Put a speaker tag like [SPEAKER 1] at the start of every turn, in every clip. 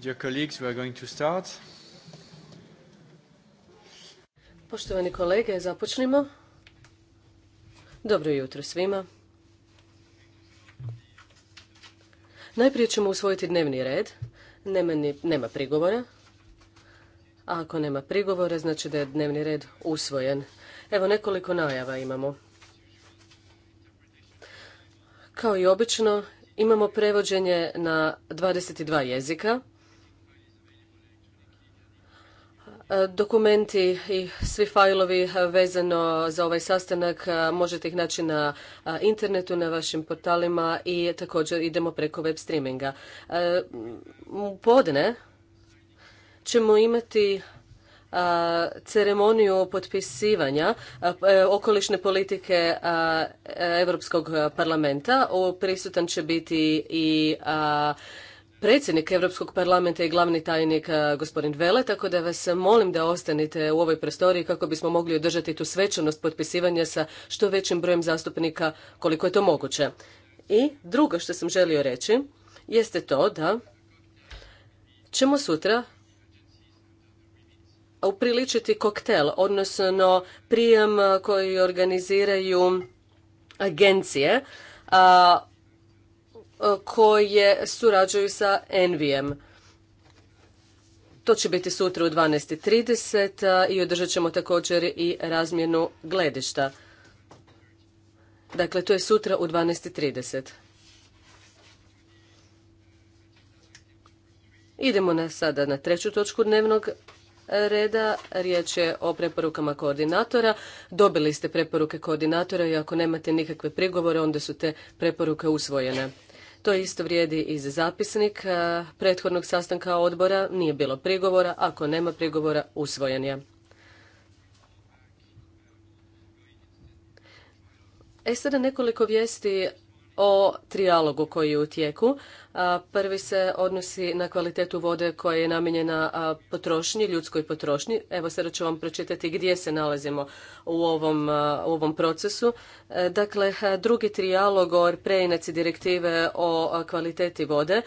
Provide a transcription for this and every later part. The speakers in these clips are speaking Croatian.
[SPEAKER 1] Dear colleagues, we are going to start.
[SPEAKER 2] Poštovani kolege, započnimo. Dobro jutro svima. Najprije ćemo usvojiti dnevni red. Nema, nema prigovora. A ako nema prigovora, znači da je dnevni red usvojen. Evo nekoliko najava imamo. Kao i obično, imamo prevođenje na 22 jezika. E, dokumenti i svi fajlovi e, vezano za ovaj sastanak e, možete ih naći na internetu, na vašim portalima i također idemo preko web streaminga. U podne ćemo imati ceremoniju potpisivanja okolišne politike Europskog parlamenta. Prisutan će biti i predsjednik Europskog parlamenta i glavni tajnik eh, gospodin Vele, tako da vas molim da ostanete u ovoj prostoriji kako bismo mogli održati tu svečanost potpisivanja sa što većim brojem zastupnika koliko je to moguće. I drugo što sam želio reći jeste to da ćemo sutra upriličiti koktel, odnosno prijem koji organiziraju agencije a, koje surađuju sa Envijem. To će biti sutra u 12.30 i održat ćemo također i razmjenu gledišta. Dakle, to je sutra u 12.30. Idemo na sada na treću točku dnevnog reda. Riječ je o preporukama koordinatora. Dobili ste preporuke koordinatora i ako nemate nikakve prigovore, onda su te preporuke usvojene. To isto vrijedi i za zapisnik e, prethodnog sastanka odbora. Nije bilo prigovora. Ako nema prigovora, usvojen je. E sada nekoliko vijesti o trijalogu koji je u tijeku. Prvi se odnosi na kvalitetu vode koja je namijenjena potrošnji, ljudskoj potrošnji. Evo sada ću vam pročitati gdje se nalazimo u ovom, u ovom procesu. E, dakle, drugi trijalog o preinaci direktive o kvaliteti vode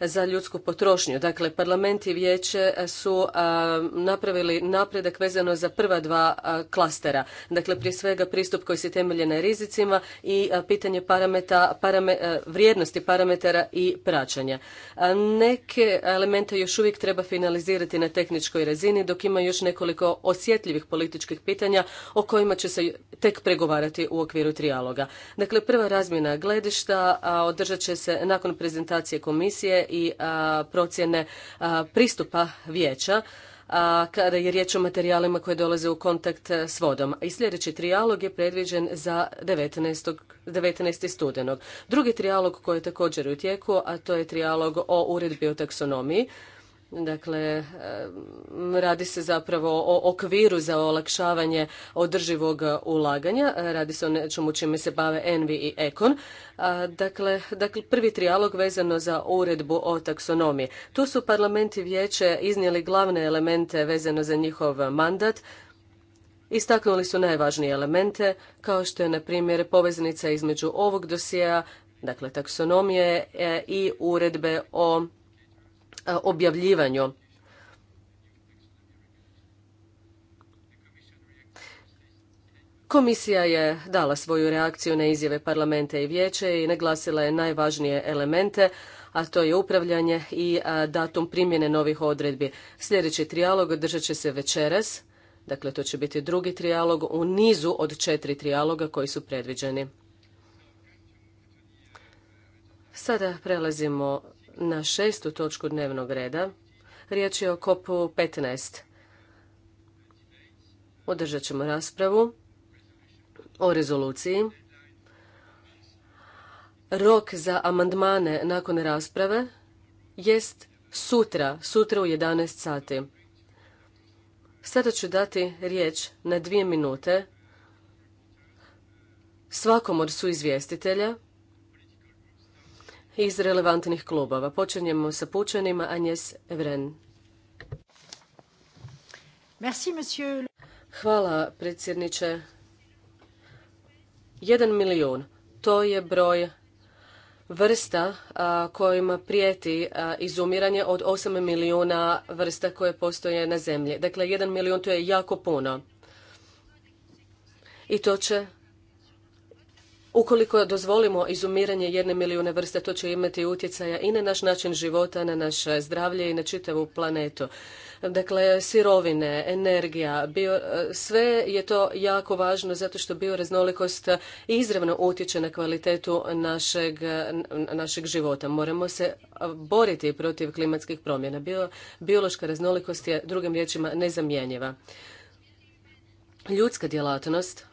[SPEAKER 2] za ljudsku potrošnju. Dakle, parlament i vijeće su napravili napredak vezano za prva dva klastera. Dakle, prije svega pristup koji se temelje na rizicima i pitanje parameta, vrijednosti parametara i praćenja. neke elemente još uvijek treba finalizirati na tehničkoj razini, dok ima još nekoliko osjetljivih političkih pitanja o kojima će se tek pregovarati u okviru trijaloga. Dakle, prva razmjena gledišta održat će se nakon prezentacije komisije i procjene pristupa vijeća a kada je riječ o materijalima koji dolaze u kontakt e, s vodom. I sljedeći trijalog je predviđen za 19. 19. studenog. Drugi trijalog koji je također u tijeku, a to je trijalog o uredbi o taksonomiji, Dakle, radi se zapravo o okviru za olakšavanje održivog ulaganja. Radi se o nečemu čime se bave Envi i Ekon. Dakle, dakle, prvi trijalog vezano za uredbu o taksonomiji. Tu su parlamenti vijeće iznijeli glavne elemente vezano za njihov mandat. Istaknuli su najvažnije elemente, kao što je, na primjer, poveznica između ovog dosija, dakle taksonomije e, i uredbe o E, objavljivanju. Komisija je dala svoju reakciju na izjave parlamenta i vijeće i naglasila je najvažnije elemente, a to je upravljanje i datum primjene novih odredbi. Sljedeći trijalog održat će se večeras, dakle to će biti drugi trijalog u nizu od četiri trijaloga koji su predviđeni. Sada prelazimo na šestu točku dnevnog reda. Riječ je o kopu 15. Održat ćemo raspravu o rezoluciji. Rok za amandmane nakon rasprave jest sutra, sutra u 11 sati. Sada ću dati riječ na dvije minute svakom od su izvjestitelja iz relevantnih klubova. Počinjemo sa pučanima Agnes Evren. Merci, monsieur. Hvala, predsjedniče. Jedan milijun. To je broj vrsta kojima prijeti izumiranje od 8 milijuna vrsta koje postoje na zemlji. Dakle, jedan milijun to je jako puno. I to će Ukoliko dozvolimo izumiranje jedne milijune vrste, to će imati utjecaja i na naš način života, na naše zdravlje i na čitavu planetu. Dakle, sirovine, energija, sve je to jako važno zato što bioraznolikost izravno utječe na kvalitetu našeg, našeg života. Moramo se boriti protiv klimatskih promjena. Bio, biološka raznolikost je drugim riječima nezamjenjiva. Ljudska djelatnost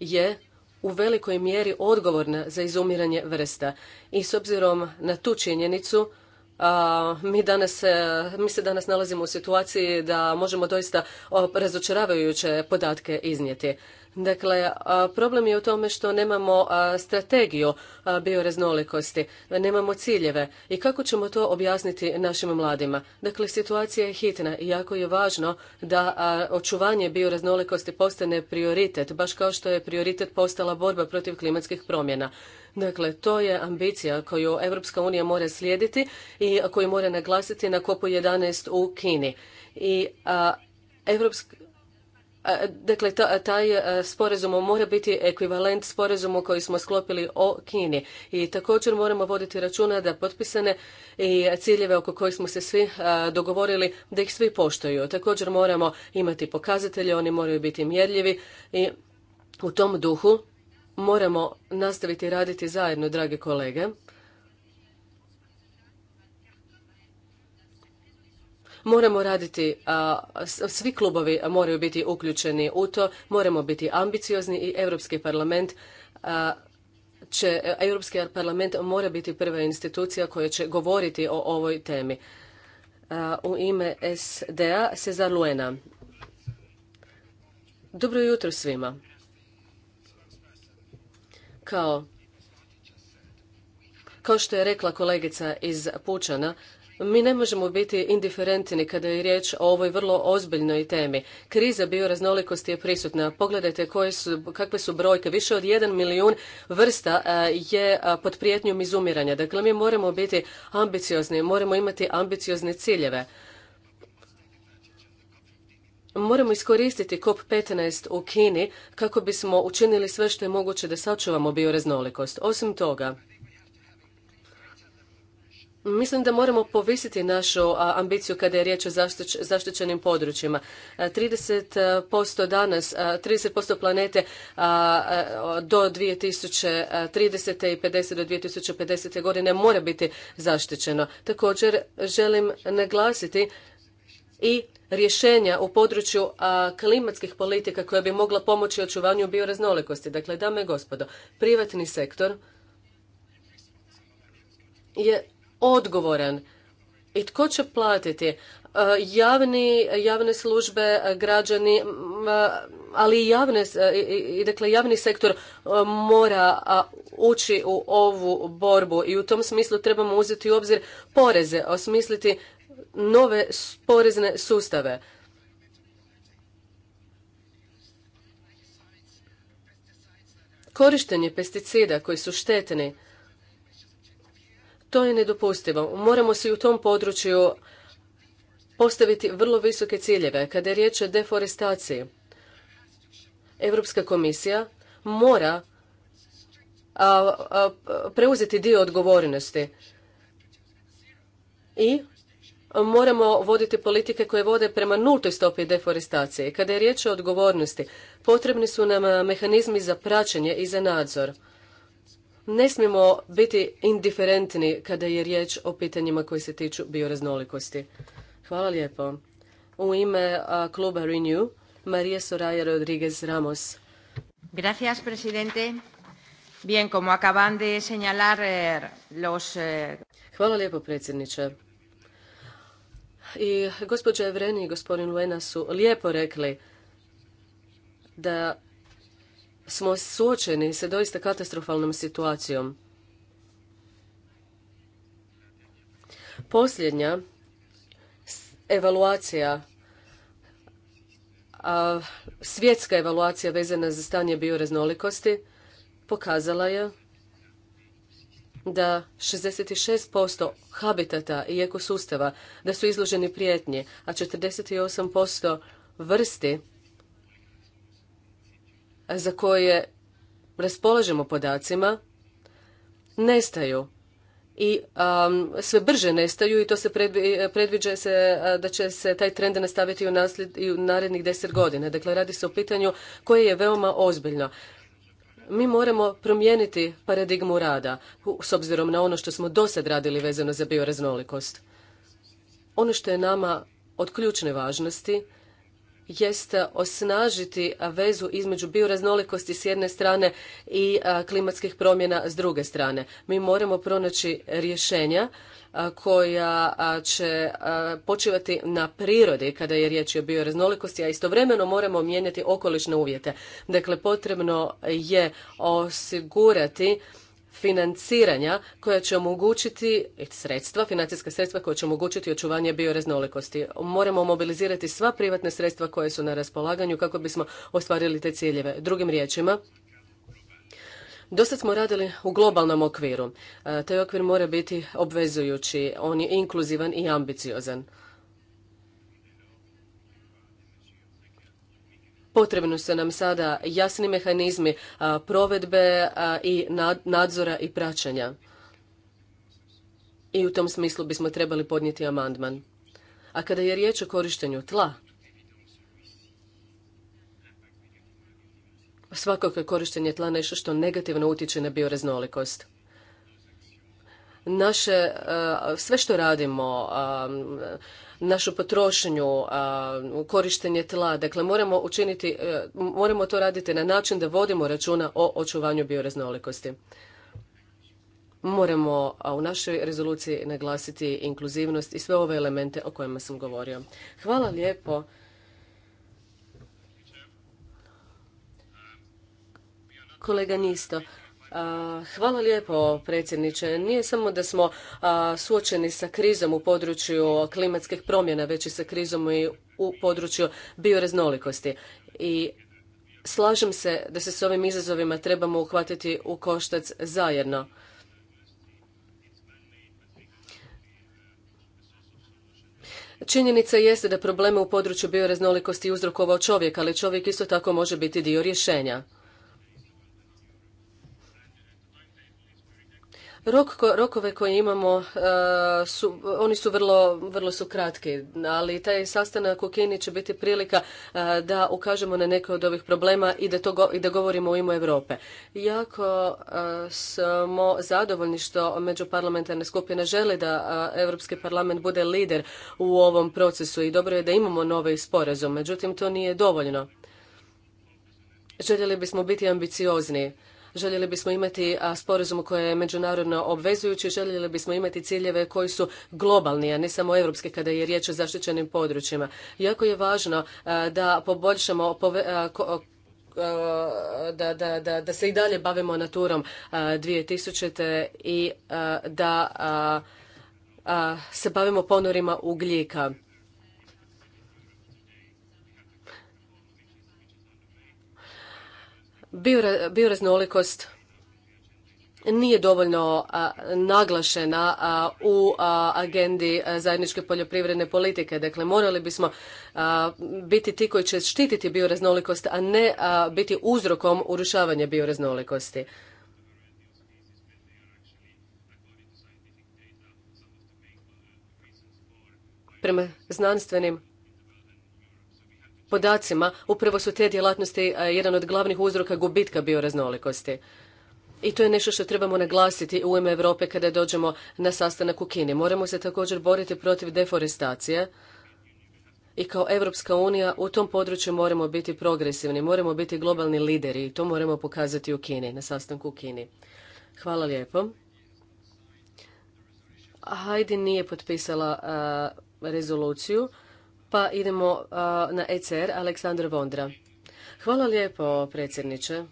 [SPEAKER 2] je u velikoj mjeri odgovorna za izumiranje vrsta i s obzirom na tu činjenicu mi, danas, e, mi se danas nalazimo u situaciji da možemo doista razočaravajuće podatke iznijeti. Dakle, problem je u tome što nemamo strategiju bioraznolikosti, nemamo ciljeve i kako ćemo to objasniti našim mladima. Dakle, situacija je hitna i jako je važno da očuvanje bioraznolikosti postane prioritet, baš kao što je prioritet postala borba protiv klimatskih promjena. Dakle, to je ambicija koju Europska unija mora slijediti i koju mora naglasiti na kopu 11 u Kini. I a, Dakle, taj sporazum mora biti ekvivalent sporazumu koji smo sklopili o Kini. I također moramo voditi računa da potpisane i ciljeve oko kojih smo se svi dogovorili, da ih svi poštuju. Također moramo imati pokazatelje, oni moraju biti mjerljivi i u tom duhu moramo nastaviti raditi zajedno, drage kolege. Moramo raditi, svi klubovi moraju biti uključeni u to, moramo biti ambiciozni i Europski parlament će, Europski parlament mora biti prva institucija koja će govoriti o ovoj temi. u ime SDA Cezar Luena. Dobro jutro svima. Kao, kao što je rekla kolegica iz Pučana, mi ne možemo biti indiferentni kada je riječ o ovoj vrlo ozbiljnoj temi. Kriza bioraznolikosti je prisutna. Pogledajte koje su, kakve su brojke. Više od jedan milijun vrsta e, je e, pod prijetnjom izumiranja. Dakle, mi moramo biti ambiciozni, moramo imati ambiciozne ciljeve. Moramo iskoristiti COP15 u Kini kako bismo učinili sve što je moguće da sačuvamo bioraznolikost. Osim toga, Mislim da moramo povisiti našu ambiciju kada je riječ o zaštićenim područjima. 30% danas, 30% planete do 2030. i 50 do 2050. godine mora biti zaštićeno. Također želim naglasiti i rješenja u području klimatskih politika koja bi mogla pomoći očuvanju bioraznolikosti. Dakle, dame i gospodo, privatni sektor je odgovoran i tko će platiti? Javni, javne službe, građani, ali i javne, dakle javni sektor mora ući u ovu borbu i u tom smislu trebamo uzeti u obzir poreze, osmisliti nove porezne sustave. Korištenje pesticida koji su štetni, to je nedopustivo. Moramo se u tom području postaviti vrlo visoke ciljeve. Kada je riječ o deforestaciji, Europska komisija mora preuzeti dio odgovornosti i moramo voditi politike koje vode prema nultoj stopi deforestacije. Kada je riječ o odgovornosti, potrebni su nam e, mehanizmi za praćenje i za nadzor. Ne smijemo biti indiferentni kada je riječ o pitanjima koji se tiču bioraznolikosti. Hvala lijepo. U ime kluba Renew, Marija Soraya Rodriguez Ramos. Gracias, presidente. Bien, como señalar eh, los... Eh, Hvala lijepo, predsjedniče. I gospođa Evreni i gospodin Luena su lijepo rekli da smo suočeni sa doista katastrofalnom situacijom. Posljednja evaluacija a svjetska evaluacija vezana za stanje bioraznolikosti pokazala je da 66% habitata i ekosustava da su izloženi prijetnji, a 48% vrsti za koje raspolažemo podacima nestaju i sve brže nestaju i to se predvi, predviđa se da će se taj trend nastaviti u i u narednih deset godina. Dakle, radi se o pitanju koje je veoma ozbiljno mi moramo promijeniti paradigmu rada s obzirom na ono što smo do sad radili vezano za bioraznolikost. Ono što je nama od ključne važnosti jest osnažiti vezu između bioraznolikosti s jedne strane i klimatskih promjena s druge strane. Mi moramo pronaći rješenja koja će počivati na prirodi kada je riječ o bioraznolikosti, a istovremeno moramo mijenjati okolišne uvjete. Dakle, potrebno je osigurati financiranja koja će omogućiti sredstva, financijska sredstva koja će omogućiti očuvanje bioraznolikosti. Moramo mobilizirati sva privatna sredstva koja su na raspolaganju kako bismo ostvarili te ciljeve. Drugim riječima, Dosta smo radili u globalnom okviru. E, taj okvir mora biti obvezujući, on je inkluzivan i ambiciozan. Potrebno su nam sada jasni mehanizmi e, provedbe e, i nadzora i praćenja. I u tom smislu bismo trebali podnijeti amandman. A kada je riječ o korištenju tla, svakako je korištenje tla nešto što negativno utječe na bioraznolikost. Naše, e, sve što radimo, e, našu potrošnju, e, korištenje tla, dakle moramo učiniti, moramo to raditi na način da vodimo računa o očuvanju bioraznolikosti. Moramo u našoj rezoluciji naglasiti inkluzivnost i sve ove elemente o kojima sam govorio. Hvala lijepo Kolega Nisto, Hvala lijepo predsjedniče. Nije samo da smo suočeni sa krizom u području klimatskih promjena, već i sa krizom i u području bioraznolikosti. I slažem se da se s ovim izazovima trebamo uhvatiti u koštac zajedno. Činjenica jeste da probleme u području bioraznolikosti uzrokovao čovjek, ali čovjek isto tako može biti dio rješenja. rokove koje imamo, e, su, oni su vrlo, vrlo su kratki, ali taj sastanak u Kini će biti prilika e, da ukažemo na neke od ovih problema i da, i da govorimo u ime Europe. Jako e, smo zadovoljni što međuparlamentarne skupine žele da Europski parlament bude lider u ovom procesu i dobro je da imamo nove sporazum, međutim to nije dovoljno. Željeli bismo biti ambiciozni Željeli bismo imati sporazum koji je međunarodno obvezujući, željeli bismo imati ciljeve koji su globalni, a ne samo europski kada je riječ o zaštićenim područjima. Jako je važno da poboljšamo da, da, da, da se i dalje bavimo naturom 2000. i da se bavimo ponorima ugljika. Bioraznolikost nije dovoljno naglašena u agendi zajedničke poljoprivredne politike. Dakle, morali bismo biti ti koji će štititi bioraznolikost, a ne biti uzrokom urušavanja bioraznolikosti. Prema znanstvenim podacima, upravo su te djelatnosti e, jedan od glavnih uzroka gubitka bioraznolikosti. I to je nešto što trebamo naglasiti u ime Europe kada dođemo na sastanak u Kini. Moramo se također boriti protiv deforestacije i kao Europska unija u tom području moramo biti progresivni, moramo biti globalni lideri i to moramo pokazati u Kini, na sastanku u Kini. Hvala lijepo. Heidi nije potpisala e, rezoluciju. Pa idemo uh, na ECR, Aleksandar Vondra. Hvala lijepo, predsjedniče.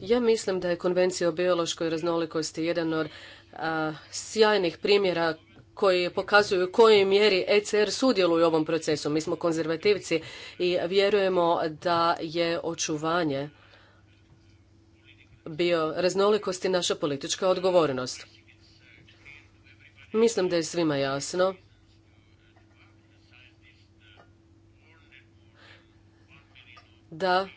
[SPEAKER 2] Ja mislim da je konvencija o biološkoj raznolikosti jedan od uh, sjajnih primjera koji pokazuju u kojoj mjeri ECR sudjeluje u ovom procesu. Mi smo konzervativci i vjerujemo da je očuvanje bio raznolikosti naša politička odgovornost. Mislim da je svima jasno da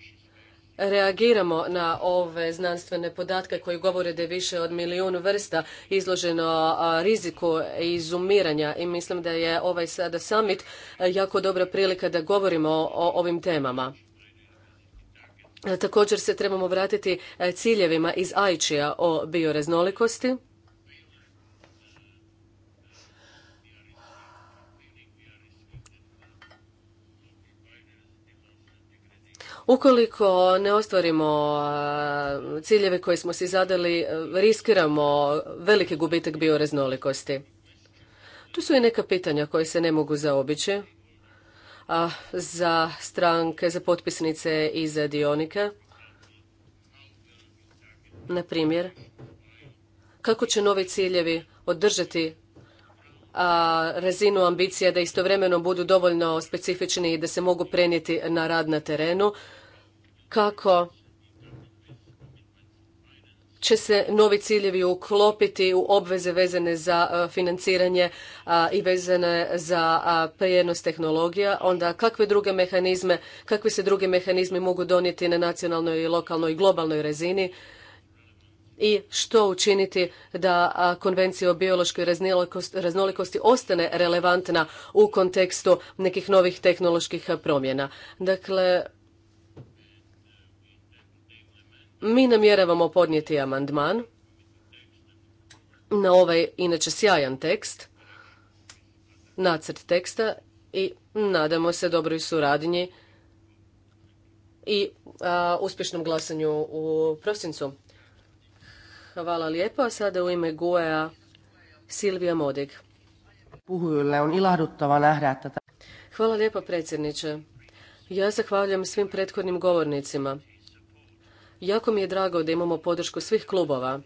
[SPEAKER 2] reagiramo na ove znanstvene podatke koji govore da je više od milijun vrsta izloženo riziku izumiranja i mislim da je ovaj sada summit jako dobra prilika da govorimo o ovim temama. Također se trebamo vratiti ciljevima iz AIĆ-a o bioraznolikosti Ukoliko ne ostvarimo ciljeve koje smo si zadali, riskiramo veliki gubitak bioreznolikosti. Tu su i neka pitanja koje se ne mogu zaobići a, za stranke, za potpisnice i za dionike. Na primjer, kako će novi ciljevi održati a, razinu ambicija da istovremeno budu dovoljno specifični i da se mogu prenijeti na rad na terenu, kako će se novi ciljevi uklopiti u obveze vezane za e, financiranje i vezane za prijenos tehnologija, onda kakve druge mehanizme, kakvi se drugi mehanizmi mogu donijeti na nacionalnoj, lokalnoj i globalnoj razini i što učiniti da konvencija o biološkoj raznolikosti ostane relevantna u kontekstu nekih novih tehnoloških promjena. Dakle, mi namjeravamo podnijeti amandman na ovaj inače sjajan tekst, nacrt teksta i nadamo se dobroj suradnji i uspješnom glasanju u prosincu. Hvala lijepo. A sada u ime Guea Silvija Modig. Hvala lijepo predsjedniče. Ja zahvaljujem svim prethodnim govornicima. Jako mi je drago da imamo podršku svih klubova.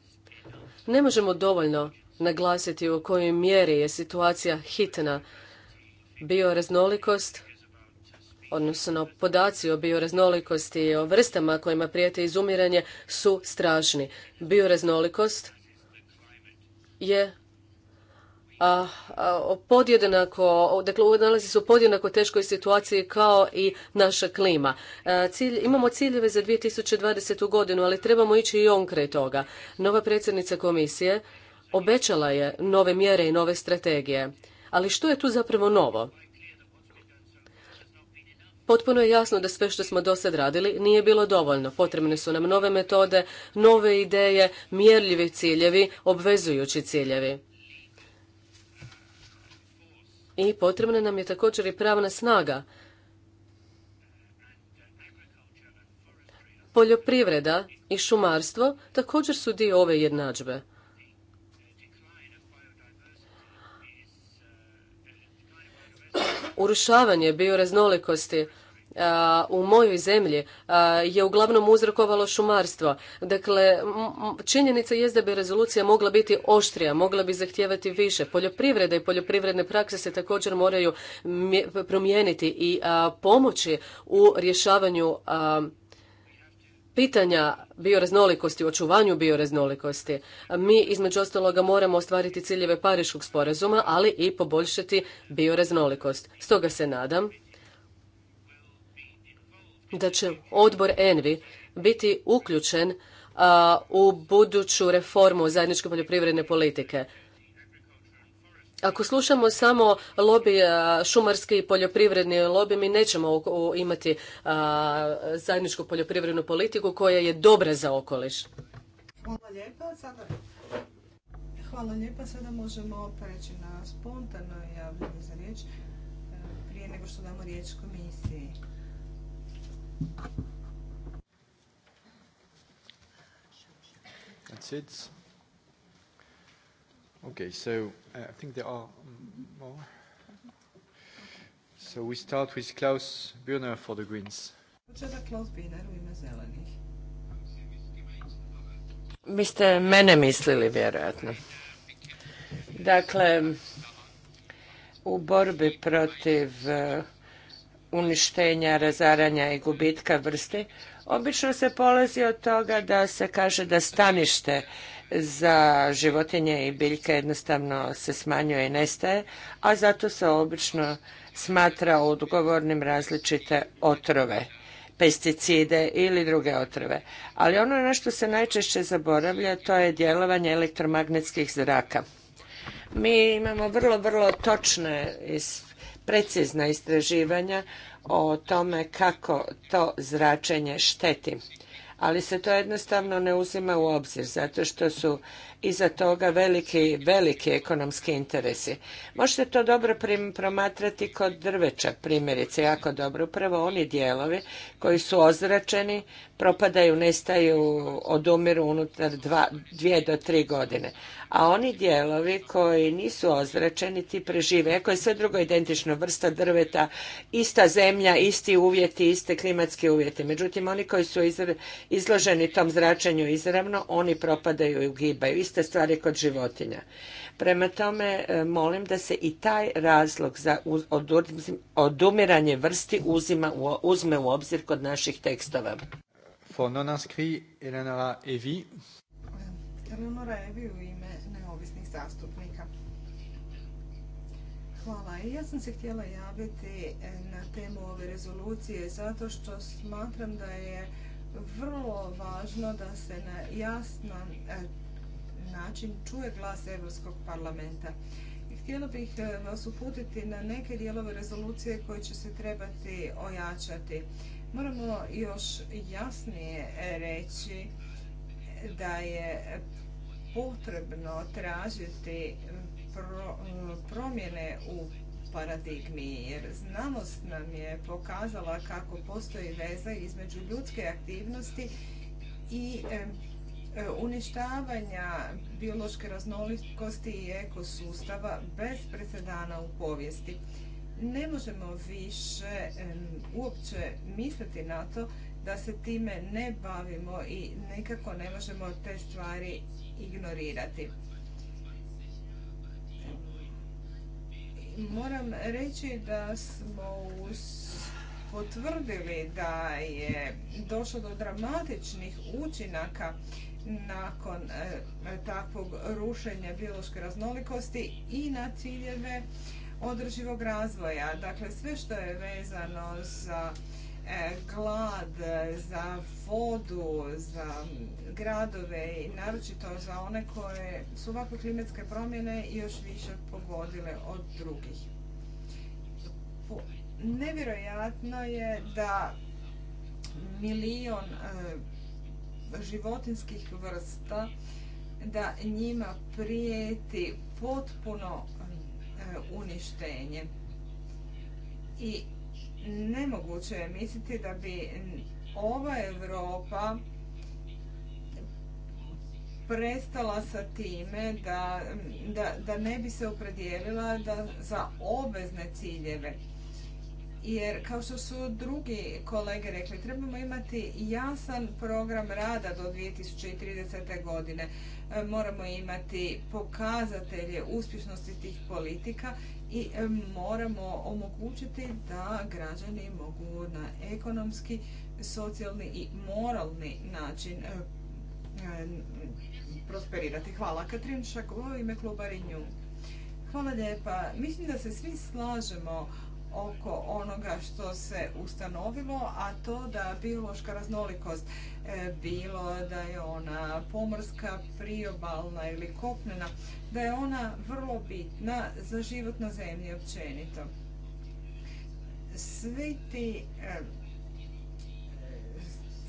[SPEAKER 2] Ne možemo dovoljno naglasiti u kojoj mjeri je situacija hitna. Bioraznolikost, odnosno podaci o bioraznolikosti i o vrstama kojima prijete izumiranje su strašni. Bioraznolikost je a, podjednako, dakle nalazi se u podjednako teškoj situaciji kao i naša klima. cilj, imamo ciljeve za 2020. godinu, ali trebamo ići i on kraj toga. Nova predsjednica komisije obećala je nove mjere i nove strategije. Ali što je tu zapravo novo? Potpuno je jasno da sve što smo do sad radili nije bilo dovoljno. Potrebne su nam nove metode, nove ideje, mjerljivi ciljevi, obvezujući ciljevi i potrebna nam je također i pravna snaga. Poljoprivreda i šumarstvo također su dio ove jednadžbe. Urušavanje bioraznolikosti u mojoj zemlji je uglavnom uzrokovalo šumarstvo. Dakle, činjenica je da bi rezolucija mogla biti oštrija, mogla bi zahtijevati više. Poljoprivreda i poljoprivredne prakse se također moraju promijeniti i pomoći u rješavanju pitanja bioraznolikosti, očuvanju bioraznolikosti. Mi, između ostaloga, moramo ostvariti ciljeve Pariškog sporazuma, ali i poboljšati bioraznolikost. Stoga se nadam da će odbor Envi biti uključen u buduću reformu zajedničke poljoprivredne politike. Ako slušamo samo lobby, šumarski i poljoprivredni lobby, mi nećemo imati zajedničku poljoprivrednu politiku koja je dobra za okoliš.
[SPEAKER 3] Hvala lijepa. Sada, hvala lijepa. Sada možemo preći na spontano javljanje za riječ e, prije nego što damo riječ komisiji.
[SPEAKER 1] That's it. Okay, so uh, I think there are more. So we start with Klaus Burner for the Greens. Klaus Biste mene mislili vjerojatno. Dakle, u borbi protiv uh, uništenja, razaranja i gubitka vrsti, obično se polazi od toga da se kaže da stanište za životinje i biljke jednostavno se smanjuje i nestaje, a zato se obično smatra odgovornim različite otrove pesticide ili druge otrove. Ali ono na što se najčešće zaboravlja to je djelovanje elektromagnetskih zraka. Mi imamo vrlo, vrlo točne precizna istraživanja o tome kako to zračenje šteti ali se to jednostavno ne uzima u obzir zato što su iza toga veliki, veliki ekonomski interesi. Možete to dobro promatrati kod drveća, primjerice, jako dobro. Upravo oni dijelovi koji su ozračeni, propadaju, nestaju, odumiru unutar dva, dvije do tri godine. A oni dijelovi koji nisu ozračeni, ti prežive. Ako je sve drugo identično, vrsta drveta, ista zemlja, isti uvjeti, iste klimatske uvjeti. Međutim, oni koji su izloženi tom zračenju izravno, oni propadaju i ugibaju iste stvari kod životinja. Prema tome, e, molim da se i taj razlog za odumiranje vrsti uzima, uzme u obzir kod naših tekstova. For non Evi.
[SPEAKER 3] Evi u ime neovisnih zastupnika. Hvala. I ja sam se htjela javiti e, na temu ove rezolucije zato što smatram da je vrlo važno da se na jasna e, način čuje glas Europskog parlamenta. htjela bih eh, vas uputiti na neke dijelove rezolucije koje će se trebati ojačati. Moramo još jasnije reći da je potrebno tražiti eh, promjene u paradigmi jer znanost nam je pokazala kako postoji veza između ljudske aktivnosti i eh, E, uništavanja biološke raznolikosti i ekosustava bez presedana u povijesti. Ne možemo više uopće misliti na to da se time ne bavimo i nekako ne možemo te stvari ignorirati. Moram reći da smo potvrdili da je došlo do dramatičnih učinaka nakon e, takvog rušenja biološke raznolikosti i na ciljeve održivog razvoja. Dakle, sve što je vezano za e, glad, za vodu, za gradove i naročito za one koje su ovakve klimatske promjene još više pogodile od drugih. nevjerojatno je da milion e, životinskih vrsta da njima prijeti potpuno e, uništenje. I nemoguće je misliti da bi ova Europa prestala sa time da, da ne bi se opredijelila da, za obvezne ciljeve jer kao što su drugi kolege rekli, trebamo imati jasan program rada do 2030. godine. E, moramo imati pokazatelje uspješnosti tih politika i e, moramo omogućiti da građani mogu na ekonomski, socijalni i moralni način e, prosperirati. Hvala. Katrin Šakova ime kluba Renew. Hvala lijepa. Mislim da se svi slažemo oko onoga što se ustanovilo, a to da biološka raznolikost, e, bilo da je ona pomorska, priobalna ili kopnena, da je ona vrlo bitna za život na zemlji općenito. Svi ti e,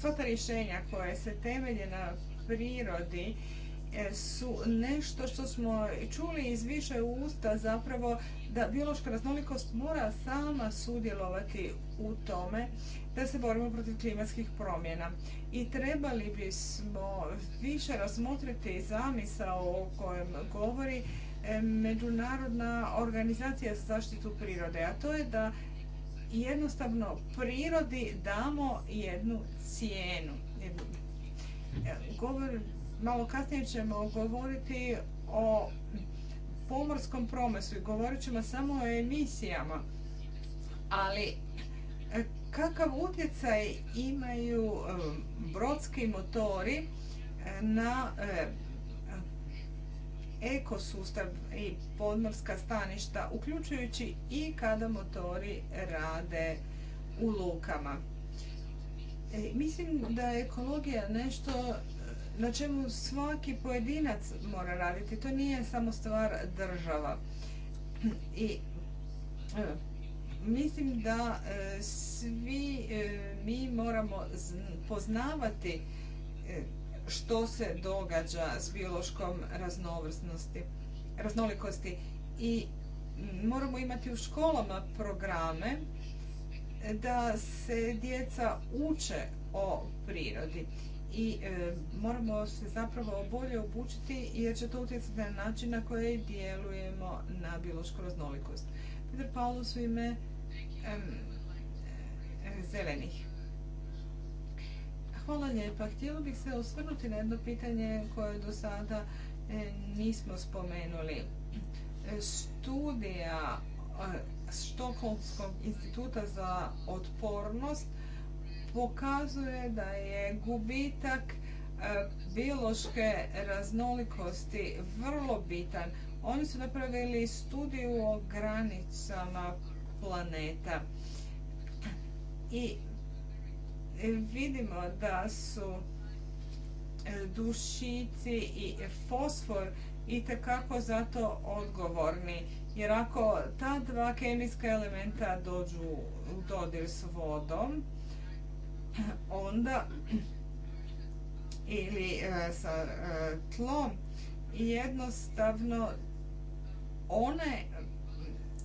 [SPEAKER 3] sva ta rješenja koje se temelje na prirodi su nešto što smo čuli iz više usta zapravo da biološka raznolikost mora sama sudjelovati u tome da se borimo protiv klimatskih promjena. I trebali bismo više razmotriti zamisao o kojem govori e, Međunarodna organizacija za zaštitu prirode, a to je da jednostavno prirodi damo jednu cijenu. Govor Malo kasnije ćemo govoriti o pomorskom promesu i govorit ćemo samo o emisijama. Ali e, kakav utjecaj imaju brodski motori e, na e, ekosustav i podmorska staništa, uključujući i kada motori rade u lukama. Mislim da je ekologija nešto na čemu svaki pojedinac mora raditi. To nije samo stvar država. I e, mislim da e, svi e, mi moramo poznavati što se događa s biološkom raznovrsnosti, raznolikosti i moramo imati u školama programe da se djeca uče o prirodi i e, moramo se zapravo bolje obučiti jer će to utjecati na način na koji djelujemo na biološku raznolikost. Peter Paulus u ime e, zelenih. Hvala lijepa. Htjela bih se osvrnuti na jedno pitanje koje do sada e, nismo spomenuli. Studija Štokholmskog instituta za otpornost pokazuje da je gubitak e, biološke raznolikosti vrlo bitan. Oni su napravili studiju o granicama planeta. I vidimo da su e, dušici i fosfor i za zato odgovorni. Jer ako ta dva kemijska elementa dođu u dodir s vodom, onda ili e, sa e, tlom jednostavno one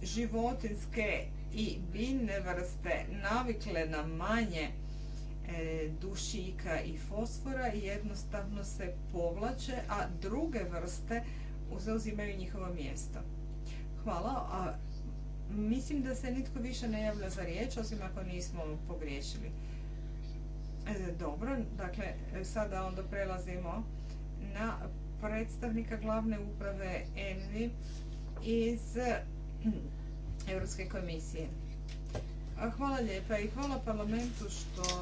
[SPEAKER 3] životinske i biljne vrste navikle na manje e, dušika i fosfora jednostavno se povlače, a druge vrste zauzimaju njihovo mjesto. Hvala. A mislim da se nitko više ne javlja za riječ, osim ako nismo pogriješili. E, dobro, dakle, sada onda prelazimo na predstavnika glavne uprave ENVI iz Europske komisije. Hvala lijepa i hvala parlamentu što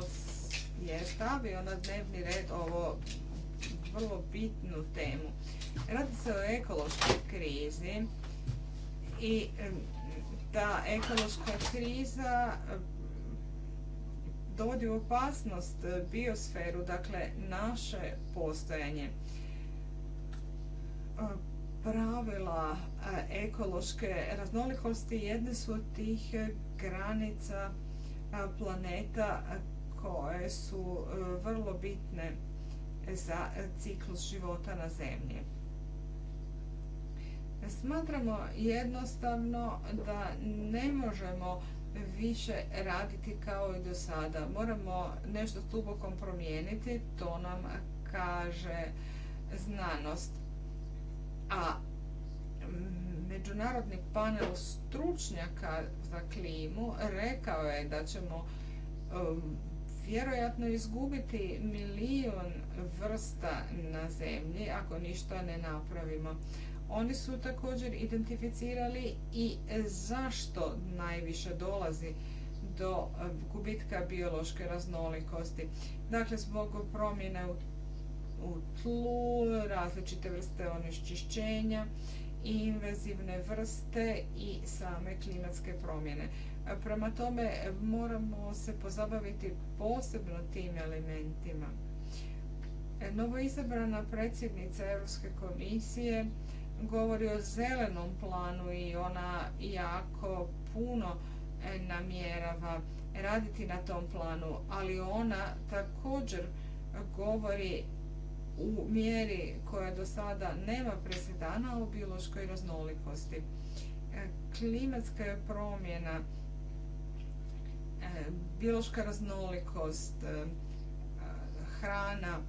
[SPEAKER 3] je stavio na dnevni red ovo vrlo bitnu temu. Radi se o ekološkoj krizi i ta ekološka kriza dovodi u opasnost e, biosferu, dakle naše postojanje. E, pravila e, ekološke raznolikosti jedne su od tih granica planeta koje su vrlo bitne za ciklus života na Zemlji. Smatramo jednostavno da ne možemo više raditi kao i do sada. Moramo nešto s promijeniti, to nam kaže znanost. A međunarodni panel stručnjaka za klimu rekao je da ćemo um, vjerojatno izgubiti milijun vrsta na zemlji ako ništa ne napravimo. Oni su također identificirali i zašto najviše dolazi do eh, gubitka biološke raznolikosti. Dakle, zbog promjene u tlu, različite vrste onečišćenja, invazivne vrste i same klimatske promjene. Eh, prema tome moramo se pozabaviti posebno tim elementima. Eh, novoizabrana predsjednica Europske komisije govori o zelenom planu i ona jako puno e, namjerava raditi na tom planu, ali ona također govori u mjeri koja do sada nema presedana o biološkoj raznolikosti. E, klimatska promjena, e, biološka raznolikost, hrana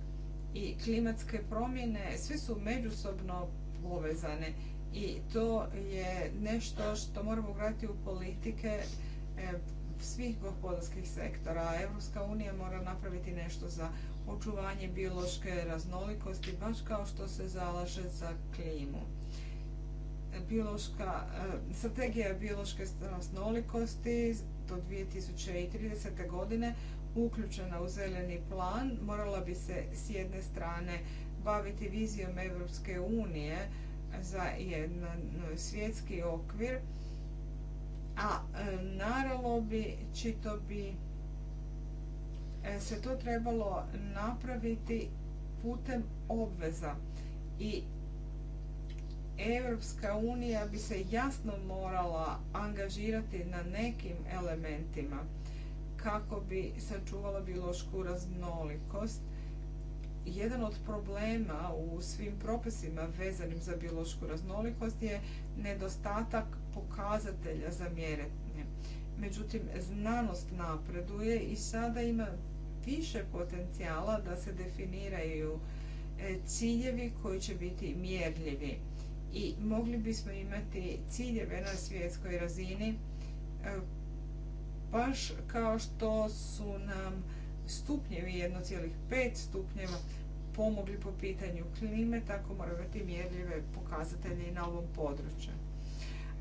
[SPEAKER 3] i klimatske promjene sve su međusobno povezane i to je nešto što moramo ugraditi u politike e, svih gospodarskih sektora. Evropska unija mora napraviti nešto za očuvanje biološke raznolikosti, baš kao što se zalaže za klimu. Biološka, e, strategija biološke raznolikosti do 2030. godine uključena u zeleni plan morala bi se s jedne strane baviti vizijom Europske unije za jedan svjetski okvir, a e, naralo bi čito bi e, se to trebalo napraviti putem obveza i Europska unija bi se jasno morala angažirati na nekim elementima kako bi sačuvala biološku raznolikost jedan od problema u svim propisima vezanim za biološku raznolikost je nedostatak pokazatelja za mjerenje. Međutim, znanost napreduje i sada ima više potencijala da se definiraju e, ciljevi koji će biti mjerljivi. I mogli bismo imati ciljeve na svjetskoj razini e, baš kao što su nam stupnjevi, 1,5 stupnjeva pomogli po pitanju klime, tako moraju biti mjerljive pokazatelje i na ovom području.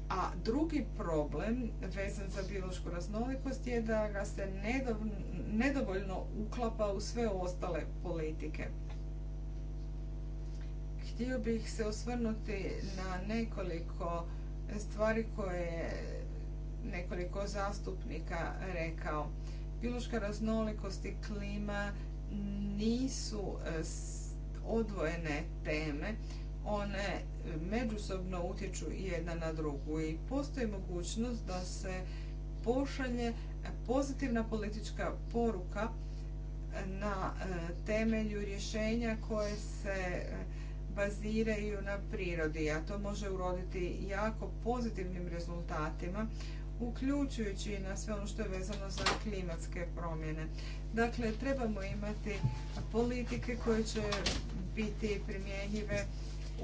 [SPEAKER 3] A drugi problem vezan za biološku raznolikost je da ga se nedovoljno uklapa u sve ostale politike. Htio bih se osvrnuti na nekoliko stvari koje je nekoliko zastupnika rekao biološka raznolikost i klima nisu e, odvojene teme, one e, međusobno utječu jedna na drugu i postoji mogućnost da se pošalje pozitivna politička poruka e, na temelju rješenja koje se baziraju na prirodi, a to može uroditi jako pozitivnim rezultatima uključujući i na sve ono što je vezano za klimatske promjene. Dakle, trebamo imati politike koje će biti primjenjive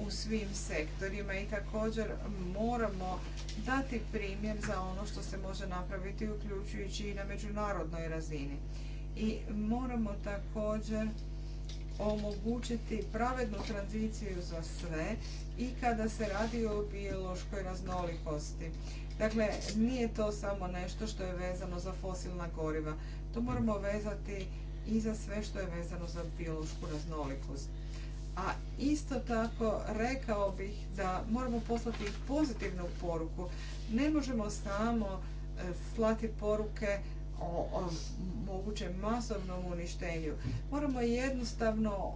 [SPEAKER 3] u svim sektorima i također moramo dati primjer za ono što se može napraviti uključujući i na međunarodnoj razini. I moramo također omogućiti pravednu tranziciju za sve i kada se radi o biološkoj raznolikosti. Dakle, nije to samo nešto što je vezano za fosilna goriva. To moramo vezati i za sve što je vezano za biološku raznolikost. A isto tako rekao bih da moramo poslati pozitivnu poruku. Ne možemo samo e, slati poruke o, o mogućem masovnom uništenju. Moramo jednostavno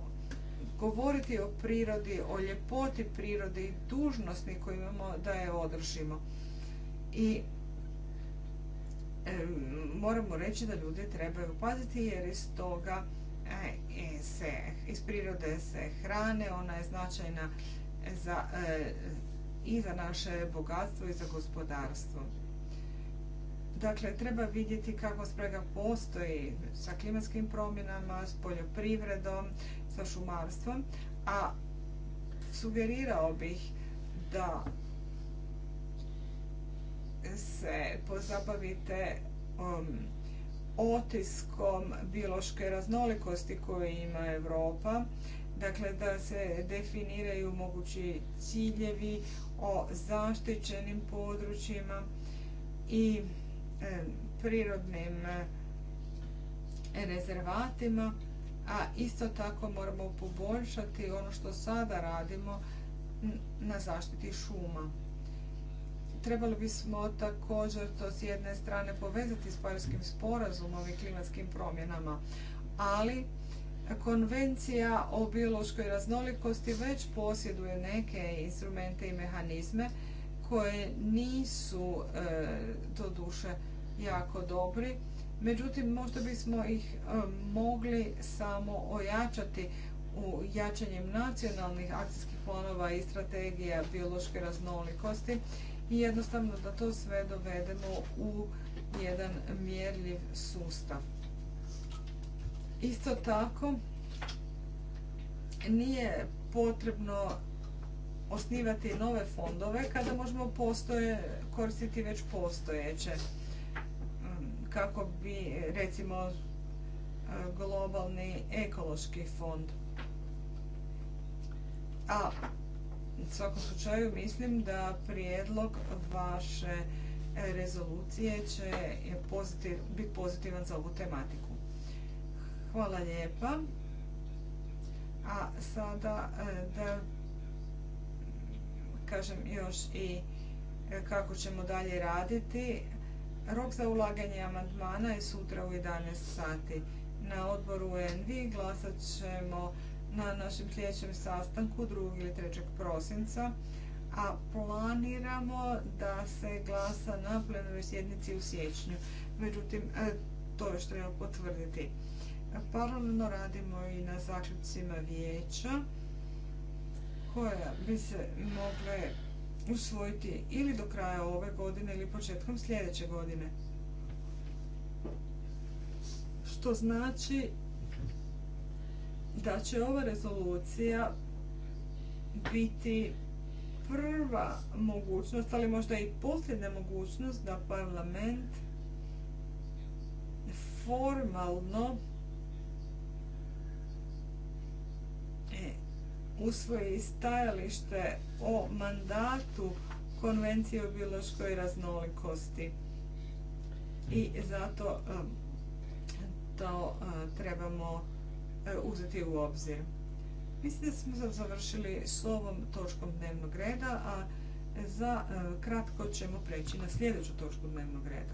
[SPEAKER 3] govoriti o prirodi, o ljepoti prirodi i dužnosti koju imamo da je održimo i moramo reći da ljudi trebaju paziti jer iz toga e, se, iz prirode se hrane, ona je značajna za, e, i za naše bogatstvo i za gospodarstvo. Dakle, treba vidjeti kako sprega postoji sa klimatskim promjenama, s poljoprivredom, sa šumarstvom, a sugerirao bih da se pozabavite um, otiskom biološke raznolikosti koje ima Europa, dakle da se definiraju mogući ciljevi o zaštićenim područjima i um, prirodnim eh, rezervatima, a isto tako moramo poboljšati ono što sada radimo na zaštiti šuma trebali bismo također to s jedne strane povezati s Parijskim sporazumom i klimatskim promjenama, ali Konvencija o biološkoj raznolikosti već posjeduje neke instrumente i mehanizme koje nisu e, do duše jako dobri. Međutim, možda bismo ih e, mogli samo ojačati u jačanjem nacionalnih akcijskih planova i strategija biološke raznolikosti i jednostavno da to sve dovedemo u jedan mjerljiv sustav. Isto tako, nije potrebno osnivati nove fondove kada možemo postoje, koristiti već postojeće. Kako bi, recimo, globalni ekološki fond. A u svakom slučaju mislim da prijedlog vaše rezolucije će pozitiv, biti pozitivan za ovu tematiku. Hvala lijepa. A sada e, da kažem još i e, kako ćemo dalje raditi. Rok za ulaganje amandmana je sutra u 11 sati. Na odboru UNV glasat ćemo na našem sljedećem sastanku 2. ili 3. prosinca, a planiramo da se glasa na plenarnoj sjednici u siječnju. Međutim, e, to još treba potvrditi. Paralelno radimo i na zaključcima vijeća koja bi se mogle usvojiti ili do kraja ove godine ili početkom sljedeće godine. Što znači da će ova rezolucija biti prva mogućnost, ali možda i posljedna mogućnost da parlament formalno e, usvoji stajalište o mandatu konvencije o biološkoj raznolikosti. I zato e, to e, trebamo E, uzeti u obzir. Mislim da smo završili s ovom točkom dnevnog reda, a e, za e, kratko ćemo preći na sljedeću točku dnevnog reda.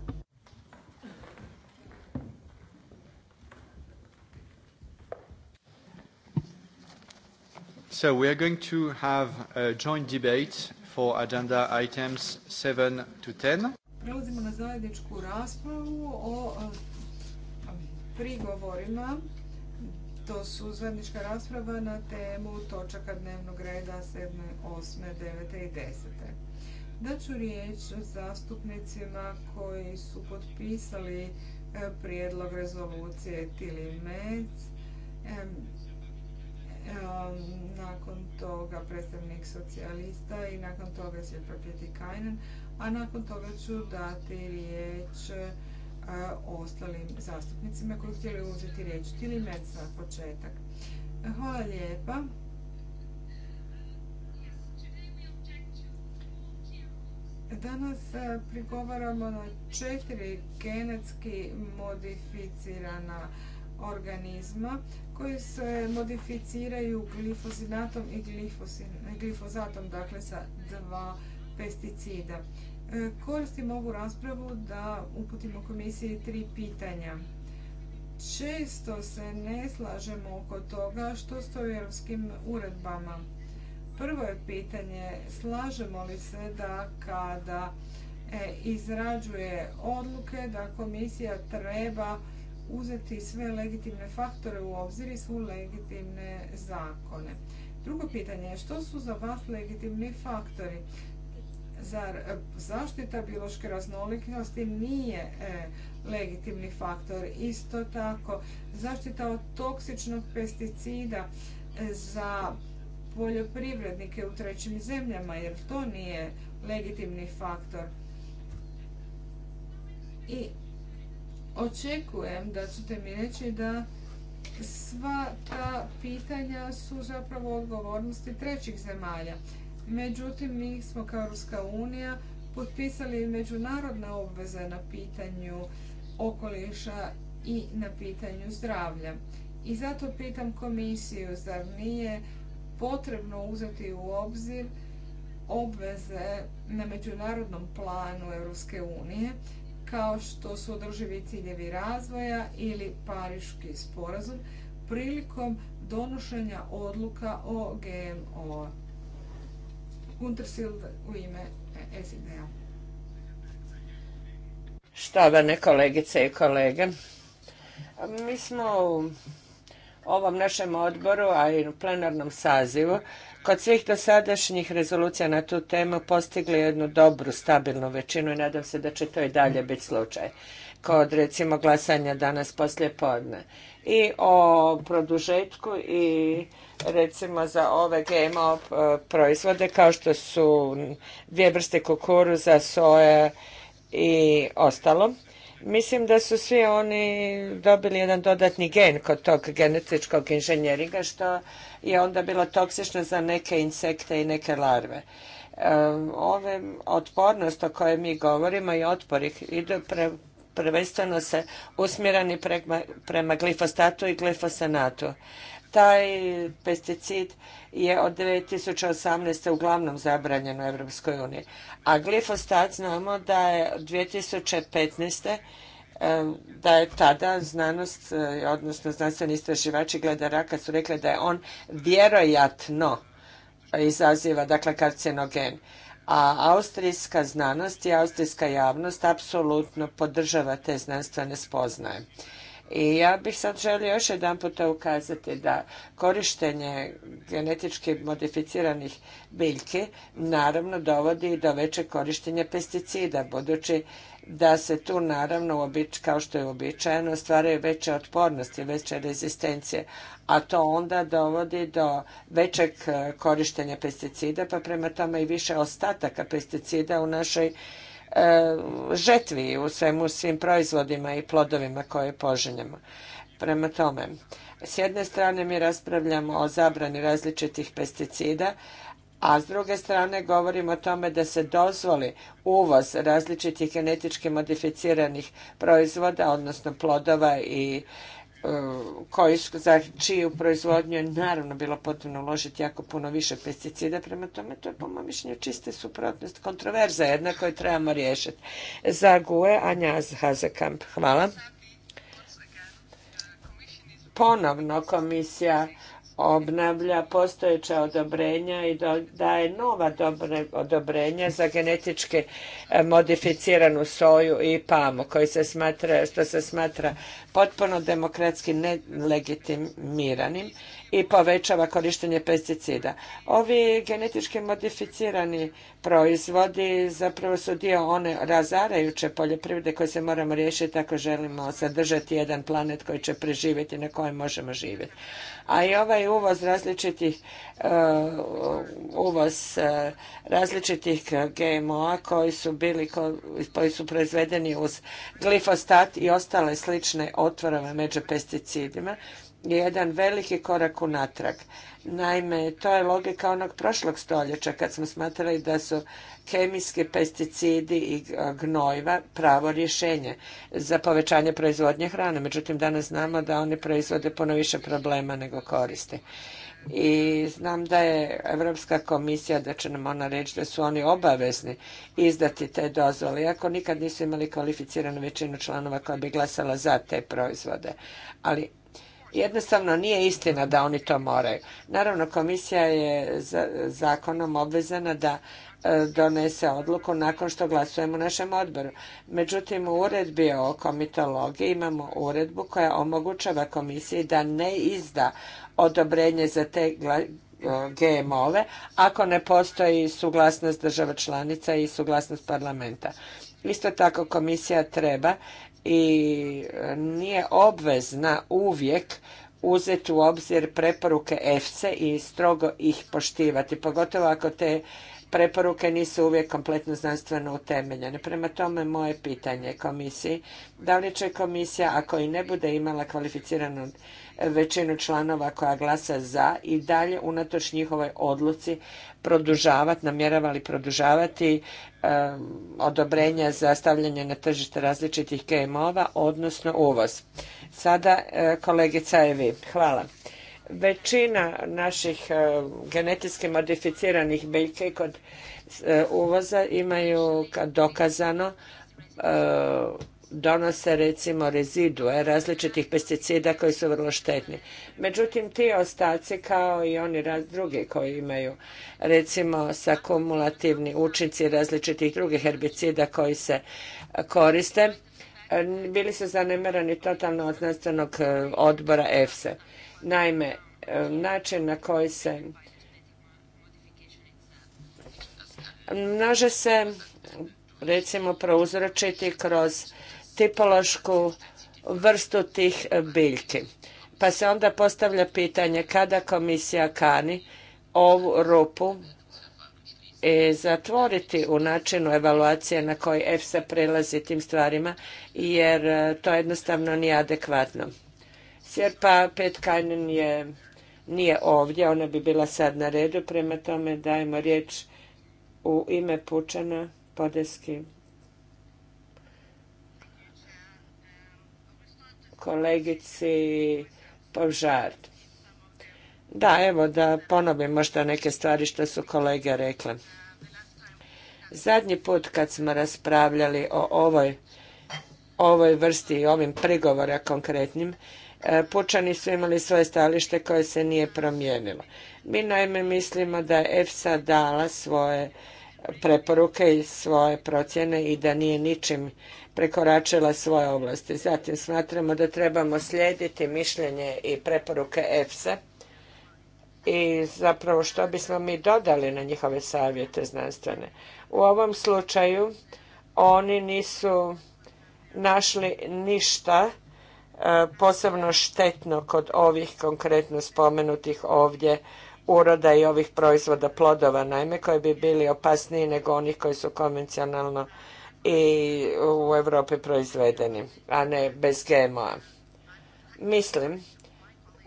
[SPEAKER 1] So we are going to have a joint debate for agenda items 7
[SPEAKER 3] to 10. Prelazimo na zajedničku raspravu o prigovorima to su zajednička rasprava na temu točaka dnevnog reda 7., 8., 9. i 10. Daću riječ zastupnicima koji su potpisali e, prijedlog rezolucije Tili Mec. Nakon toga predstavnik socijalista i nakon toga Sjepa Kajnen, a nakon toga ću dati riječ ostalim zastupnicima koji htjeli uzeti riječ. Tilimec za početak. Hvala lijepa. Danas prigovaramo na četiri genetski modificirana organizma koji se modificiraju glifosinatom i glifosatom glifozatom, dakle sa dva pesticida. E, koristim ovu raspravu da uputimo komisiji tri pitanja. Često se ne slažemo oko toga što stoji u europskim uredbama. Prvo je pitanje, slažemo li se da kada e, izrađuje odluke da komisija treba uzeti sve legitimne faktore u obzir i svu legitimne zakone. Drugo pitanje je što su za vas legitimni faktori? E, zaštita biološke raznolikosti nije e, legitimni faktor? Isto tako, zaštita od toksičnog pesticida e, za poljoprivrednike u trećim zemljama, jer to nije legitimni faktor. I očekujem da ćete mi reći da sva ta pitanja su zapravo odgovornosti trećih zemalja. Međutim, mi smo kao Ruska unija potpisali međunarodne obveze na pitanju okoliša i na pitanju zdravlja. I zato pitam komisiju, zar nije potrebno uzeti u obzir obveze na međunarodnom planu Europske unije kao što su održivi ciljevi razvoja ili Pariški sporazum prilikom donošenja odluka o GMO u ime
[SPEAKER 1] Štovane kolegice i kolege, mi smo u ovom našem odboru, a i u plenarnom sazivu, kod svih dosadašnjih rezolucija na tu temu postigli jednu dobru, stabilnu većinu i nadam se da će to i dalje biti slučaj. Kod recimo glasanja danas poslije podne. I o produžetku i recimo za ove GMO e, proizvode kao što su dvije vrste kukuruza, soje i ostalo. Mislim da su svi oni dobili jedan dodatni gen kod tog genetičkog inženjeringa što je onda bilo toksično za neke insekte i neke larve. E, ove otpornost o kojoj mi govorimo i otpori idu prvenstveno se usmjereni prema, prema glifostatu i glifosanatu. Taj pesticid je od 2018. uglavnom zabranjen u Europskoj uniji. A glifostat znamo da je od 2015 e, da je tada znanost, e, odnosno znanstveni istraživači gleda raka su rekli da je on vjerojatno izaziva, dakle, karcinogen. A austrijska znanost i austrijska javnost apsolutno podržava te znanstvene spoznaje. I ja bih sad želio još jedan ukazati da korištenje genetički modificiranih biljki naravno dovodi i do većeg korištenja pesticida, budući da se tu naravno, kao što je uobičajeno, stvaraju veće otpornosti, veće rezistencije, a to onda dovodi do većeg e, korištenja pesticida, pa prema tome i više ostataka pesticida u našoj žetvi u svemu svim proizvodima i plodovima koje poženjamo. Prema tome, s jedne strane mi raspravljamo o zabrani različitih pesticida, a s druge strane govorimo o tome da se dozvoli uvoz različitih genetički modificiranih proizvoda, odnosno plodova i koji, za čiju proizvodnju je naravno bilo potrebno uložiti jako puno više pesticida, prema tome to je po mojom mišljenju čiste suprotnost, kontroverza jedna koju trebamo riješiti. Za GUE, Anja Hazekamp, hvala. Ponovno komisija obnavlja postojeća odobrenja i daje nova odobrenja za genetički e, modificiranu soju i pamu koji se što se smatra potpuno demokratski nelegitimiranim i povećava korištenje pesticida. Ovi genetički modificirani proizvodi zapravo su dio one razarajuće poljoprivrede koje se moramo riješiti ako želimo sadržati jedan planet koji će preživjeti na kojem možemo živjeti. A i ovaj uvoz različitih e, uvoz e, različitih GMO-a koji su bili koji su proizvedeni uz glifostat i ostale slične otvorove među pesticidima jedan veliki korak unatrag. Naime, to je logika onog prošlog stoljeća kad smo smatrali da su kemijski pesticidi i gnojiva pravo rješenje za povećanje proizvodnje hrane. Međutim, danas znamo da oni proizvode puno više problema nego koriste. I znam da je Europska komisija, da će nam ona reći da su oni obavezni izdati te dozvole, iako nikad nisu imali kvalificiranu većinu članova koja bi glasala za te proizvode. Ali Jednostavno nije istina da oni to moraju. Naravno, komisija je zakonom obvezana da e, donese odluku nakon što glasujemo u našem odboru. Međutim, u uredbi o komitologiji imamo uredbu koja omogućava komisiji da ne izda odobrenje za te GMO-ove e, ako ne postoji suglasnost država članica i suglasnost parlamenta. Isto tako komisija treba i e, nije obvezna uvijek uzeti u obzir preporuke EFCE i strogo ih poštivati, pogotovo ako te preporuke nisu uvijek kompletno znanstveno utemeljene. Prema tome, moje pitanje komisiji, da li će komisija, ako i ne bude imala kvalificiranu većinu članova koja glasa za i dalje unatoč njihovoj odluci produžavati, namjeravali produžavati odobrenje odobrenja za stavljanje na tržište različitih GMO-ova, odnosno uvoz. Sada e, kolegica je vi. Hvala. Većina naših e, genetski modificiranih biljke kod e, uvoza imaju dokazano donose recimo rezidue različitih pesticida koji su vrlo štetni. Međutim, ti ostaci kao i oni drugi koji imaju recimo sa kumulativni učinci različitih drugih herbicida koji se koriste, bili su zanemerani totalno od znanstvenog e, odbora EFSE. Naime, e, način na koji se množe se recimo prouzročiti kroz tipološku vrstu tih biljki. Pa se onda postavlja pitanje kada komisija kani ovu rupu zatvoriti u načinu evaluacije na koji EFSA prelazi tim stvarima, jer e, to jednostavno nije adekvatno. Sjerpa Petkajnen je, nije ovdje, ona bi bila sad na redu, prema tome dajemo riječ u ime Pučana Podeski kolegici Požar. Da, evo da ponovim možda neke stvari što su kolege rekle. Zadnji put kad smo raspravljali o ovoj, ovoj vrsti i ovim prigovora konkretnim, e, Pučani su imali svoje stajalište koje se nije promijenilo. Mi naime mislimo da je EFSA dala svoje preporuke i svoje procjene i da nije ničim prekoračila svoje ovlasti. Zatim smatramo da trebamo slijediti mišljenje i preporuke EFSA i zapravo što bismo mi dodali na njihove savjete znanstvene. U ovom slučaju oni nisu našli ništa e, posebno štetno kod ovih konkretno spomenutih ovdje uroda i ovih proizvoda plodova, naime, koji bi bili opasniji nego onih koji su konvencionalno i u Europi proizvedeni, a ne bez GMO-a. Mislim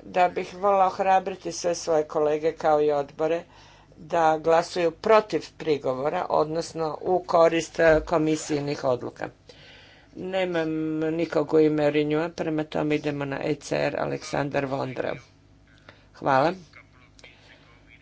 [SPEAKER 1] da bih volila ohrabriti sve svoje kolege kao i odbore da glasuju protiv prigovora, odnosno u korist e, komisijnih odluka. Nemam nikog u ime Rinjua, prema tom idemo na ECR Aleksandar Vondra. Hvala.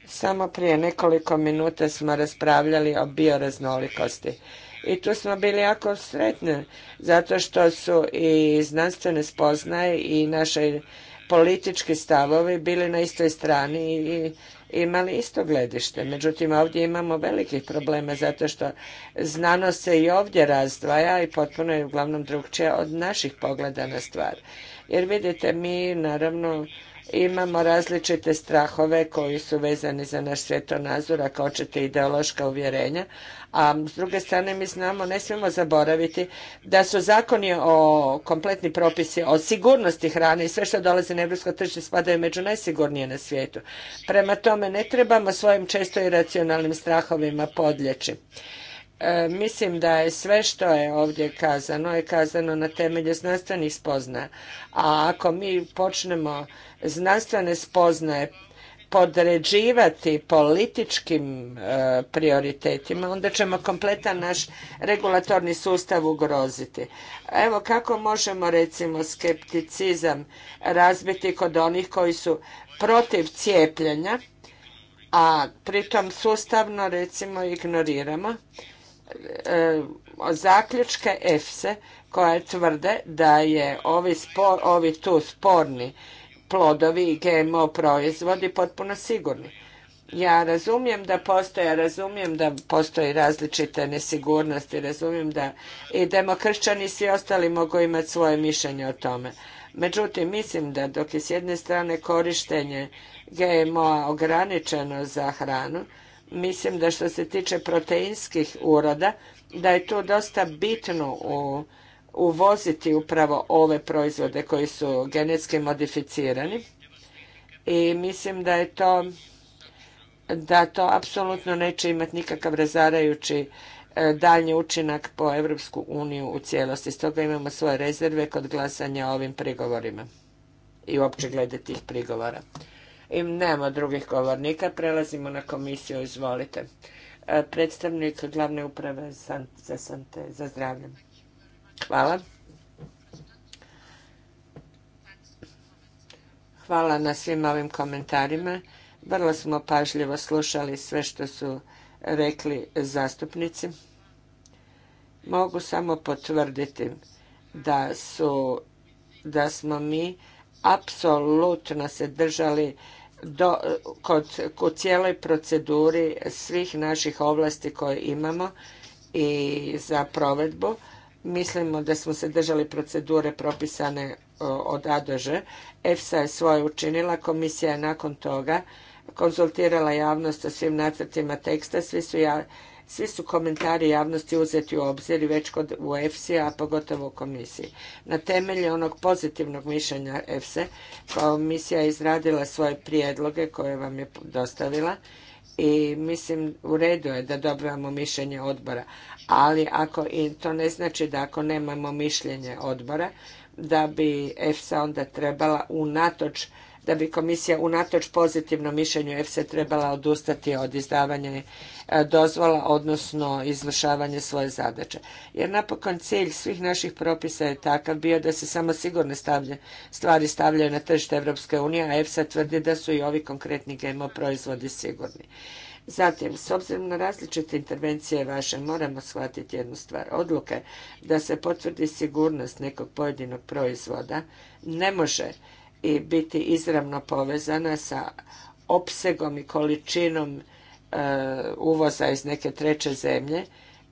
[SPEAKER 1] Samo prije nekoliko minuta smo raspravljali o bioraznolikosti i tu smo bili jako sretni zato što su i znanstvene spoznaje i naše politički stavovi bili na istoj strani i imali isto gledište. Međutim, ovdje imamo velikih problema zato što znanost se i ovdje razdvaja i potpuno je uglavnom drugčija od naših pogleda na stvar. Jer vidite, mi naravno imamo različite strahove koji su vezani za naš svjetonazor, ako hoćete ideološka uvjerenja, a s druge strane mi znamo, ne smijemo zaboraviti da su zakoni o kompletni propisi o sigurnosti hrane i sve što dolazi na europsko tržište spadaju među najsigurnije na svijetu. Prema tome ne trebamo svojim često iracionalnim strahovima podljeći. E, mislim da je sve što je ovdje kazano je kazano na temelju znanstvenih spoznaja. A ako mi počnemo znanstvene spoznaje podređivati političkim e, prioritetima, onda ćemo kompletan naš regulatorni sustav ugroziti. Evo kako možemo recimo skepticizam razbiti kod onih koji su protiv cijepljenja, a pritom sustavno recimo ignoriramo E, zaključke EFSE koja tvrde da je ovi, spor, ovi tu sporni plodovi i GMO proizvodi potpuno sigurni. Ja razumijem da postoje, razumijem da postoji različite nesigurnosti, razumijem da i demokršćani i svi ostali mogu imati svoje mišljenje o tome. Međutim, mislim da dok je s jedne strane korištenje GMO-a ograničeno za hranu, Mislim da što se tiče proteinskih uroda, da je tu dosta bitno u, uvoziti upravo ove proizvode koji su genetski modificirani i mislim da je to da to apsolutno neće imati nikakav razarajući e, daljnji učinak po Europsku uniju u cijelosti. Stoga imamo svoje rezerve kod glasanja o ovim prigovorima i uopće glede tih prigovora. I nema drugih govornika. Prelazimo na komisiju. Izvolite. E, predstavnik glavne uprave za, Sante, za zdravlje. Hvala. Hvala na svim ovim komentarima. Vrlo smo pažljivo slušali sve što su rekli zastupnici. Mogu samo potvrditi da su da smo mi apsolutno se držali do, kod, kod cijeloj proceduri svih naših ovlasti koje imamo i za provedbu. Mislimo da smo se držali procedure propisane e, od A do EFSA je svoje učinila, komisija je nakon toga konzultirala javnost o svim nacrtima teksta, svi su ja, svi su komentari javnosti uzeti u obzir i već kod u EFSI, a pogotovo u komisiji. Na temelju onog pozitivnog mišljenja EFSE, komisija je izradila svoje prijedloge koje vam je dostavila i mislim u redu je da dobivamo mišljenje odbora, ali ako i to ne znači da ako nemamo mišljenje odbora, da bi EFSA onda trebala unatoč da bi komisija unatoč pozitivnom mišljenju EFSA trebala odustati od izdavanja e, dozvola, odnosno izvršavanje svoje zadaće. Jer napokon cilj svih naših propisa je takav bio da se samo sigurne stvari stavljaju na tržište Europske unije, a EFSA tvrdi da su i ovi konkretni GMO proizvodi sigurni. Zatim, s obzirom na različite intervencije vaše, moramo shvatiti jednu stvar. Odluke da se potvrdi sigurnost nekog pojedinog proizvoda ne može i biti izravno povezana sa opsegom i količinom e, uvoza iz neke treće zemlje,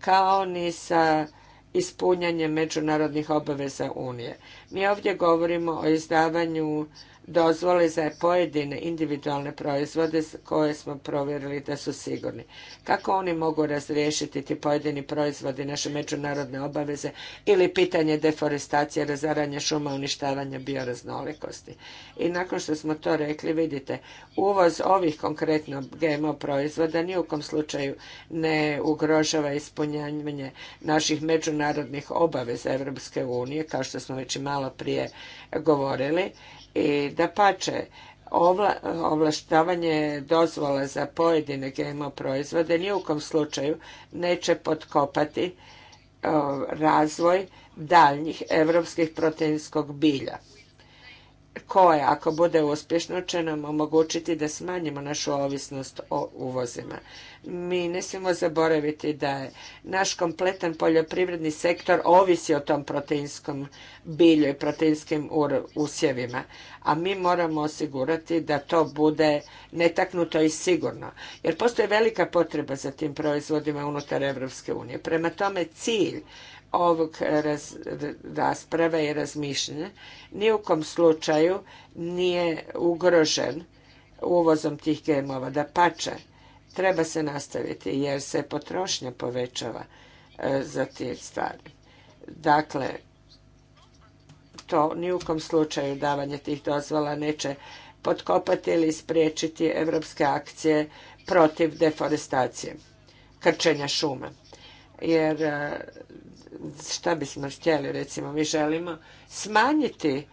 [SPEAKER 1] kao ni sa ispunjanjem međunarodnih obaveza Unije. Mi ovdje govorimo o izdavanju dozvole za pojedine individualne proizvode koje smo provjerili da su sigurni. Kako oni mogu razriješiti ti pojedini proizvodi naše međunarodne obaveze ili pitanje deforestacije, razaranja šuma, uništavanja bioraznolikosti. I nakon što smo to rekli, vidite, uvoz ovih konkretno GMO proizvoda ni u kom slučaju ne ugrožava ispunjavanje naših međunarodnih obaveza Evropske unije, kao što smo već i malo prije govorili, i da pače, ovlaštavanje dozvola za pojedine GMO proizvode ni u kom slučaju neće potkopati razvoj daljnjih europskih proteinskog bilja koje, ako bude uspješno, će nam omogućiti da smanjimo našu ovisnost o uvozima. Mi ne smijemo zaboraviti da je naš kompletan poljoprivredni sektor ovisi o tom proteinskom bilju i proteinskim usjevima, a mi moramo osigurati da to bude netaknuto i sigurno, jer postoji velika potreba za tim proizvodima unutar Evropske unije. Prema tome, cilj ovog raz, rasprave i razmišljanja ni u kom slučaju nije ugrožen uvozom tih gemova. Da pače, treba se nastaviti jer se potrošnja povećava e, za te stvari. Dakle, to ni u kom slučaju davanje tih dozvola neće potkopati ili spriječiti evropske akcije protiv deforestacije, krčenja šuma. Jer e, šta bismo htjeli, recimo mi želimo smanjiti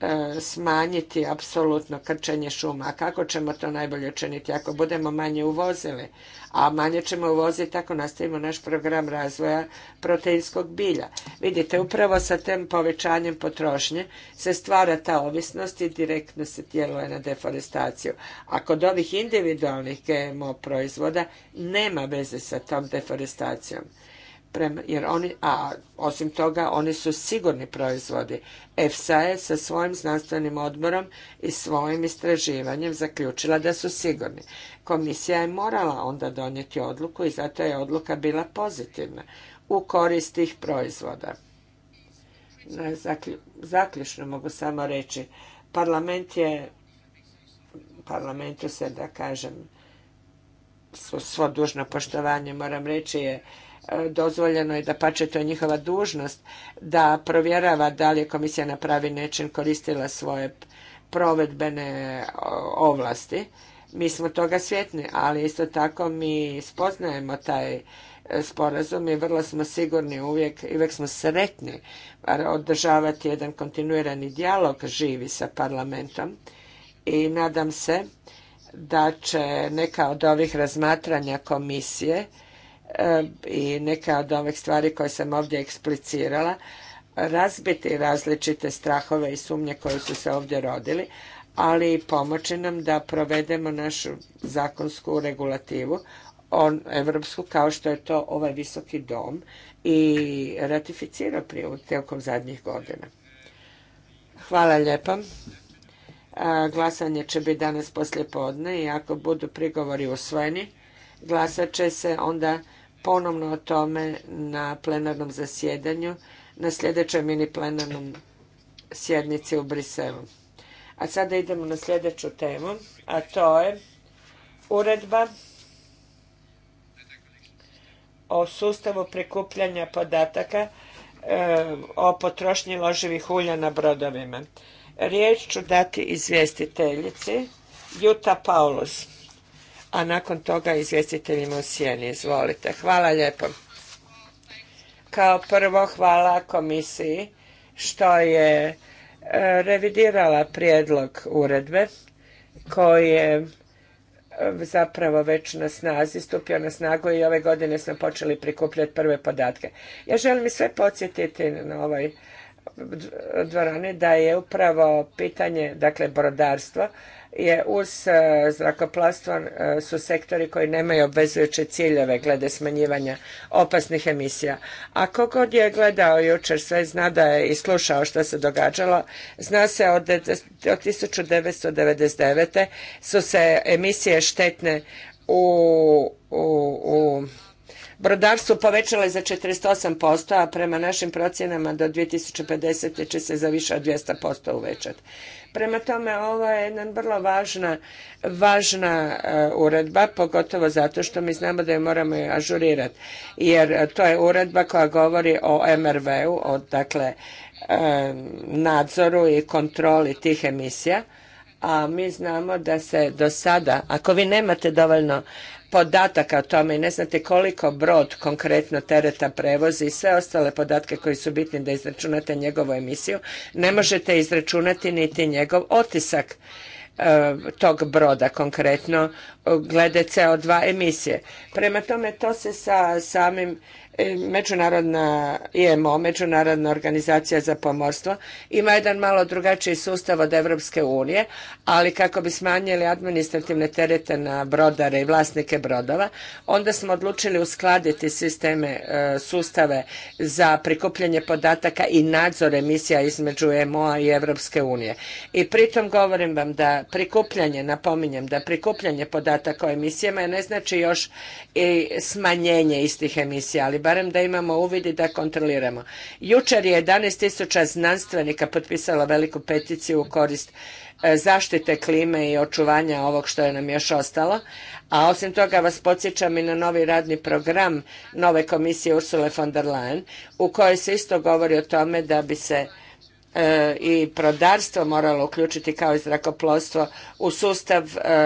[SPEAKER 1] e, smanjiti apsolutno krčenje šuma. A kako ćemo to najbolje učiniti? Ako budemo manje uvozili, a manje ćemo uvoziti tako nastavimo naš program razvoja proteinskog bilja. Vidite, upravo sa tem povećanjem potrošnje se stvara ta ovisnost i direktno se djeluje na deforestaciju. A kod ovih individualnih GMO proizvoda nema veze sa tom deforestacijom jer oni, a osim toga oni su sigurni proizvodi. EFSA je sa svojim znanstvenim odborom i svojim istraživanjem zaključila da su sigurni. Komisija je morala onda donijeti odluku i zato je odluka bila pozitivna u korist tih proizvoda. zaključno mogu samo reći, parlament je, parlamentu se da kažem, svo dužno poštovanje moram reći je E, dozvoljeno je da to je njihova dužnost da provjerava da li je komisija na pravi način koristila svoje provedbene e, ovlasti. Mi smo toga svjetni, ali isto tako mi spoznajemo taj e, sporazum i vrlo smo sigurni uvijek, uvijek smo sretni održavati jedan kontinuirani dijalog živi sa parlamentom i nadam se da će neka od ovih razmatranja komisije i neka od ovih stvari koje sam ovdje eksplicirala, razbiti različite strahove i sumnje koje su se ovdje rodili, ali i pomoći nam da provedemo našu zakonsku regulativu on, evropsku kao što je to ovaj visoki dom i ratificira prije tijekom zadnjih godina. Hvala lijepa. glasanje će biti danas poslije podne i ako budu prigovori usvojeni, Glasat će se onda ponovno o tome na plenarnom zasjedanju, na sljedećoj mini plenarnom sjednici u Briselu. A sada idemo na sljedeću temu, a to je uredba o sustavu prikupljanja podataka e, o potrošnji loživih ulja na brodovima. Riječ ću dati izvjestiteljici Juta Paulus a nakon toga izvjestiteljima u sjeni. Izvolite. Hvala lijepo. Kao prvo hvala komisiji što je e, revidirala prijedlog uredbe koji je e, zapravo već na snazi, stupio na snagu i ove godine smo počeli prikupljati prve podatke. Ja želim sve podsjetiti na ovoj dvorani da je upravo pitanje, dakle, brodarstva je uz e, zrakoplovstvo e, su sektori koji nemaju obvezujuće ciljeve glede smanjivanja opasnih emisija. A kogod je gledao jučer sve zna da je i slušao što se događalo, zna se od, od 1999. su se emisije štetne u, u, u brodarstvu povećale za 48%, a prema našim procjenama do 2050. će se za više od 200% uvećati. Prema tome, ovo je jedna vrlo važna, važna e, uredba, pogotovo zato što mi znamo da je moramo ažurirati, jer to je uredba koja govori o MRV-u, o dakle, e, nadzoru i kontroli tih emisija, a mi znamo da se do sada, ako vi nemate dovoljno podataka o tome i ne znate koliko brod konkretno tereta prevozi i sve ostale podatke koji su bitni da izračunate njegovu emisiju, ne možete izračunati niti njegov otisak e, tog broda konkretno glede CO2 emisije. Prema tome, to se sa samim E, međunarodna IMO, Međunarodna organizacija za pomorstvo, ima jedan malo drugačiji sustav od Europske unije, ali kako bi smanjili administrativne terete na brodare i vlasnike brodova, onda smo odlučili uskladiti sisteme, e, sustave za prikupljanje podataka i nadzor emisija između IMO-a i Europske unije. I pritom govorim vam da prikupljanje, napominjem, da prikupljanje podataka o emisijama ne znači još i smanjenje istih emisija, ali barem da imamo uvid i da kontroliramo. Jučer je 11.000 znanstvenika potpisalo veliku peticiju u korist e, zaštite klime i očuvanja ovog što je nam još ostalo. A osim toga vas podsjećam i na novi radni program nove komisije Ursula von der Leyen u kojoj se isto govori o tome da bi se e, i prodarstvo moralo uključiti kao i zrakoplovstvo u sustav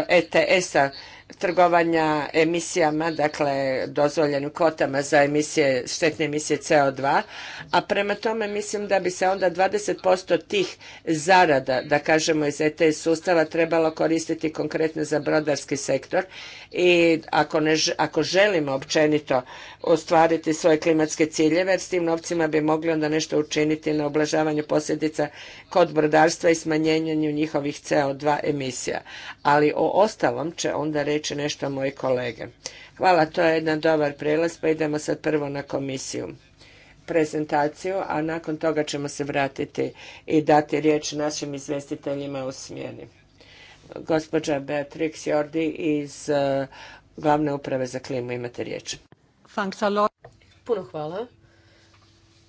[SPEAKER 1] ETS-a e trgovanja emisijama, dakle dozvoljenim kvotama za emisije, štetne emisije CO2, a prema tome mislim da bi se onda 20% tih zarada, da kažemo iz ETS sustava, trebalo koristiti konkretno za brodarski sektor i ako, ako želimo općenito ostvariti svoje klimatske ciljeve, jer s tim novcima bi mogli onda nešto učiniti na oblažavanju posljedica kod brodarstva i smanjenju njihovih CO2 emisija. Ali o ostalom će onda reći reći nešto moji kolege. Hvala, to je jedan dobar prijelaz, pa idemo sad prvo na komisiju prezentaciju, a nakon toga ćemo se vratiti i dati riječ našim izvestiteljima u smjeni. Gospođa Beatrix Jordi iz eh, Glavne uprave za klimu, imate riječ.
[SPEAKER 2] Puno hvala,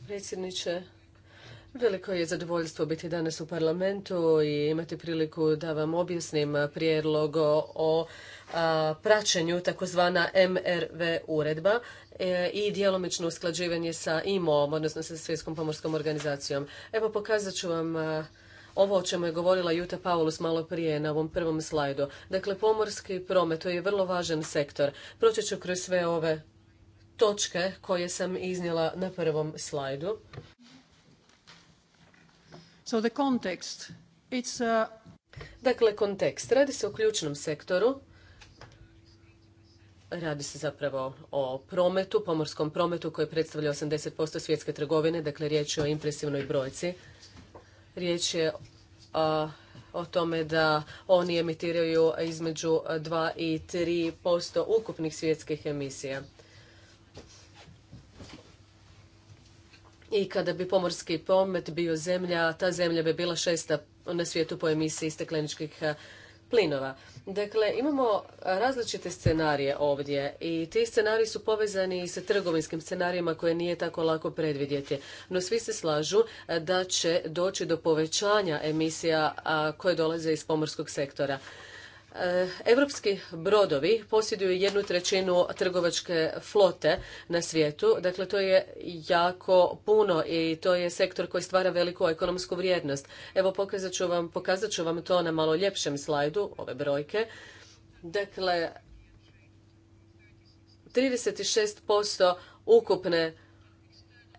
[SPEAKER 2] predsjedniče Veliko je zadovoljstvo biti danas u parlamentu i imati priliku da vam objasnim prijedlog o praćenju takozvana MRV uredba e, i djelomično usklađivanje sa IMO-om, odnosno sa Svjetskom pomorskom organizacijom. Evo pokazat ću vam ovo o čemu je govorila Juta Paulus malo prije na ovom prvom slajdu. Dakle, pomorski promet je vrlo važan sektor. Proći ću kroz sve ove točke koje sam iznijela na prvom slajdu. So the uh, Dakle, kontekst. Radi se o ključnom sektoru. Radi se zapravo o prometu, pomorskom prometu koji predstavlja 80% svjetske trgovine. Dakle, riječ je o impresivnoj brojci. Riječ je o tome da oni emitiraju između 2 i 3% ukupnih svjetskih emisija. i kada bi pomorski promet bio zemlja, ta zemlja bi bila šesta na svijetu po emisiji stakleničkih e, plinova. Dakle, imamo različite scenarije ovdje i ti scenariji su povezani i sa trgovinskim scenarijima koje nije tako lako predvidjeti. No svi se slažu e, da će doći do povećanja emisija koje dolaze iz pomorskog sektora. Europski brodovi posjeduju jednu trećinu trgovačke flote na svijetu, dakle to je jako puno i to je sektor koji stvara veliku ekonomsku vrijednost. Evo pokazat ću vam, vam to na malo ljepšem slajdu, ove brojke. Dakle, 36% ukupne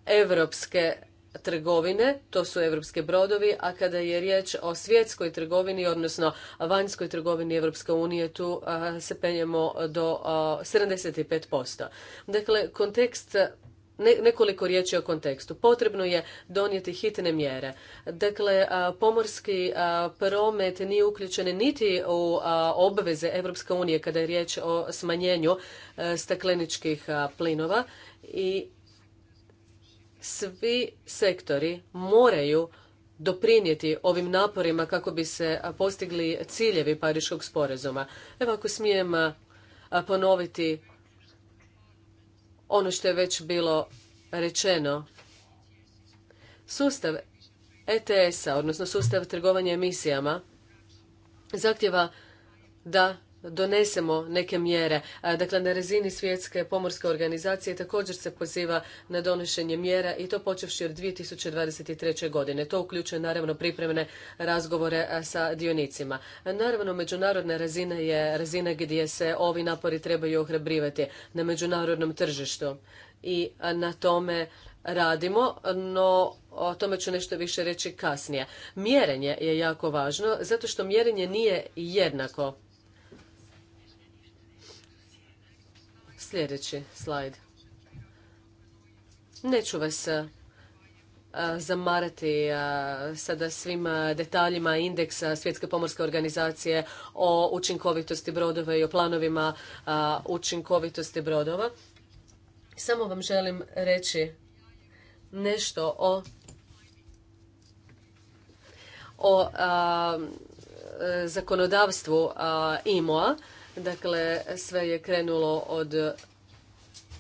[SPEAKER 2] europske trgovine, to su europske brodovi, a kada je riječ o svjetskoj trgovini, odnosno vanjskoj trgovini Evropske unije, tu se penjemo do 75%. Dakle, kontekst nekoliko riječi o kontekstu. Potrebno je donijeti hitne mjere. Dakle, pomorski promet nije uključen niti u obveze Evropske unije kada je riječ o smanjenju e, stakleničkih plinova i svi sektori moraju doprinijeti ovim naporima kako bi se postigli ciljevi Pariškog sporazuma. Evo ako smijem ponoviti ono što je već bilo rečeno. Sustav ETS-a, odnosno sustav trgovanja emisijama, zahtjeva da donesemo neke mjere. Dakle, na razini svjetske pomorske organizacije također se poziva na donošenje mjera i to počevši od 2023. godine. To uključuje naravno pripremne razgovore sa dionicima. Naravno, međunarodna razina je razina gdje se ovi napori trebaju ohrabrivati na međunarodnom tržištu i na tome radimo, no o tome ću nešto više reći kasnije. Mjerenje je jako važno zato što mjerenje nije jednako Sljedeći slajd. Neću vas zamarati sada svim detaljima indeksa Svjetske pomorske organizacije o učinkovitosti brodova i o planovima učinkovitosti brodova. Samo vam želim reći nešto o o zakonodavstvu IMO-a Dakle, sve je krenulo od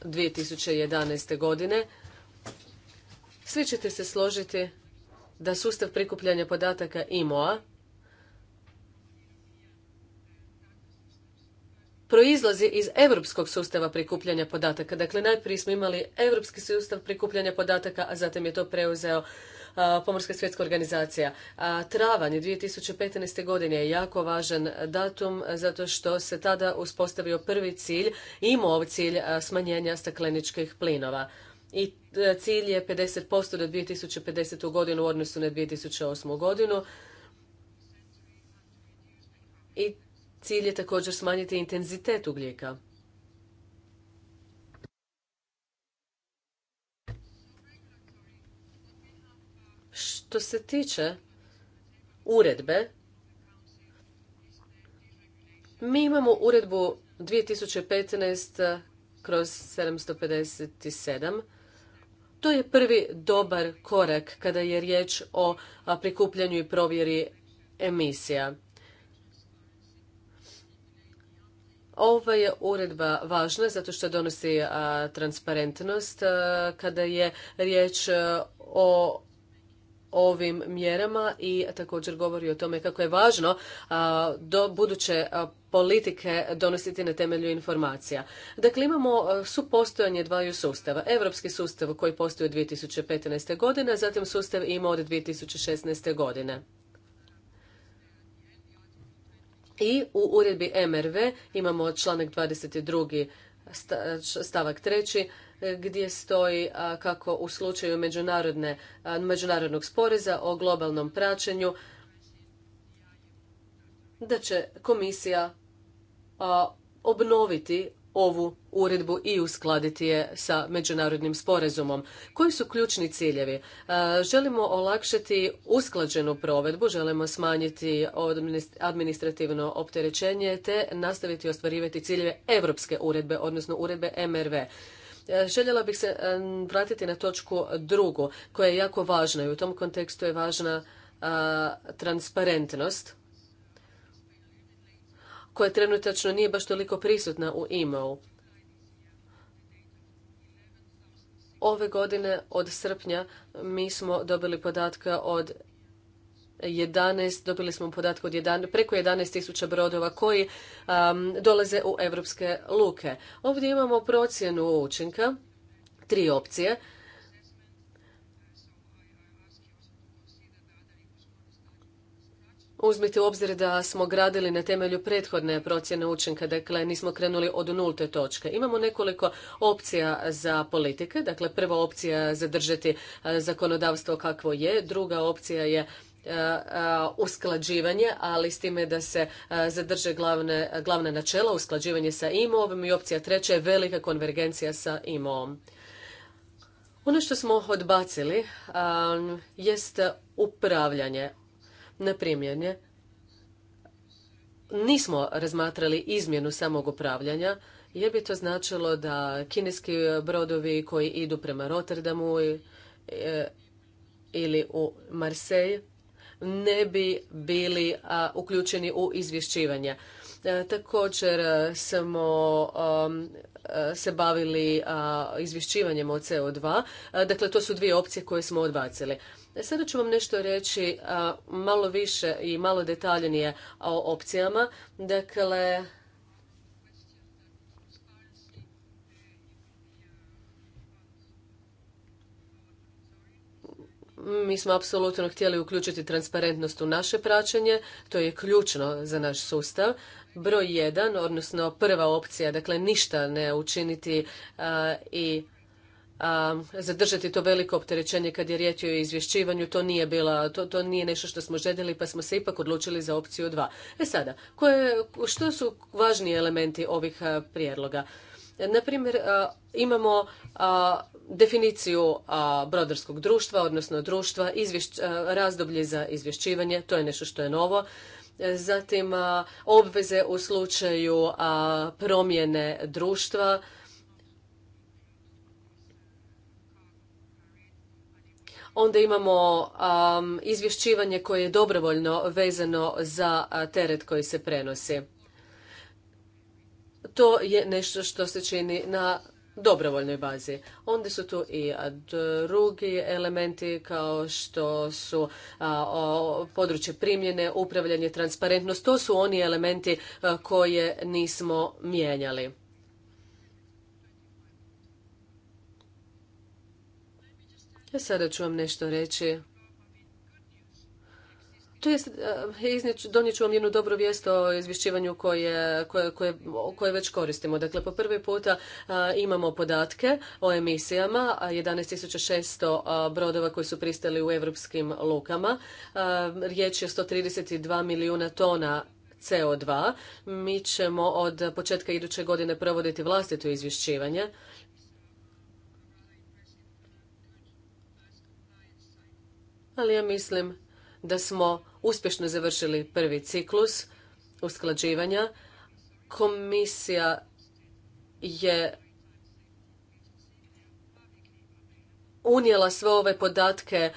[SPEAKER 2] 2011. godine. Svi ćete se složiti da sustav prikupljanja podataka IMOA proizlazi iz europskog sustava prikupljanja podataka. Dakle, najprije smo imali europski sustav prikupljanja podataka, a zatim je to preuzeo Pomorska svjetska organizacija. A travanj 2015. godine je jako važan datum zato što se tada uspostavio prvi cilj, imao cilj smanjenja stakleničkih plinova. I e, cilj je 50% do 2050. godinu u odnosu na 2008. godinu. I cilj je također smanjiti intenzitet ugljika. Što se tiče uredbe, mi imamo uredbu 2015 kroz 757. To je prvi dobar korak kada je riječ o prikupljanju i provjeri emisija. Ova je uredba važna zato što donosi transparentnost kada je riječ o ovim mjerama i također govori o tome kako je važno do buduće politike donositi na temelju informacija. Dakle, imamo supostojanje dvaju sustava. Europski sustav koji postoji od 2015. godine, a zatim sustav ima od 2016. godine. I u uredbi MRV imamo članak 22. stavak 3 gdje stoji kako u slučaju međunarodnog sporeza o globalnom praćenju da će komisija obnoviti ovu uredbu i uskladiti je sa međunarodnim sporazumom. Koji su ključni ciljevi? Želimo olakšati usklađenu provedbu, želimo smanjiti administrativno opterećenje te nastaviti ostvarivati ciljeve Europske uredbe, odnosno uredbe MRV. E, željela bih se e, vratiti na točku drugu, koja je jako važna i u tom kontekstu je važna e, transparentnost koja trenutačno nije baš toliko prisutna u e-mailu. Ove godine od srpnja mi smo dobili podatke od 11, dobili smo podatke od 11, preko 11.000 brodova koji um, dolaze u europske luke. Ovdje imamo procjenu učinka, tri opcije. Uzmite u obzir da smo gradili na temelju prethodne procjene učinka, dakle nismo krenuli od nulte točke. Imamo nekoliko opcija za politike, dakle prva opcija je zadržati uh, zakonodavstvo kakvo je, druga opcija je E, e, usklađivanje, ali s time da se e, zadrže glavne, načela, usklađivanje sa IMO-om i opcija treća je velika konvergencija sa IMO-om. Ono što smo odbacili jest upravljanje. Naprimjer, nismo razmatrali izmjenu samog upravljanja, jer bi to značilo da kineski brodovi koji idu prema Rotterdamu ili u Marseille ne bi bili uključeni u izvješćivanje. E, također e, smo um, e, se bavili izvješćivanjem o CO2. Dakle, to su dvije opcije koje smo odbacili. Sada ću vam nešto reći malo više i malo detaljnije o opcijama. Dakle, Mi smo apsolutno htjeli uključiti transparentnost u naše praćenje, to je ključno za naš sustav. Broj jedan, odnosno prva opcija, dakle ništa ne učiniti i zadržati to veliko opterećenje kad je riječ o izvješćivanju, to nije bila, to, to nije nešto što smo željeli pa smo se ipak odlučili za opciju dva. E sada, koje, što su važni elementi ovih a, prijedloga? Naprimjer, imamo definiciju brodarskog društva, odnosno društva, razdoblje za izvješćivanje, to je nešto što je novo. E, zatim obveze u slučaju promjene društva, onda imamo izvješćivanje koje je dobrovoljno vezano za teret koji se prenosi. To je nešto što se čini na dobrovoljnoj bazi. Onda su tu i drugi elementi kao što su područje primjene, upravljanje, transparentnost. To su oni elementi koje nismo mijenjali. Sada ću vam nešto reći tu jest, e, donijet ću vam jednu dobru vijest o izvješćivanju koje, već koristimo. Dakle, po prvi puta e, imamo podatke o emisijama, 11.600 e, brodova koji su pristali u europskim lukama. riječ je o 132 milijuna tona CO2. Mi ćemo od početka iduće godine provoditi vlastito izvješćivanje. Ali ja mislim da smo uspješno završili prvi ciklus usklađivanja. Komisija je unijela sve ove podatke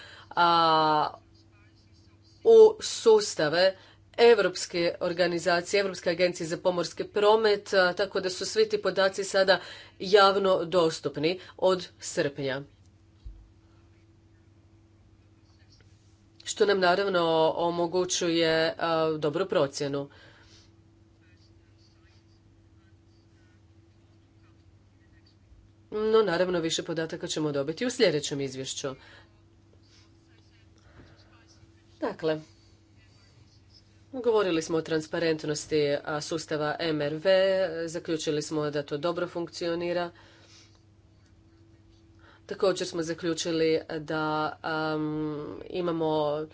[SPEAKER 2] u sustave Europske organizacije, Europske agencije za pomorski promet, tako da su svi ti podaci sada javno dostupni od srpnja. što nam naravno omogućuje dobru procjenu. No, naravno, više podataka ćemo dobiti u sljedećem izvješću. Dakle, govorili smo o transparentnosti sustava MRV, zaključili smo da to dobro funkcionira. Također smo zaključili da imamo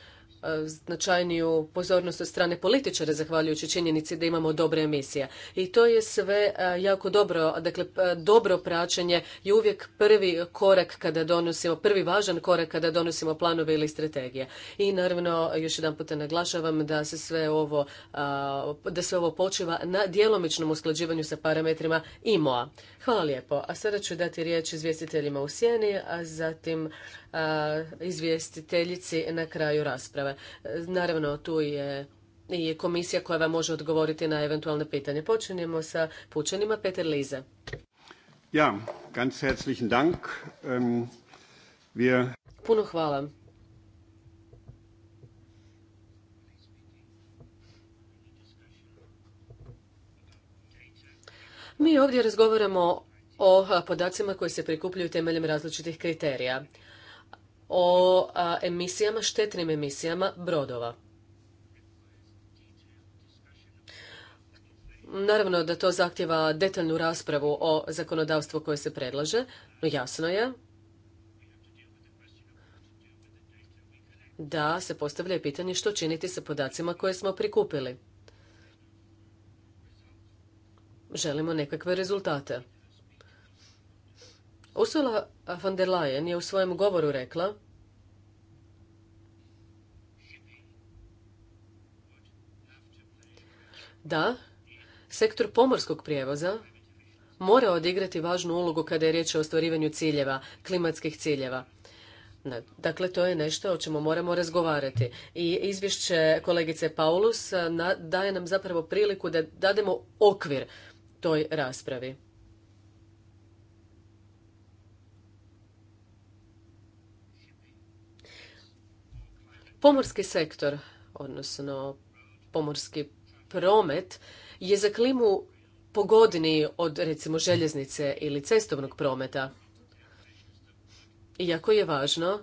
[SPEAKER 2] E, značajniju pozornost od strane političara zahvaljujući činjenici da imamo dobre emisije. I to je sve e, jako dobro, dakle dobro praćenje je uvijek prvi korak kada donosimo, prvi važan korak kada donosimo planove ili strategije. I naravno još jedan puta naglašavam da se sve ovo, da sve ovo počiva na djelomičnom usklađivanju sa parametrima IMO-a. Hvala lijepo. A sada ću dati riječ izvjestiteljima u sjeni, a zatim izvjestiteljici na kraju rasprave. Naravno, tu je i komisija koja vam može odgovoriti na eventualne pitanje. Počinjemo sa pučanima. Peter Lize.
[SPEAKER 3] Ja, ganz herzlichen Dank. Ähm,
[SPEAKER 2] Puno hvala. Mi ovdje razgovaramo o podacima koji se prikupljaju temeljem različitih kriterija o emisijama, štetnim emisijama brodova. Naravno da to zahtjeva detaljnu raspravu o zakonodavstvu koje se predlaže, no jasno je da se postavlja pitanje što činiti sa podacima koje smo prikupili. Želimo nekakve rezultate. Ursula von der Leyen je u svojem govoru rekla da sektor pomorskog prijevoza mora odigrati važnu ulogu kada je riječ o ostvarivanju ciljeva, klimatskih ciljeva. Dakle, to je nešto o čemu moramo razgovarati. I izvješće kolegice Paulus daje nam zapravo priliku da dademo okvir toj raspravi. Pomorski sektor, odnosno pomorski promet, je za klimu pogodniji od recimo željeznice ili cestovnog prometa. Iako je važno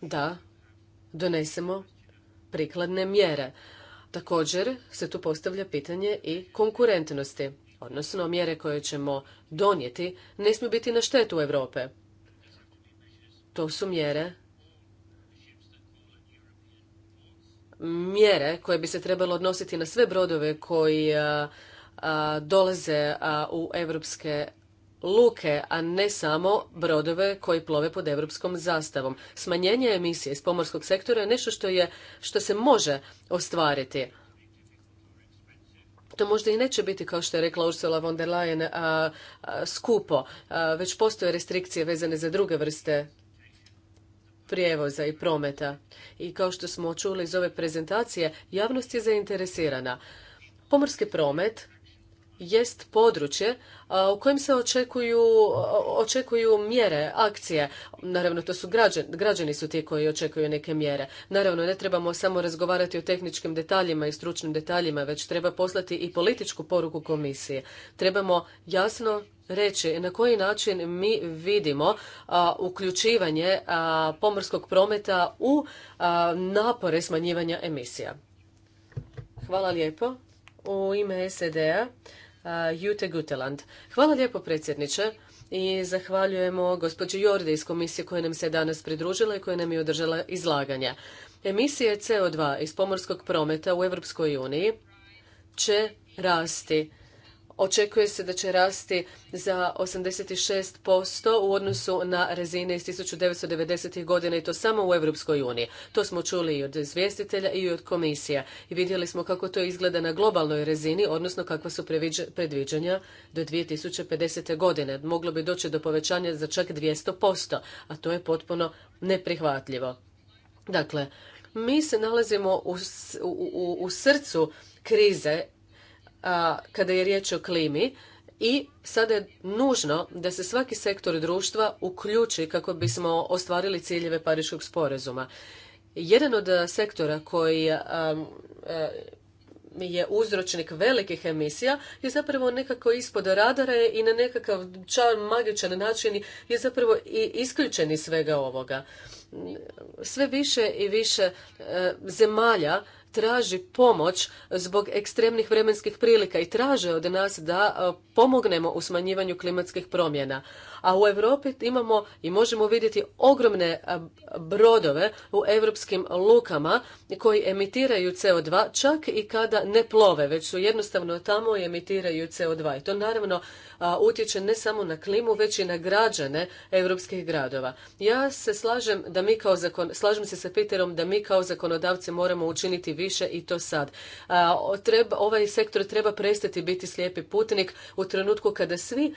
[SPEAKER 2] da donesemo prikladne mjere. Također se tu postavlja pitanje i konkurentnosti, odnosno mjere koje ćemo donijeti ne smiju biti na štetu Europe. To su mjere mjere koje bi se trebalo odnositi na sve brodove koji dolaze u europske luke, a ne samo brodove koji plove pod europskom zastavom. Smanjenje emisije iz pomorskog sektora je nešto što, je, što se može ostvariti. To možda i neće biti, kao što je rekla Ursula von der Leyen, skupo. Već postoje restrikcije vezane za druge vrste prijevoza i prometa. I kao što smo čuli iz ove prezentacije, javnost je zainteresirana. Pomorski promet jest područje u kojem se očekuju, očekuju mjere, akcije. Naravno, to su građani, građani su ti koji očekuju neke mjere. Naravno, ne trebamo samo razgovarati o tehničkim detaljima i stručnim detaljima, već treba poslati i političku poruku komisije. Trebamo jasno reći na koji način mi vidimo uključivanje pomorskog prometa u napore smanjivanja emisija. Hvala lijepo. U ime SED-a Uh, Jute Guteland. Hvala lijepo predsjedniče i zahvaljujemo gospođi Jordi iz komisije koja nam se danas pridružila i koja nam je održala izlaganja. Emisije CO2 iz pomorskog prometa u Europskoj uniji će rasti očekuje se da će rasti za 86% u odnosu na razine iz 1990. godina i to samo u Europskoj uniji. To smo čuli i od izvjestitelja i od komisija i vidjeli smo kako to izgleda na globalnoj razini, odnosno kakva su predviđanja do 2050. godine. Moglo bi doći do povećanja za čak 200%, a to je potpuno neprihvatljivo. Dakle, mi se nalazimo u srcu krize kada je riječ o klimi i sada je nužno da se svaki sektor društva uključi kako bismo ostvarili ciljeve Pariškog sporazuma. Jedan od sektora koji je uzročnik velikih emisija je zapravo nekako ispod radara i na nekakav čar magičan način je zapravo i isključen iz svega ovoga. Sve više i više zemalja traži pomoć zbog ekstremnih vremenskih prilika i traže od nas da e, pomognemo u smanjivanju klimatskih promjena. A u Europi imamo i možemo vidjeti ogromne e, brodove u europskim lukama koji emitiraju CO2 čak i kada ne plove, već su jednostavno tamo i emitiraju CO2. I to naravno e, utječe ne samo na klimu, već i na građane europskih gradova. Ja se slažem da mi kao zakon, slažem se sa Peterom da mi kao zakonodavci moramo učiniti više i to sad. ovaj sektor treba prestati biti slijepi putnik u trenutku kada svi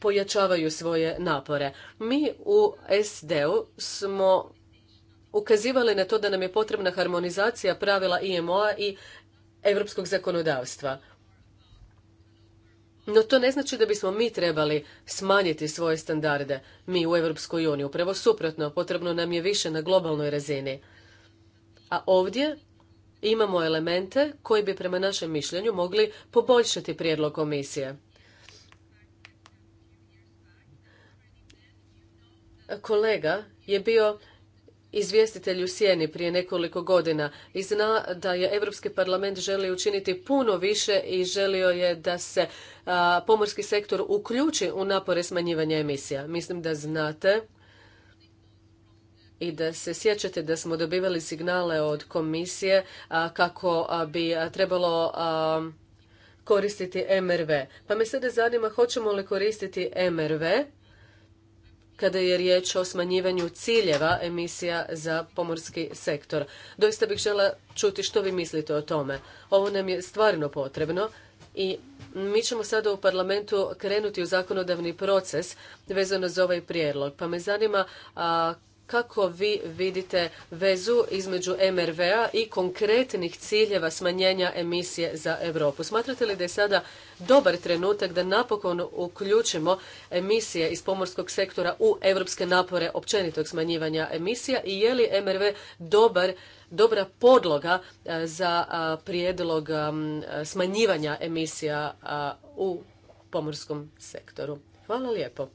[SPEAKER 2] pojačavaju svoje napore. Mi u SD-u smo ukazivali na to da nam je potrebna harmonizacija pravila IMO-a i europskog zakonodavstva. No to ne znači da bismo mi trebali smanjiti svoje standarde, mi u Evropskoj uniji. Upravo suprotno, potrebno nam je više na globalnoj razini. A ovdje imamo elemente koji bi prema našem mišljenju mogli poboljšati prijedlog komisije. Kolega je bio izvjestitelj u sjeni prije nekoliko godina i zna da je Europski parlament želi učiniti puno više i želio je da se pomorski sektor uključi u napore smanjivanja emisija. Mislim da znate i da se sjećate da smo dobivali signale od komisije kako bi trebalo koristiti MRV. Pa me sada zanima hoćemo li koristiti MRV kada je riječ o smanjivanju ciljeva emisija za pomorski sektor. Doista bih žela čuti što vi mislite o tome. Ovo nam je stvarno potrebno i mi ćemo sada u parlamentu krenuti u zakonodavni proces vezano za ovaj prijedlog. Pa me zanima kako vi vidite vezu između MRV-a i konkretnih ciljeva smanjenja emisije za Europu. Smatrate li da je sada dobar trenutak da napokon uključimo emisije iz pomorskog sektora u europske napore općenitog smanjivanja emisija i je li MRV dobar, dobra podloga za prijedlog smanjivanja emisija u pomorskom sektoru? Hvala lijepo.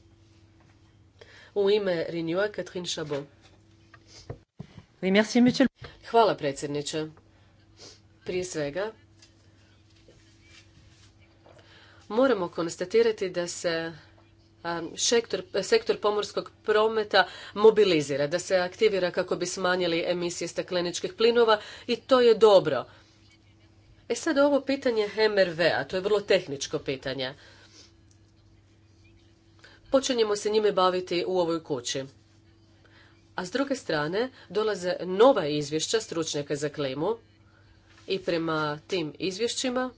[SPEAKER 2] U ime Renewa, Katrin Hvala predsjedniče. Prije svega, moramo konstatirati da se Sektor, sektor pomorskog prometa mobilizira, da se aktivira kako bi smanjili emisije stakleničkih plinova i to je dobro. E sad ovo pitanje MRV-a, to je vrlo tehničko pitanje počinjemo se njime baviti u ovoj kući. A s druge strane dolaze nova izvješća stručnjaka za klimu i prema tim izvješćima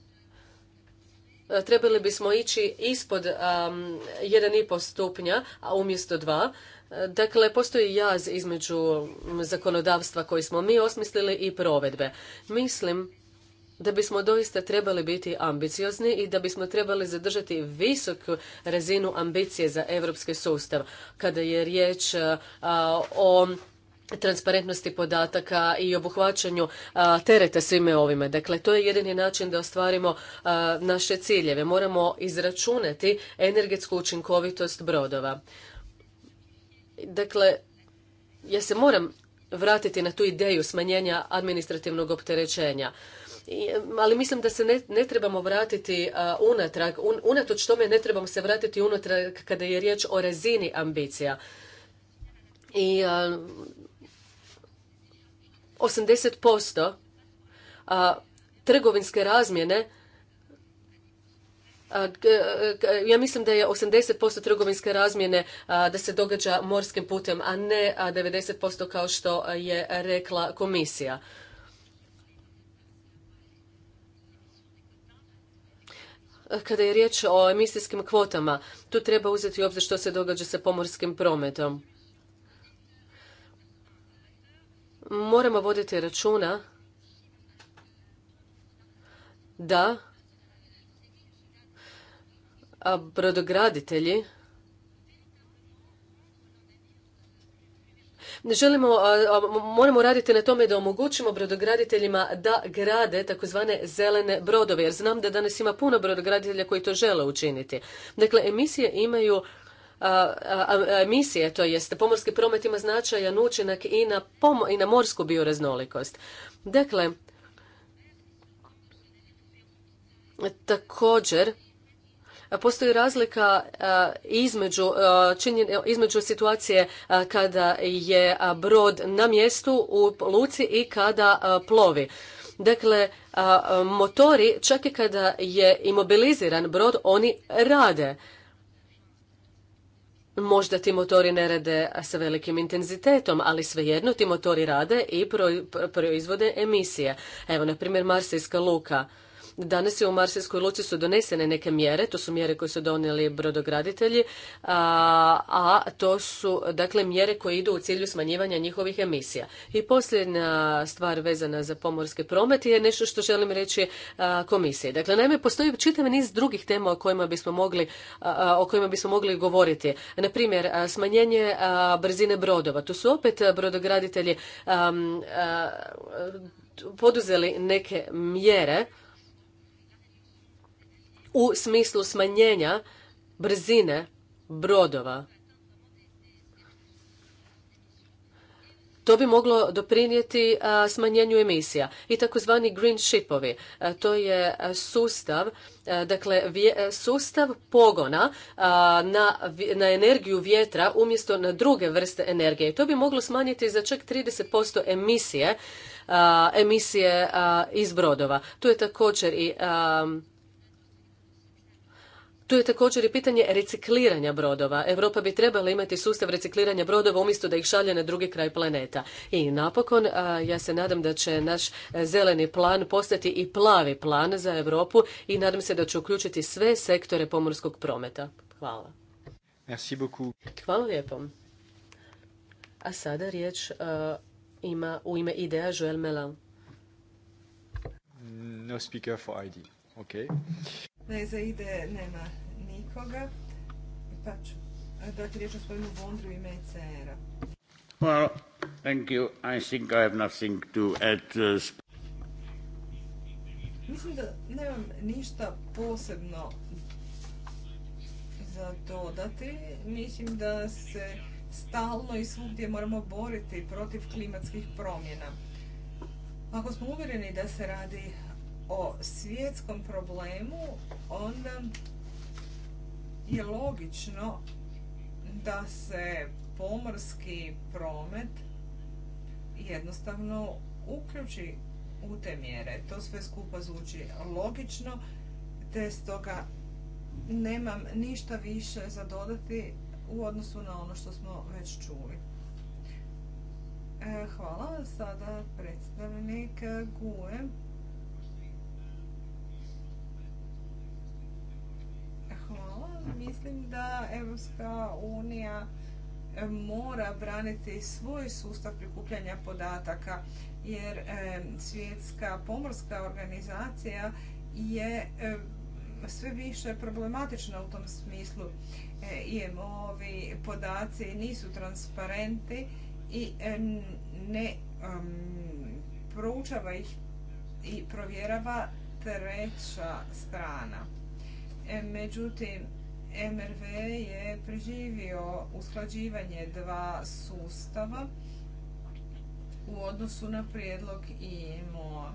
[SPEAKER 2] e, trebali bismo ići ispod 1,5 stupnja, a umjesto 2. E, dakle, postoji jaz između zakonodavstva koji smo mi osmislili i provedbe. Mislim da bismo doista trebali biti ambiciozni i da bismo trebali zadržati visoku razinu ambicije za europski sustav kada je riječ o transparentnosti podataka i obuhvaćanju tereta svime ovime. Dakle, to je jedini način da ostvarimo naše ciljeve. Moramo izračunati energetsku učinkovitost brodova. Dakle, ja se moram vratiti na tu ideju smanjenja administrativnog opterećenja ali mislim da se ne, trebamo vratiti unatrag, unatoč tome ne trebamo se vratiti unatrag kada je riječ o razini ambicija. I 80% trgovinske razmjene ja mislim da je 80% trgovinske razmjene da se događa morskim putem, a ne 90% kao što je rekla komisija. kada je riječ o emisijskim kvotama, tu treba uzeti u obzir što se događa sa pomorskim prometom. Moramo voditi računa da brodograditelji Želimo, moramo raditi na tome da omogućimo brodograditeljima da grade takozvane zelene brodove, jer znam da danas ima puno brodograditelja koji to žele učiniti. Dakle, emisije imaju emisije, to jest pomorski promet ima značajan učinak i na, i na morsku bioraznolikost. Dakle, također, Postoji razlika eh, eh, između, situacije eh, kada je brod na mjestu u luci i kada plovi. Dakle, motori čak i kada je imobiliziran brod, oni rade. Možda ti motori ne rade sa velikim intenzitetom, ali svejedno ti motori rade i proizvode emisije. Evo, na primjer, Marsijska luka. Danas je u Marsijskoj luci su donesene neke mjere, to su mjere koje su donijeli brodograditelji, a, a to su dakle mjere koje idu u cilju smanjivanja njihovih emisija. I posljedna stvar vezana za pomorske promet je nešto što želim reći a, komisiji. Dakle, naime, postoji čitav niz drugih tema o kojima bismo mogli, o kojima bismo mogli govoriti. Na primjer, smanjenje brzine brodova. Tu su opet brodograditelji poduzeli neke mjere u smislu smanjenja brzine brodova. To bi moglo doprinijeti smanjenju emisija i takozvani green shipovi. to je sustav, dakle sustav pogona na, energiju vjetra umjesto na druge vrste energije. to bi moglo smanjiti za čak 30% emisije emisije iz brodova. Tu je također i tu je također i pitanje recikliranja brodova. Europa bi trebala imati sustav recikliranja brodova umjesto da ih šalje na drugi kraj planeta. I napokon, ja se nadam da će naš e, zeleni plan postati i plavi plan za Europu i nadam se da će uključiti sve sektore pomorskog prometa. Hvala. lijepo. A sada riječ e, ima u ime Ideja
[SPEAKER 3] ne, za ide nema nikoga. Pa ću dati riječ svojemu Bondru i ECR-a.
[SPEAKER 1] thank you. I think I have nothing to add. Uh,
[SPEAKER 3] Mislim da nemam ništa posebno za dodati. Mislim da se stalno i svugdje moramo boriti protiv klimatskih promjena. Ako smo uvjereni da se radi o svjetskom problemu, onda je logično da se pomorski promet jednostavno uključi u te mjere. To sve skupa zvuči logično, te stoga nemam ništa više za dodati u odnosu na ono što smo već čuli. E, hvala. Sada predstavnik GUE, Hvala. Mislim da Evropska unija e, mora braniti svoj sustav prikupljanja podataka jer e, svjetska pomorska organizacija je e, sve više problematična u tom smislu. IMO-ovi podaci nisu transparenti i ne proučava ih i provjerava treća strana. E, međutim, MRV je preživio usklađivanje dva sustava u odnosu na prijedlog IMO.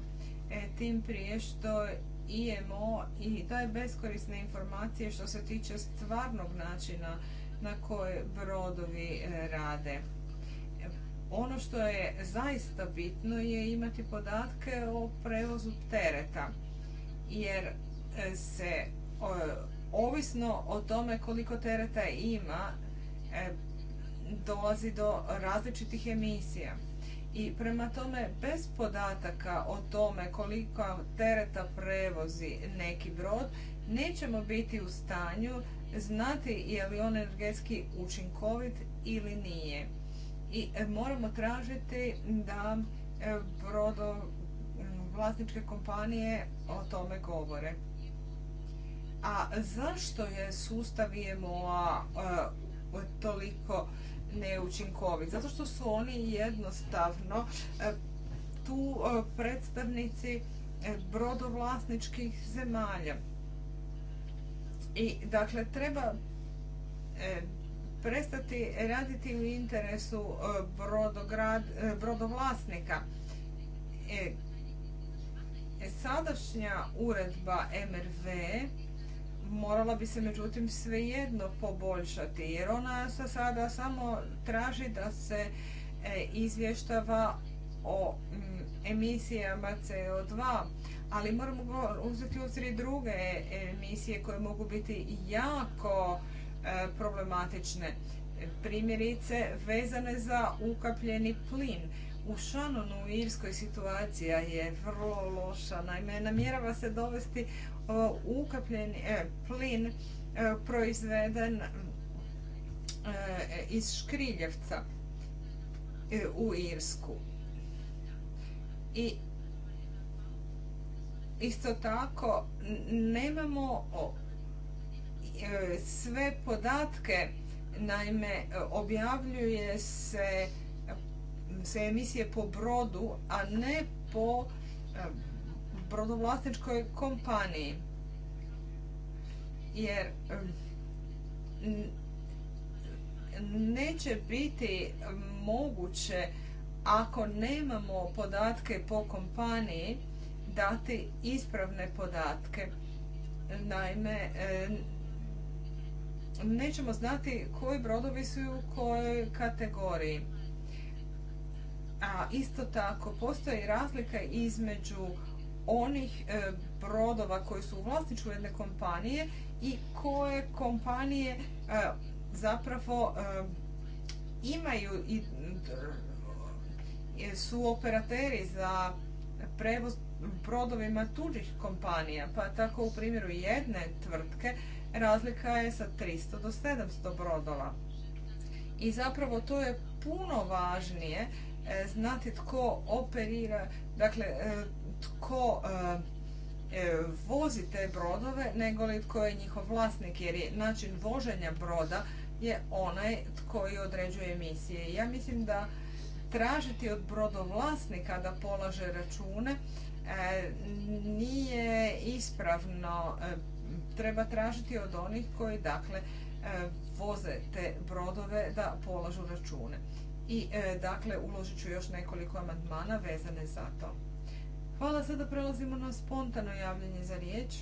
[SPEAKER 3] E, tim prije što IMO i daje beskorisne informacije što se tiče stvarnog načina na koje brodovi e, rade. Ono što je zaista bitno je imati podatke o prevozu tereta, jer se E, ovisno o tome koliko tereta ima e, dolazi do različitih emisija. I prema tome, bez podataka o tome koliko tereta prevozi neki brod nećemo biti u stanju znati je li on energetski učinkovit ili nije. I e, moramo tražiti da brodo vlasničke kompanije o tome govore. A zašto je sustav IMO-a e, toliko neučinkovit? Zato što su oni jednostavno e, tu e, predstavnici brodovlasničkih zemalja. I dakle treba prestati raditi u interesu brodovlasnika. Sadašnja uredba MRV morala bi se međutim svejedno poboljšati jer ona se sada samo traži da se e, izvještava o mm, emisijama CO2, ali moramo uzeti u druge emisije koje mogu biti jako e, problematične. Primjerice vezane za ukapljeni plin. U Shannonu u Irskoj situacija je vrlo loša. Naime, namjerava se dovesti ukapljeni e, plin e, proizveden e, iz Škriljevca u Irsku. I isto tako nemamo sve podatke, naime objavljuje se, se emisije po brodu, a ne po brodovlasničkoj kompaniji. Jer neće biti moguće ako nemamo podatke po kompaniji dati ispravne podatke. Naime, nećemo znati koji brodovi su u kojoj kategoriji. A isto tako postoji razlika između onih e, brodova koji su u vlasničku jedne kompanije i koje kompanije e, zapravo e, imaju i su operateri za prevoz brodovima tuđih kompanija, pa tako u primjeru jedne tvrtke razlika je sa 300 do 700 brodova. I zapravo to je puno važnije znati tko operira, dakle tko e, e, vozi te brodove, nego li tko je njihov vlasnik, jer je način voženja broda je onaj koji određuje emisije. Ja mislim da tražiti od brodovlasnika da polaže račune e, nije ispravno. Treba tražiti od onih koji dakle voze te brodove da polažu račune. I dakle uložit ću još nekoliko amandmana vezane za to. Hvala, sada prelazimo na spontano javljanje za riječ.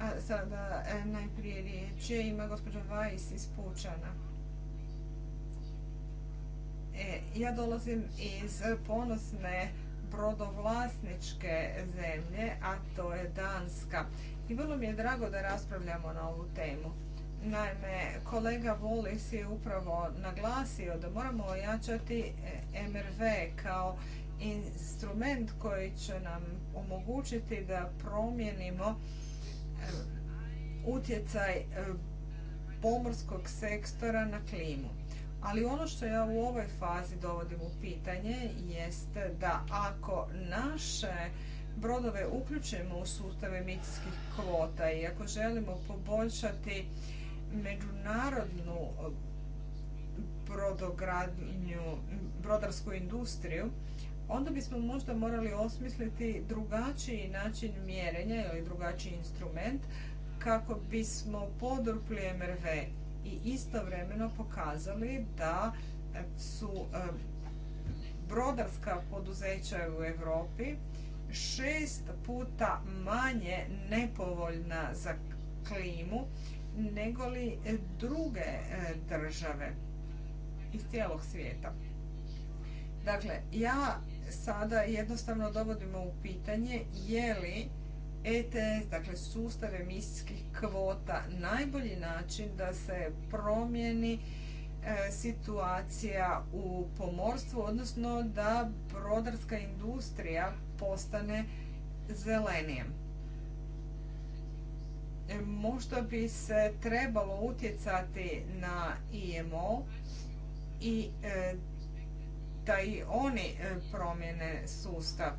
[SPEAKER 3] A sada e, najprije riječ ima gospođa Vajs iz Pučana. E, ja dolazim iz ponosne brodovlasničke zemlje, a to je Danska. I vrlo mi je drago da raspravljamo na ovu temu. Naime, kolega Volis je upravo naglasio da moramo ojačati e, MRV kao instrument koji će nam omogućiti da promijenimo e, utjecaj e, pomorskog sektora na klimu. Ali ono što ja u ovoj fazi dovodim u pitanje jest da ako naše brodove uključimo u sustav emisijskih kvota i ako želimo poboljšati međunarodnu eh, brodogradnju, brodarsku industriju, onda bismo možda morali osmisliti drugačiji način mjerenja ili drugačiji instrument kako bismo podrpli MRV i istovremeno pokazali da eh, su eh, brodarska poduzeća u Europi šest puta manje nepovoljna za klimu nego li e, druge e, države iz cijelog svijeta. Dakle, ja sada jednostavno dovodimo u pitanje je li ETS, dakle sustav emisijskih kvota, najbolji način da se promijeni e, situacija u pomorstvu, odnosno da brodarska industrija postane zelenijem. E, možda bi se trebalo utjecati na IMO i e, da i oni e, promjene sustav.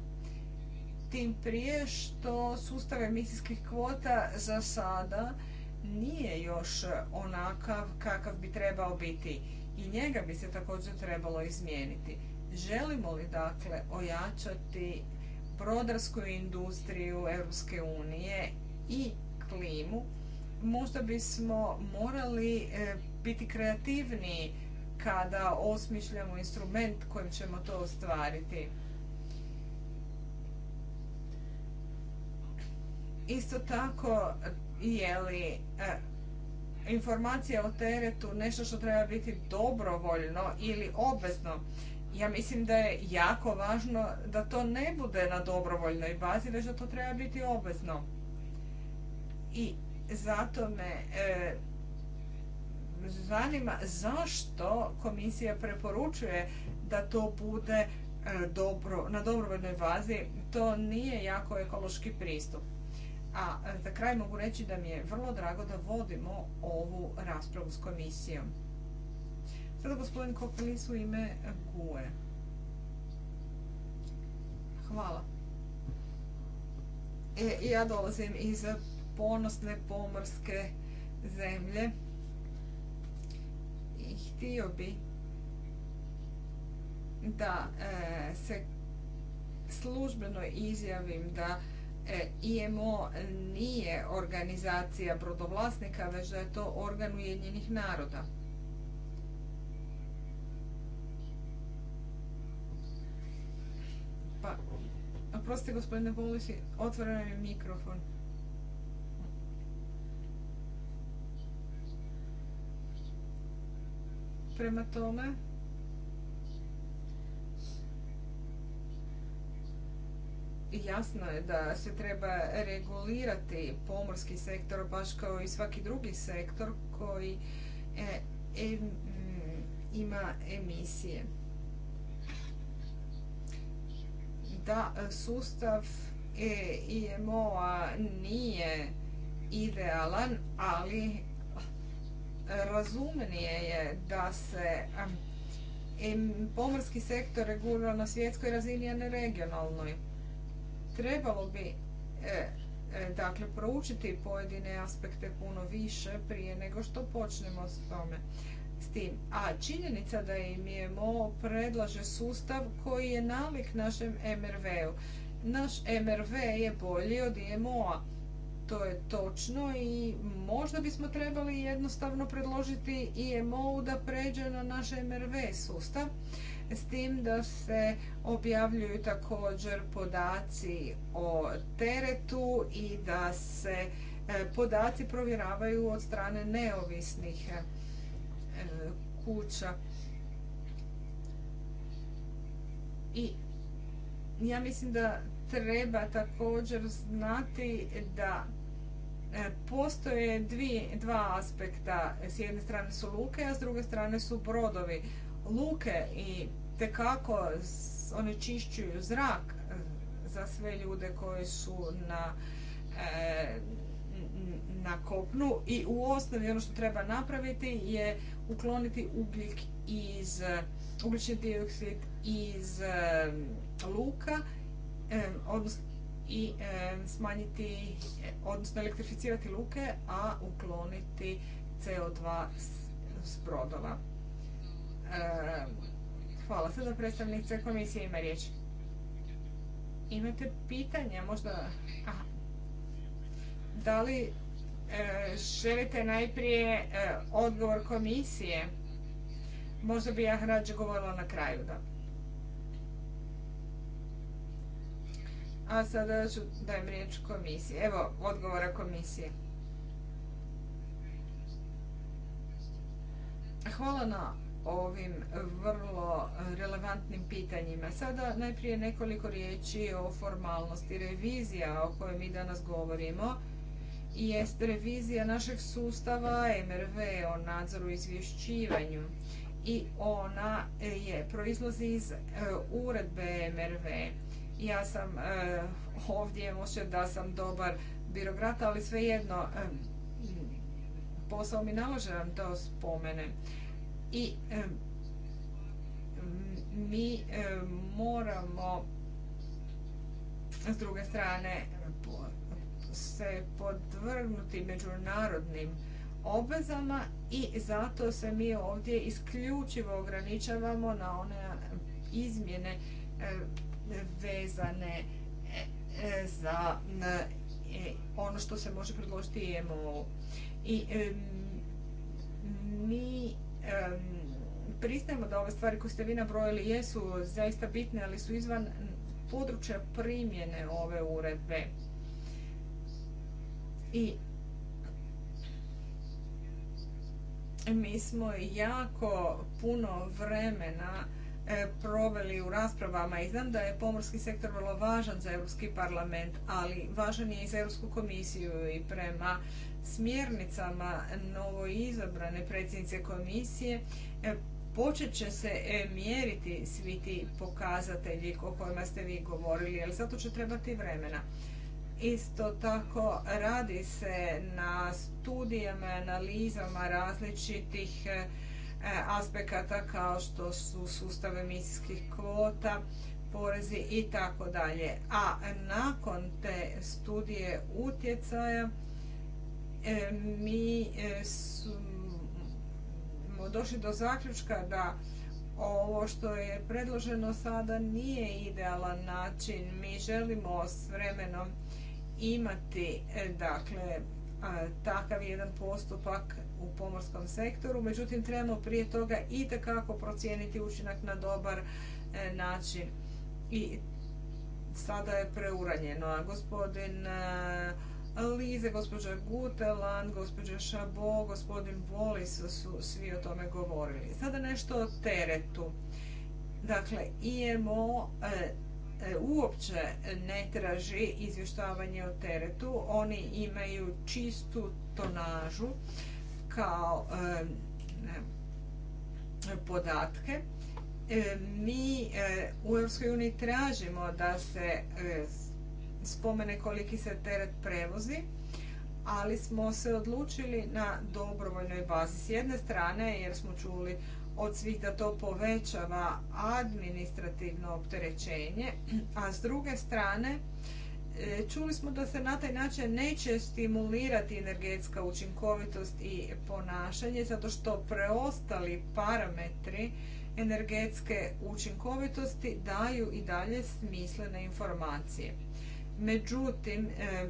[SPEAKER 3] Tim prije što sustav emisijskih kvota za sada nije još onakav kakav bi trebao biti i njega bi se također trebalo izmijeniti. Želimo li dakle ojačati brodarsku industriju Europske unije i klimu, možda bismo morali e, biti kreativniji kada osmišljamo instrument kojim ćemo to ostvariti. Isto tako je li e, informacija o teretu nešto što treba biti dobrovoljno ili obvezno. Ja mislim da je jako važno da to ne bude na dobrovoljnoj bazi, već da to treba biti obvezno i zato me e, zanima zašto komisija preporučuje da to bude e, dobro, na dobrovoljnoj vazi. To nije jako ekološki pristup. A za kraj mogu reći da mi je vrlo drago da vodimo ovu raspravu s komisijom. Sada gospodin Kopelis u ime GUE. Hvala. E, ja dolazim iz ponosne pomorske zemlje i htio bi da e, se službeno izjavim da e, IMO nije organizacija brodovlasnika, već da je to organ Ujedinjenih naroda. Pa, gospodine Bolusi, otvoren je mikrofon. Prema tome, jasno je da se treba regulirati pomorski sektor baš kao i svaki drugi sektor koji e, ima emisije. Da sustav e, IMO-a nije idealan, ali razumnije je da se pomorski sektor regulira na svjetskoj razini, a ne regionalnoj. Trebalo bi e, e, dakle proučiti pojedine aspekte puno više prije nego što počnemo s tome. S tim. A činjenica da im je predlaže sustav koji je nalik našem MRV-u. Naš MRV je bolji od IMO-a to je točno i možda bismo trebali jednostavno predložiti IMO da pređe na naš MRV sustav s tim da se objavljuju također podaci o teretu i da se e, podaci provjeravaju od strane neovisnih e, kuća. I ja mislim da treba također znati da e, postoje dva aspekta. S jedne strane su luke, a s druge strane su brodovi. Luke i tekako onečišćuju zrak e, za sve ljude koji su e, na kopnu i u osnovi ono što treba napraviti je ukloniti ugljik iz ugljični dioksid iz luka i smanjiti, odnosno elektrificirati luke, a ukloniti CO2 s brodova. Hvala. Sada predstavnice komisije ima riječ. Imate pitanja možda? Da li e, želite najprije e, odgovor komisije? Možda bi ja rađe govorila na kraju, da. A sada dajem riječ komisiji. Evo odgovora komisije. Hvala na ovim vrlo relevantnim pitanjima. Sada najprije nekoliko riječi o formalnosti. Revizija o kojoj mi danas govorimo jest revizija našeg sustava MRV o nadzoru i izvješćivanju i ona je proizlazi iz e, uredbe MRV ja sam e, ovdje, možda da sam dobar birokrat, ali svejedno e, posao mi nalože da to spomenem. I e, mi moramo s druge strane se podvrgnuti međunarodnim obvezama i zato se mi ovdje isključivo ograničavamo na one izmjene vezane e, e, za e, ono što se može predložiti i I mi pristajemo da ove stvari koje ste vi nabrojili jesu zaista bitne, ali su izvan područja primjene ove uredbe. I mi smo jako puno vremena E, proveli u raspravama i znam da je pomorski sektor vrlo važan za Europski parlament, ali važan je i za Europsku komisiju i prema smjernicama novo izabrane predsjednice komisije e, počet će se e, mjeriti svi ti pokazatelji o kojima ste vi govorili, ali zato će trebati vremena. Isto tako radi se na studijama, analizama različitih E, aspekata kao što su sustav emisijskih kvota, porezi i tako dalje. A nakon te studije utjecaja e, mi e, smo došli do zaključka da ovo što je predloženo sada nije idealan način. Mi želimo s vremenom imati dakle takav jedan postupak u pomorskom sektoru, međutim trebamo prije toga i itekako procijeniti učinak na dobar e, način. I sada je preuranjeno, a gospodin e, Lize, gospođa Guteland, gospođa Šabo, gospodin Volis su svi o tome govorili. Sada nešto o teretu. Dakle, IMO e, uopće ne traži izvještavanje o teretu. Oni imaju čistu tonažu kao podatke. Mi eh, u EU tražimo da se eh, spomene koliki se teret prevozi, ali smo se odlučili na dobrovoljnoj bazi. S jedne strane, jer smo čuli od svih da to povećava administrativno opterećenje, a s druge strane E, čuli smo da se na taj način neće stimulirati energetska učinkovitost i ponašanje zato što preostali parametri energetske učinkovitosti daju i dalje smislene informacije. Međutim, e,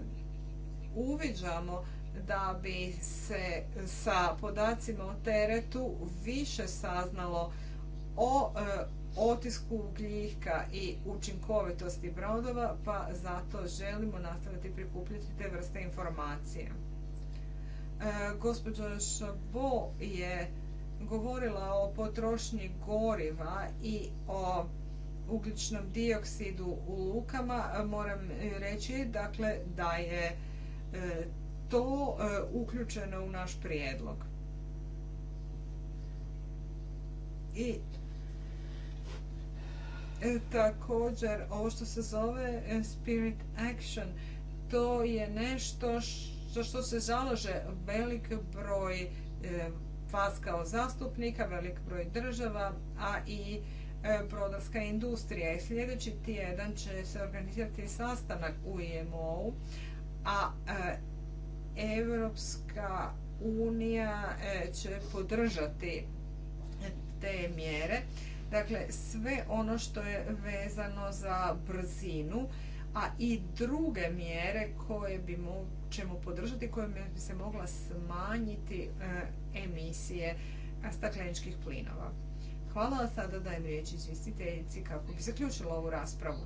[SPEAKER 3] uviđamo da bi se sa podacima o teretu više saznalo o e, otisku ugljika i učinkovitosti brodova, pa zato želimo nastaviti prikupljati te vrste informacije. E, gospođa Šabo je govorila o potrošnji goriva i o ugljičnom dioksidu u lukama. Moram reći dakle, da je e, to e, uključeno u naš prijedlog. I E, također ovo što se zove e, Spirit Action. To je nešto za što se zalaže velik broj e, vas kao zastupnika, velik broj država, a i brodarska industrija. I sljedeći tjedan će se organizirati sastanak u IMO-u, a Europska unija će podržati te mjere Dakle, sve ono što je vezano za brzinu, a i druge mjere koje bi ćemo podržati, koje bi se mogla smanjiti e, emisije stakleničkih plinova. Hvala, vam sada dajem riječ izvjestiteljici kako bi zaključila ovu raspravu.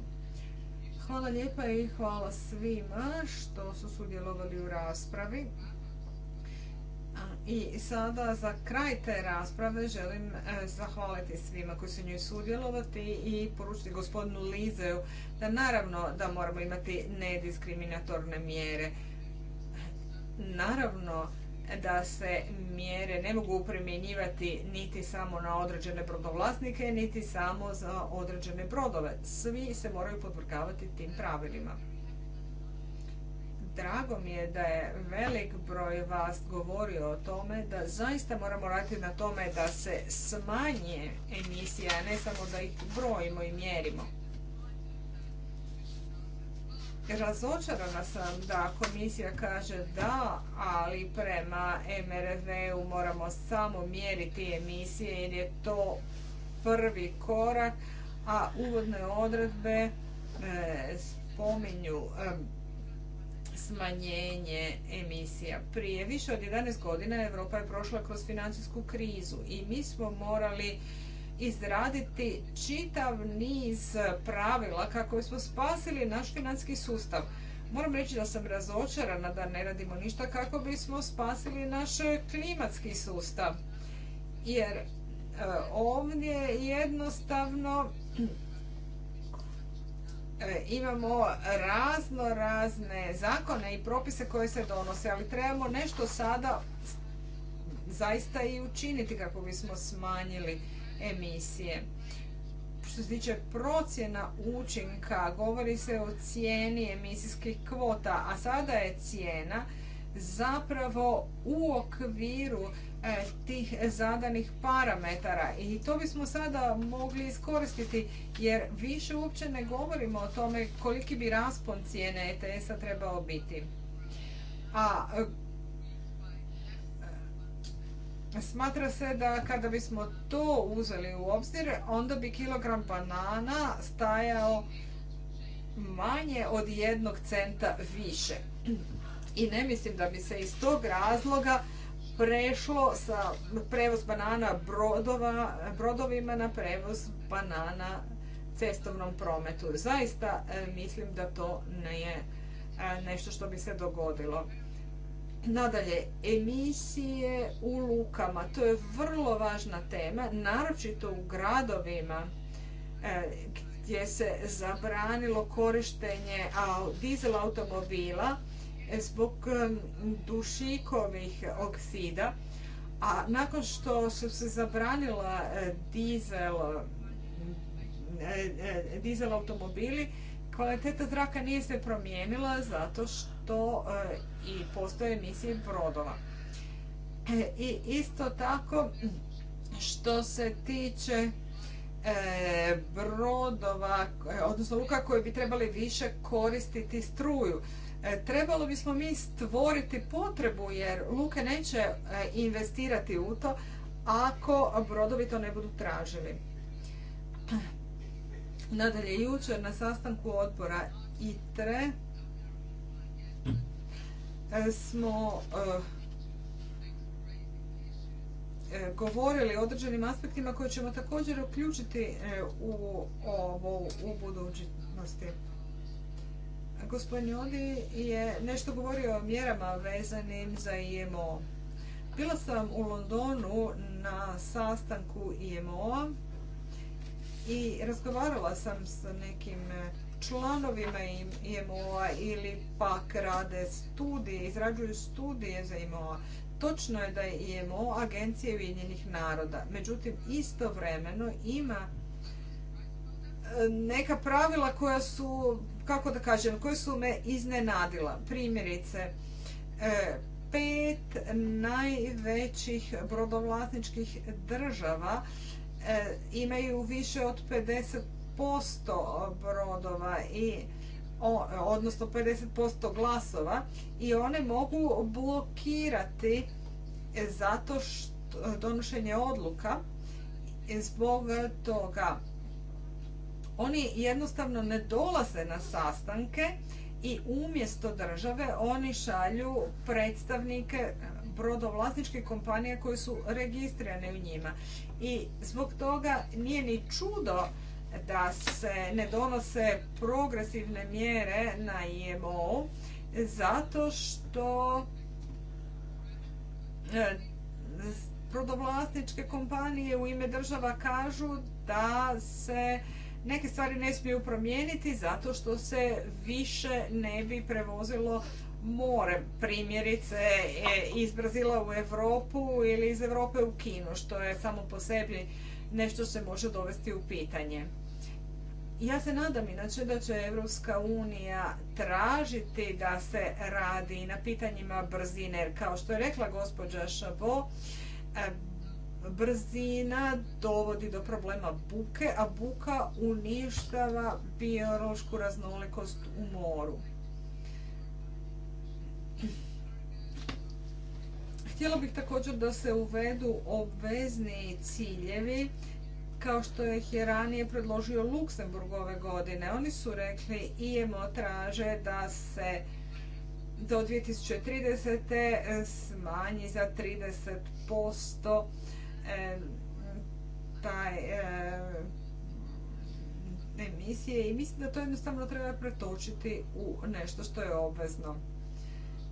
[SPEAKER 3] Hvala lijepa i hvala svima što su sudjelovali u raspravi. I sada za kraj te rasprave želim e, zahvaliti svima koji su njoj sudjelovati i poručiti gospodinu Lizeu da naravno da moramo imati nediskriminatorne mjere. Naravno da se mjere ne mogu primjenjivati niti samo na određene brodovlasnike, niti samo za određene brodove. Svi se moraju podvrgavati tim pravilima drago mi je da je velik broj vas govorio o tome da zaista moramo raditi na tome da se smanje emisije, a ne samo da ih brojimo i mjerimo. Razočarana sam da komisija kaže da, ali prema MRV-u moramo samo mjeriti emisije jer je to prvi korak, a uvodne odredbe e, spominju smanjenje emisija. Prije više od 11 godina Evropa je prošla kroz financijsku krizu i mi smo morali izraditi čitav niz pravila kako bismo spasili naš financijski sustav. Moram reći da sam razočarana da ne radimo ništa kako bismo spasili naš klimatski sustav. Jer e, ovdje jednostavno E, imamo razno razne zakone i propise koje se donose, ali trebamo nešto sada zaista i učiniti kako bismo smanjili emisije. Što se tiče procjena učinka, govori se o cijeni emisijskih kvota, a sada je cijena zapravo u okviru E, tih zadanih parametara i to bismo sada mogli iskoristiti jer više uopće ne govorimo o tome koliki bi raspon cijene ETS-a trebao biti. A e, Smatra se da kada bismo to uzeli u obzir, onda bi kilogram banana stajao manje od jednog centa više. I ne mislim da bi se iz tog razloga prešlo sa prevoz banana brodovima na prevoz banana cestovnom prometu. Zaista e, mislim da to nije e, nešto što bi se dogodilo. Nadalje, emisije u lukama. To je vrlo važna tema, naročito u gradovima e, gdje se zabranilo korištenje dizel automobila zbog um, dušikovih oksida. A nakon što su se zabranila uh, dizel, uh, uh, dizel automobili, kvaliteta zraka nije se promijenila zato što i postoje emisije brodova. E, I isto tako što se tiče e, brodova, odnosno luka koji bi trebali više koristiti struju. E, trebalo bismo mi stvoriti potrebu jer luke neće e, investirati u to ako brodovi to ne budu tražili. Nadalje, jučer na sastanku odbora ITRE e, smo govorili o određenim aspektima koje ćemo također uključiti u ovu u budućnosti. Gospodin Jodi je nešto govorio o mjerama vezanim za IMO. Bila sam u Londonu na sastanku IMO-a i razgovarala sam s nekim članovima IMO-a ili pak rade studije, izrađuju studije za IMO-a. Točno je da je IMO agencija Ujedinjenih naroda. Međutim, istovremeno ima e, neka pravila koja su kako da kažem, koje su me iznenadila. Primjerice, e, pet najvećih brodovlasničkih država e, imaju više od 50% brodova i odnosno 50% glasova i one mogu blokirati zato što donošenje odluka zbog toga oni jednostavno ne dolaze na sastanke i umjesto države oni šalju predstavnike brodovlasničkih kompanija koje su registrirane u njima. I zbog toga nije ni čudo da se ne donose progresivne mjere na IMO zato što e, brodovlasničke kompanije u ime država kažu da se neke stvari ne smiju promijeniti zato što se više ne bi prevozilo more primjerice e, iz Brazila u Europu ili iz Europe u Kinu, što je samo po sebi nešto se može dovesti u pitanje. Ja se nadam inače da će Europska unija tražiti da se radi na pitanjima brzine, jer kao što je rekla gospođa Šabo, brzina dovodi do problema buke, a buka uništava biološku raznolikost u moru. Htjela bih također da se uvedu obvezni ciljevi kao što ih je ranije predložio Luksemburg ove godine. Oni su rekli i IMO traže da se do 2030. E, smanji za 30% E, taj e, emisije i mislim da to jednostavno treba pretočiti u nešto što je obvezno.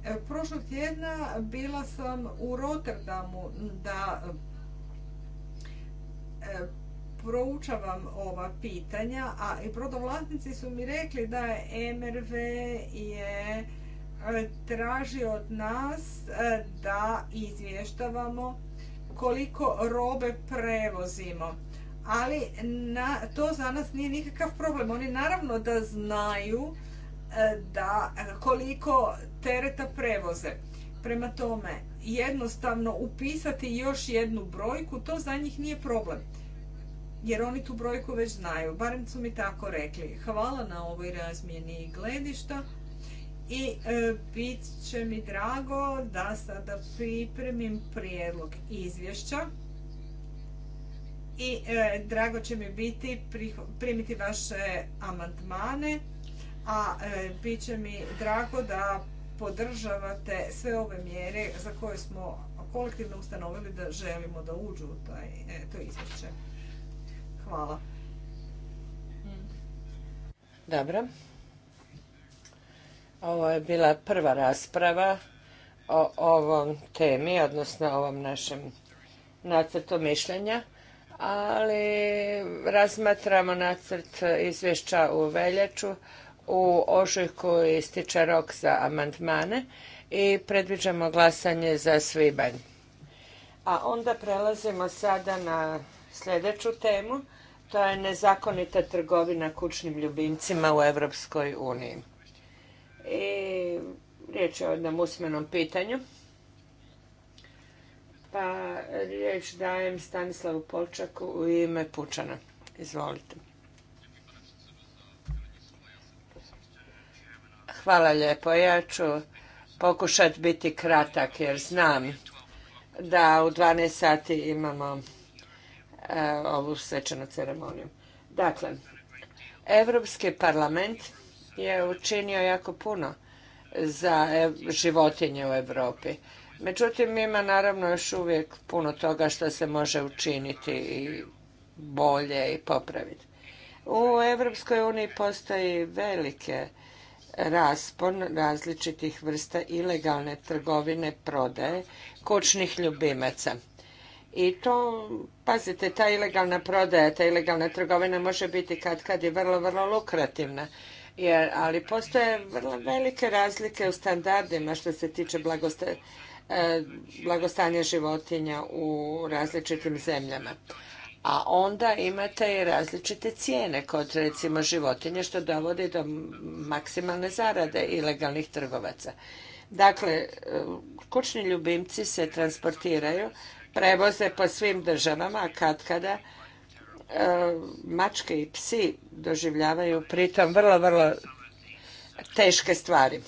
[SPEAKER 3] E, prošlog tjedna bila sam u Rotterdamu da proučavam ova pitanja, a i brodovlasnici su mi rekli da je MRV je traži od nas da izvještavamo koliko robe prevozimo. Ali na, to za nas nije nikakav problem. Oni naravno da znaju e, da koliko tereta prevoze. Prema tome, jednostavno upisati još jednu brojku, to za njih nije problem. Jer oni tu brojku već znaju, barem su mi tako rekli. Hvala na ovoj razmjeni gledišta i e, bit će mi drago da sada pripremim prijedlog izvješća i e, drago će mi biti primiti vaše amandmane, a e, bit će mi drago da podržavate sve ove mjere za koje smo kolektivno ustanovili da želimo da uđu u e, to izvješće. Hvala.
[SPEAKER 1] Dobro. Ovo je bila prva rasprava o ovom temi, odnosno ovom našem nacrtu mišljenja, ali razmatramo nacrt izvješća u veljaču, u ožujku ističe rok za amandmane i predviđamo glasanje za svibanj. A onda prelazimo sada na sljedeću temu, to je nezakonita trgovina kućnim ljubimcima u Europskoj uniji. I riječ je o jednom usmenom pitanju. Pa riječ dajem Stanislavu Polčaku u ime Pučana. Izvolite. Hvala lijepo. Ja ću pokušati biti kratak jer znam da u 12 sati imamo e, ovu svečanu ceremoniju. Dakle, Europski parlament je učinio jako puno za životinje u Europi. Međutim, ima naravno još uvijek puno toga što se može učiniti i bolje i popraviti. U Europskoj uniji postoji velike raspon različitih vrsta ilegalne trgovine prodaje kućnih ljubimaca. I to, pazite, ta ilegalna prodaja, ta ilegalna trgovina može biti kad kad je vrlo, vrlo lukrativna jer, ali postoje vrlo velike razlike u standardima što se tiče e, blagostanja životinja u različitim zemljama. A onda imate i različite cijene kod recimo životinje što dovodi do maksimalne zarade ilegalnih trgovaca. Dakle, e, kućni ljubimci se transportiraju, prevoze po svim državama, a kad kada E, mačke i psi doživljavaju pritom vrlo, vrlo teške stvari.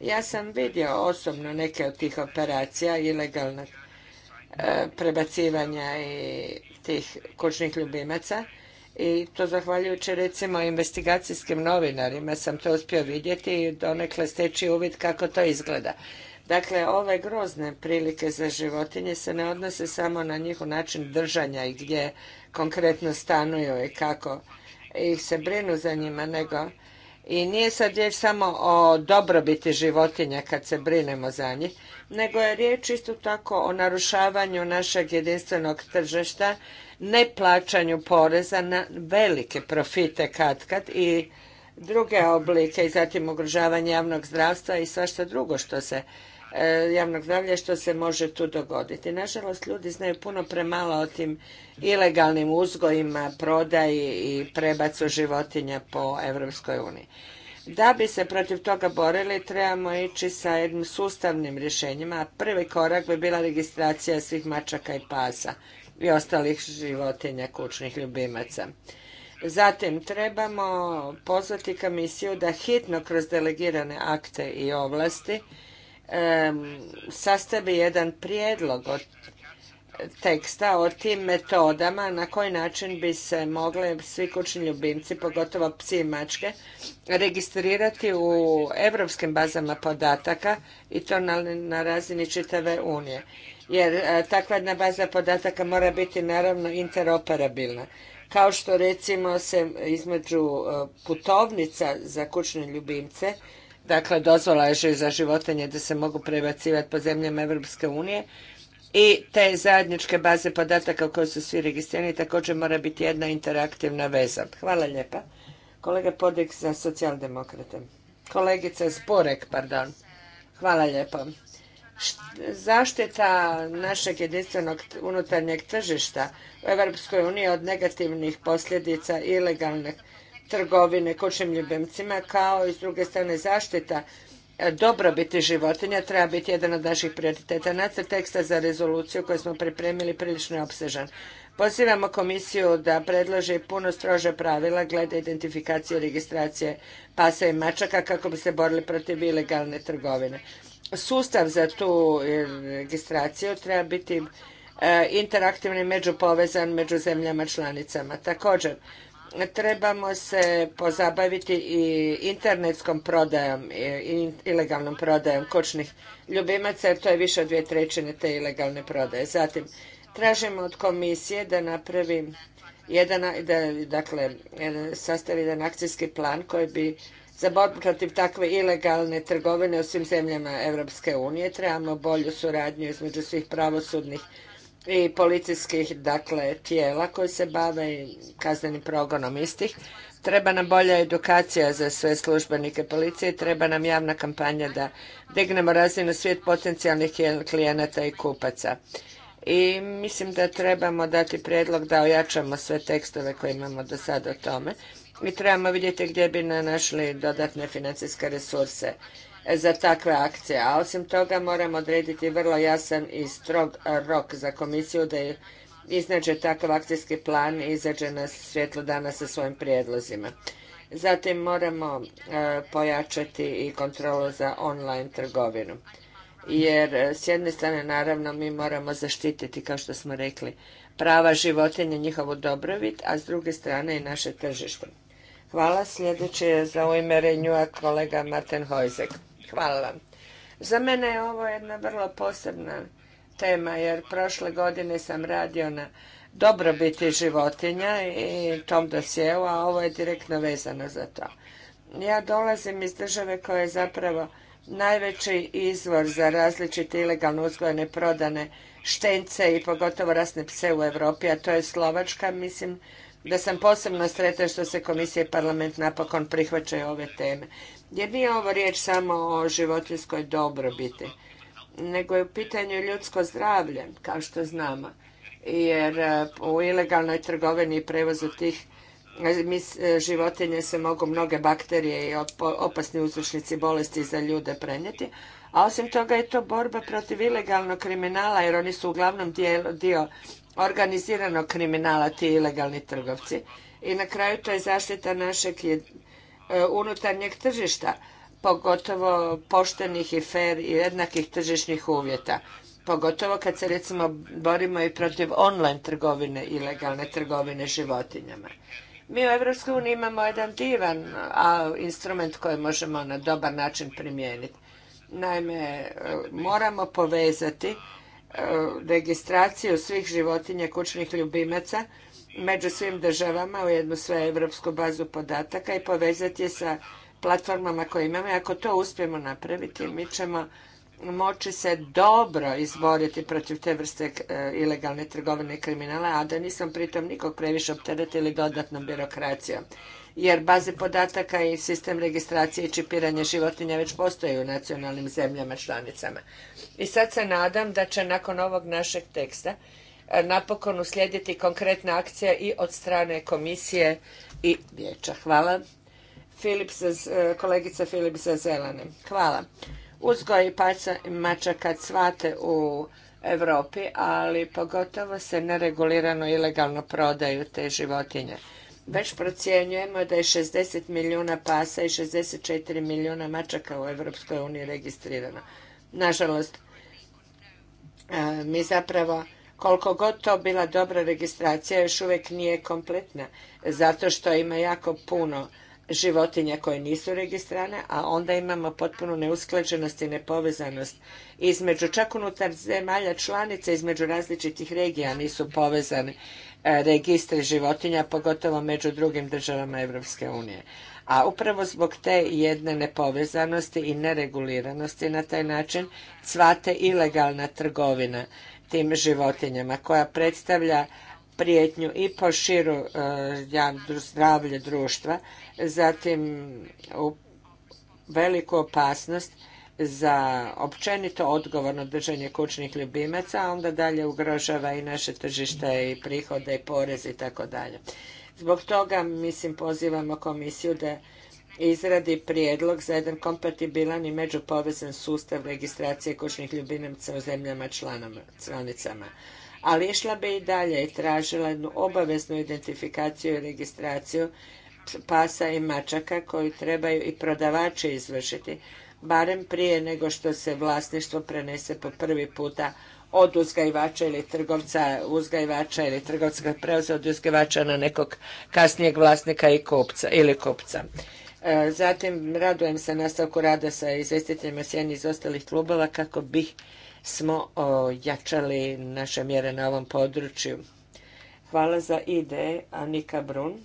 [SPEAKER 1] Ja sam vidio osobno neke od tih operacija ilegalnog e, prebacivanja i tih kućnih ljubimaca i to zahvaljujući recimo investigacijskim novinarima sam to uspio vidjeti i donekle steći uvid kako to izgleda. Dakle, ove grozne prilike za životinje se ne odnose samo na njihov način držanja i gdje konkretno stanuju i kako ih se brinu za njima, nego i nije sad riječ samo o dobrobiti životinja kad se brinemo za njih, nego je riječ isto tako o narušavanju našeg jedinstvenog tržišta, plaćanju poreza na velike profite katkad i druge oblike i zatim ugrožavanje javnog zdravstva i svašta drugo što se E, javnog zdravlja što se može tu dogoditi. Nažalost, ljudi znaju puno premalo o tim ilegalnim uzgojima, prodaji i prebacu životinja po EU. uniji. Da bi se protiv toga borili, trebamo ići sa jednim sustavnim rješenjima, prvi korak bi bila registracija svih mačaka i pasa i ostalih životinja kućnih ljubimaca. Zatim, trebamo pozvati komisiju da hitno kroz delegirane akte i ovlasti sastavi jedan prijedlog od teksta o tim metodama na koji način bi se mogle svi kućni ljubimci, pogotovo psi i mačke, registrirati u europskim bazama podataka i to na, razini čitave unije. Jer e, takva jedna baza podataka mora biti naravno interoperabilna. Kao što recimo se između e, putovnica za kućne ljubimce dakle dozvola je za životinje da se mogu prebacivati po zemljama Europske unije i te zajedničke baze podataka u kojoj su svi registrirani također mora biti jedna interaktivna veza. Hvala lijepa. Kolega Podik za socijaldemokrate. Kolegica Sporek, pardon. Hvala lijepo. Zaštita našeg jedinstvenog unutarnjeg tržišta u Europskoj uniji od negativnih posljedica ilegalnih trgovine kućnim ljubimcima kao i s druge strane zaštita e, dobrobiti životinja treba biti jedan od naših prioriteta. Nacrt teksta za rezoluciju koju smo pripremili prilično je obsežan. Pozivamo komisiju da predloži puno strože pravila glede identifikacije i registracije pasa i mačaka kako bi se borili protiv ilegalne trgovine. Sustav za tu e, registraciju treba biti e, interaktivni međupovezan među zemljama članicama. Također, trebamo se pozabaviti i internetskom prodajom i ilegalnom prodajom kućnih ljubimaca jer to je više od dvije trećine te ilegalne prodaje. Zatim, tražimo od komisije da napravi jedan, da, dakle, sastavi jedan akcijski plan koji bi za borbu protiv takve ilegalne trgovine u svim zemljama Europske unije trebamo bolju suradnju između svih pravosudnih i policijskih dakle tijela koji se bave kaznenim progonom istih. Treba nam bolja edukacija za sve službenike policije, treba nam javna kampanja da dignemo razinu svijet potencijalnih klijenata i kupaca. I mislim da trebamo dati prijedlog da ojačamo sve tekstove koje imamo do sada o tome. Mi trebamo vidjeti gdje bi našli dodatne financijske resurse za takve akcije. A osim toga moramo odrediti vrlo jasan i strog rok za komisiju da iznađe takav akcijski plan i izađe na svjetlo dana sa svojim prijedlozima. Zatim moramo e, pojačati i kontrolu za online trgovinu. Jer e, s jedne strane naravno mi moramo zaštititi, kao što smo rekli, prava životinje, njihovu dobrobit, a s druge strane i naše tržište. Hvala. Sljedeći je za u ime kolega Martin Hojzek. Hvala Za mene je ovo jedna vrlo posebna tema jer prošle godine sam radio na dobrobiti životinja i tom dosjeu, a ovo je direktno vezano za to. Ja dolazim iz države koja je zapravo najveći izvor za različite ilegalno uzgojene prodane štence i pogotovo rasne pse u Europi, a to je Slovačka. Mislim da sam posebno sretan što se komisija i parlament napokon prihvaćaju ove teme. Jer nije ovo riječ samo o životinskoj dobrobiti, nego je u pitanju ljudsko zdravlje, kao što znamo. Jer e, u ilegalnoj trgovini i prevozu tih e, e, životinje se mogu mnoge bakterije i opasni uzročnici bolesti za ljude prenijeti. A osim toga je to borba protiv ilegalnog kriminala, jer oni su uglavnom dio, dio organiziranog kriminala, ti ilegalni trgovci. I na kraju to je zaštita našeg unutarnjeg tržišta, pogotovo poštenih i fer i jednakih tržišnih uvjeta. Pogotovo kad se recimo borimo i protiv online trgovine, ilegalne trgovine životinjama. Mi u EU imamo jedan divan instrument koji možemo na dobar način primijeniti. Naime, e, moramo povezati e, registraciju svih životinja kućnih ljubimaca među svim državama u jednu sveeuropsku bazu podataka i povezati je sa platformama koje imamo. I ako to uspijemo napraviti, mi ćemo moći se dobro izboriti protiv te vrste e, ilegalne trgovine i kriminala, a da nisam pritom nikog previše opteretili dodatnom birokracijom. Jer baze podataka i sistem registracije i čipiranja životinja već postoje u nacionalnim zemljama članicama. I sad se nadam da će nakon ovog našeg teksta E, napokon uslijediti konkretna akcija i od strane komisije i vijeća. Hvala. E, kolegica kolegica za Zelane. Hvala. Uzgoj paca i mačaka cvate u Europi, ali pogotovo se neregulirano ilegalno prodaju te životinje. Već procjenjujemo da je 60 milijuna pasa i 64 milijuna mačaka u Europskoj uniji registrirano. Nažalost, e, mi zapravo koliko god to bila dobra registracija još uvijek nije kompletna zato što ima jako puno životinja koje nisu registrane, a onda imamo potpunu neusklađenost i nepovezanost između čak unutar zemalja članica, između različitih regija nisu povezani e, registri životinja, pogotovo među drugim državama Europske unije. A upravo zbog te jedne nepovezanosti i nereguliranosti na taj način cvate ilegalna trgovina tim životinjama koja predstavlja prijetnju i po širu e, zdravlje društva, zatim u veliku opasnost za općenito odgovorno držanje kućnih ljubimaca, a onda dalje ugrožava i naše tržište i prihode i porez i tako dalje. Zbog toga, mislim, pozivamo komisiju da izradi prijedlog za jedan kompatibilan i međupovezan sustav registracije kućnih ljubimaca u zemljama članicama. Ali išla bi i dalje i tražila jednu obaveznu identifikaciju i registraciju pasa i mačaka koju trebaju i prodavači izvršiti, barem prije nego što se vlasništvo prenese po prvi puta od uzgajivača ili trgovca, uzgajivača ili trgovca preuzeo od uzgajivača na nekog kasnijeg vlasnika ili kupca. E, zatim radujem se nastavku rada sa izvjestiteljima sjeni iz ostalih klubova kako bi smo jačali naše mjere na ovom području. Hvala za ide, Anika Brun.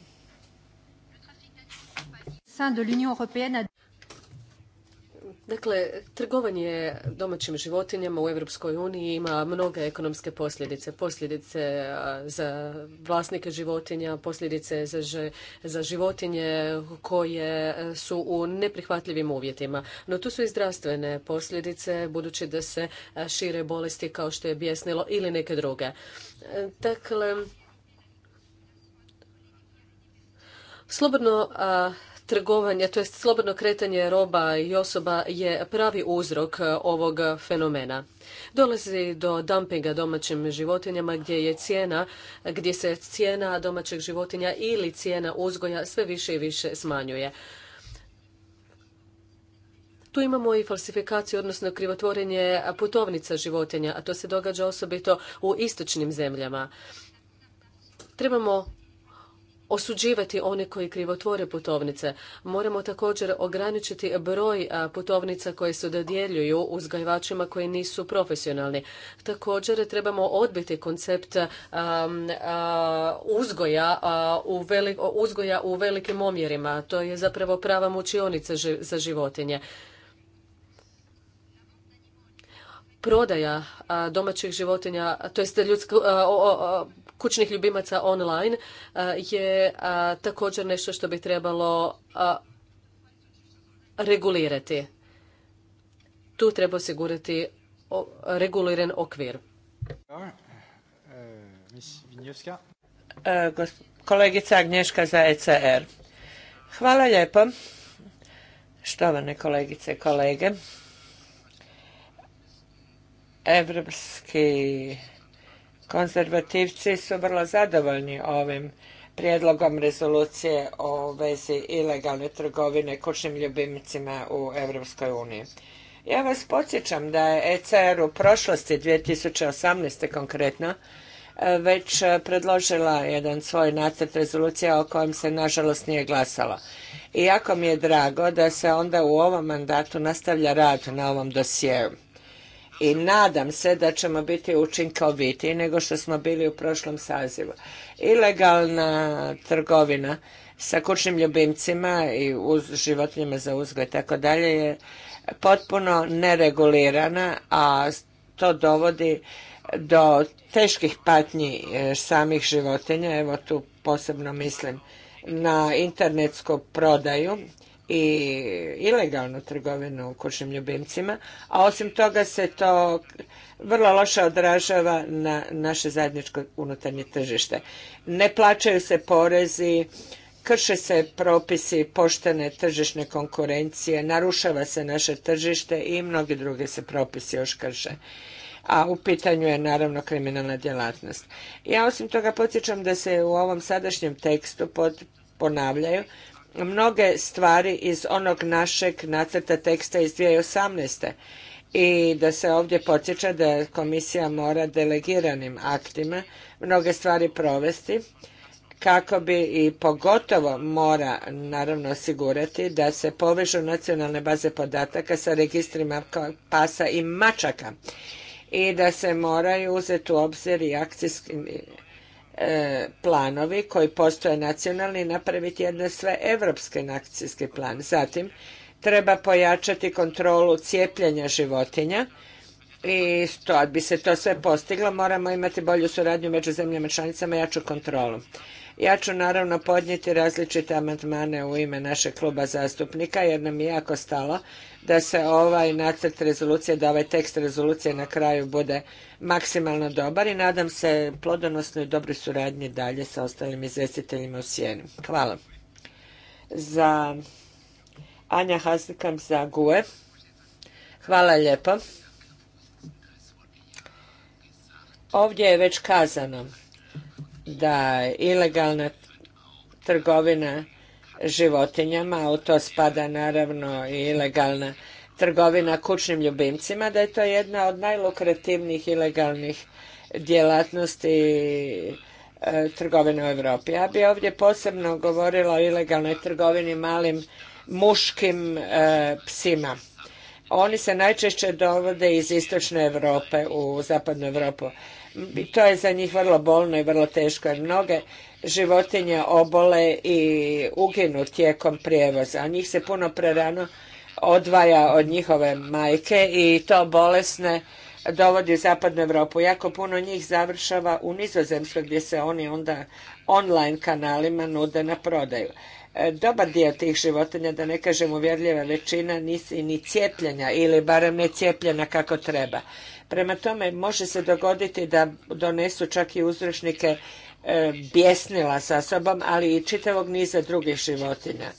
[SPEAKER 2] Dakle, trgovanje domaćim životinjama u Europskoj uniji ima mnoge ekonomske posljedice. Posljedice za vlasnike životinja, posljedice za životinje koje su u neprihvatljivim uvjetima. No tu su i zdravstvene posljedice budući da se šire bolesti kao što je bjesnilo ili neke druge. E, dakle, slobodno trgovanje, to slobodno kretanje roba i osoba je pravi uzrok e, ovog fenomena. Dolazi do dumpinga domaćim životinjama gdje je cijena, gdje se cijena domaćeg životinja ili cijena uzgoja sve više i više smanjuje. Tu imamo i falsifikaciju, odnosno krivotvorenje putovnica životinja, a to se događa osobito u istočnim zemljama. Trebamo osuđivati one koji krivotvore putovnice. Moramo također ograničiti broj putovnica koje se dodjeljuju uzgajivačima koji nisu profesionalni. Također trebamo odbiti koncept uzgoja u, uzgoja u velikim omjerima. To je zapravo prava mučionica za životinje. prodaja domaćih životinja, to jest ljudsko, kućnih ljubimaca online je također nešto što bi trebalo regulirati. Tu treba osigurati reguliran okvir. E, kolegica Agnješka
[SPEAKER 1] za ECR. Hvala lijepo. Štovane kolegice i kolege. Evropski Konzervativci su vrlo zadovoljni ovim prijedlogom rezolucije o vezi ilegalne trgovine kućnim ljubimcima u Europskoj uniji. Ja vas podsjećam da je ECR u prošlosti 2018. konkretno već predložila jedan svoj nacrt rezolucija o kojem se nažalost nije glasalo. I jako mi je drago da se onda u ovom mandatu nastavlja rad na ovom dosjeu i nadam se da ćemo biti učinkovitiji nego što smo bili u prošlom sazivu. Ilegalna trgovina sa kućnim ljubimcima i uz životinjama za uzgoj i tako dalje je potpuno neregulirana, a to dovodi do teških patnji e, samih životinja. Evo tu posebno mislim na internetsku prodaju i ilegalnu trgovinu kućnim ljubimcima, a osim toga se to vrlo loše odražava na naše zajedničko unutarnje tržište. Ne plaćaju se porezi, krše se propisi poštene tržišne konkurencije, narušava se naše tržište i mnogi druge se propisi još krše a u pitanju je naravno kriminalna djelatnost. Ja osim toga podsjećam da se u ovom sadašnjem tekstu ponavljaju mnoge stvari iz onog našeg nacrta teksta iz 2018. I da se ovdje podsjeća da komisija mora delegiranim aktima mnoge stvari provesti kako bi i pogotovo mora naravno osigurati da se povežu nacionalne baze podataka sa registrima pasa i mačaka i da se moraju uzeti u obzir i akcijski E, planovi koji postoje nacionalni napraviti jedne sve evropski akcijski plan. Zatim treba pojačati kontrolu cijepljenja životinja i to bi se to sve postiglo moramo imati bolju suradnju među zemljama članicama i jaču kontrolu. Ja ću naravno podnijeti različite amandmane u ime našeg kluba zastupnika jer nam je jako stalo da se ovaj nacrt rezolucije, da ovaj tekst rezolucije na kraju bude maksimalno dobar i nadam se plodonosnoj i dobroj suradnji dalje sa ostalim izvjestiteljima u Sijenu. Hvala. Za Anja Hasnikam za GUE. Hvala lijepo. Ovdje je već kazano da ilegalna trgovina životinjama, u to spada naravno i ilegalna trgovina kućnim ljubimcima, da je to jedna od najlukrativnijih ilegalnih djelatnosti e, trgovine u Europi. Ja bi ovdje posebno govorila o ilegalnoj trgovini malim muškim e, psima. Oni se najčešće dovode iz istočne Europe u zapadnu Europu. To je za njih vrlo bolno i vrlo teško jer mnoge životinje obole i uginu tijekom prijevoza, a njih se puno prerano odvaja od njihove majke i to bolesne dovodi u zapadnu Europu. Jako puno njih završava u Nizozemskoj gdje se oni onda online kanalima nude na prodaju. E, dobar dio tih životinja, da ne kažem uvjerljiva većina, nisi ni cijepljenja ili barem ne cijepljena kako treba. Prema tome, može se dogoditi da donesu čak i uzročnike E, bjesnila sa sobom, ali i čitavog niza drugih životinja.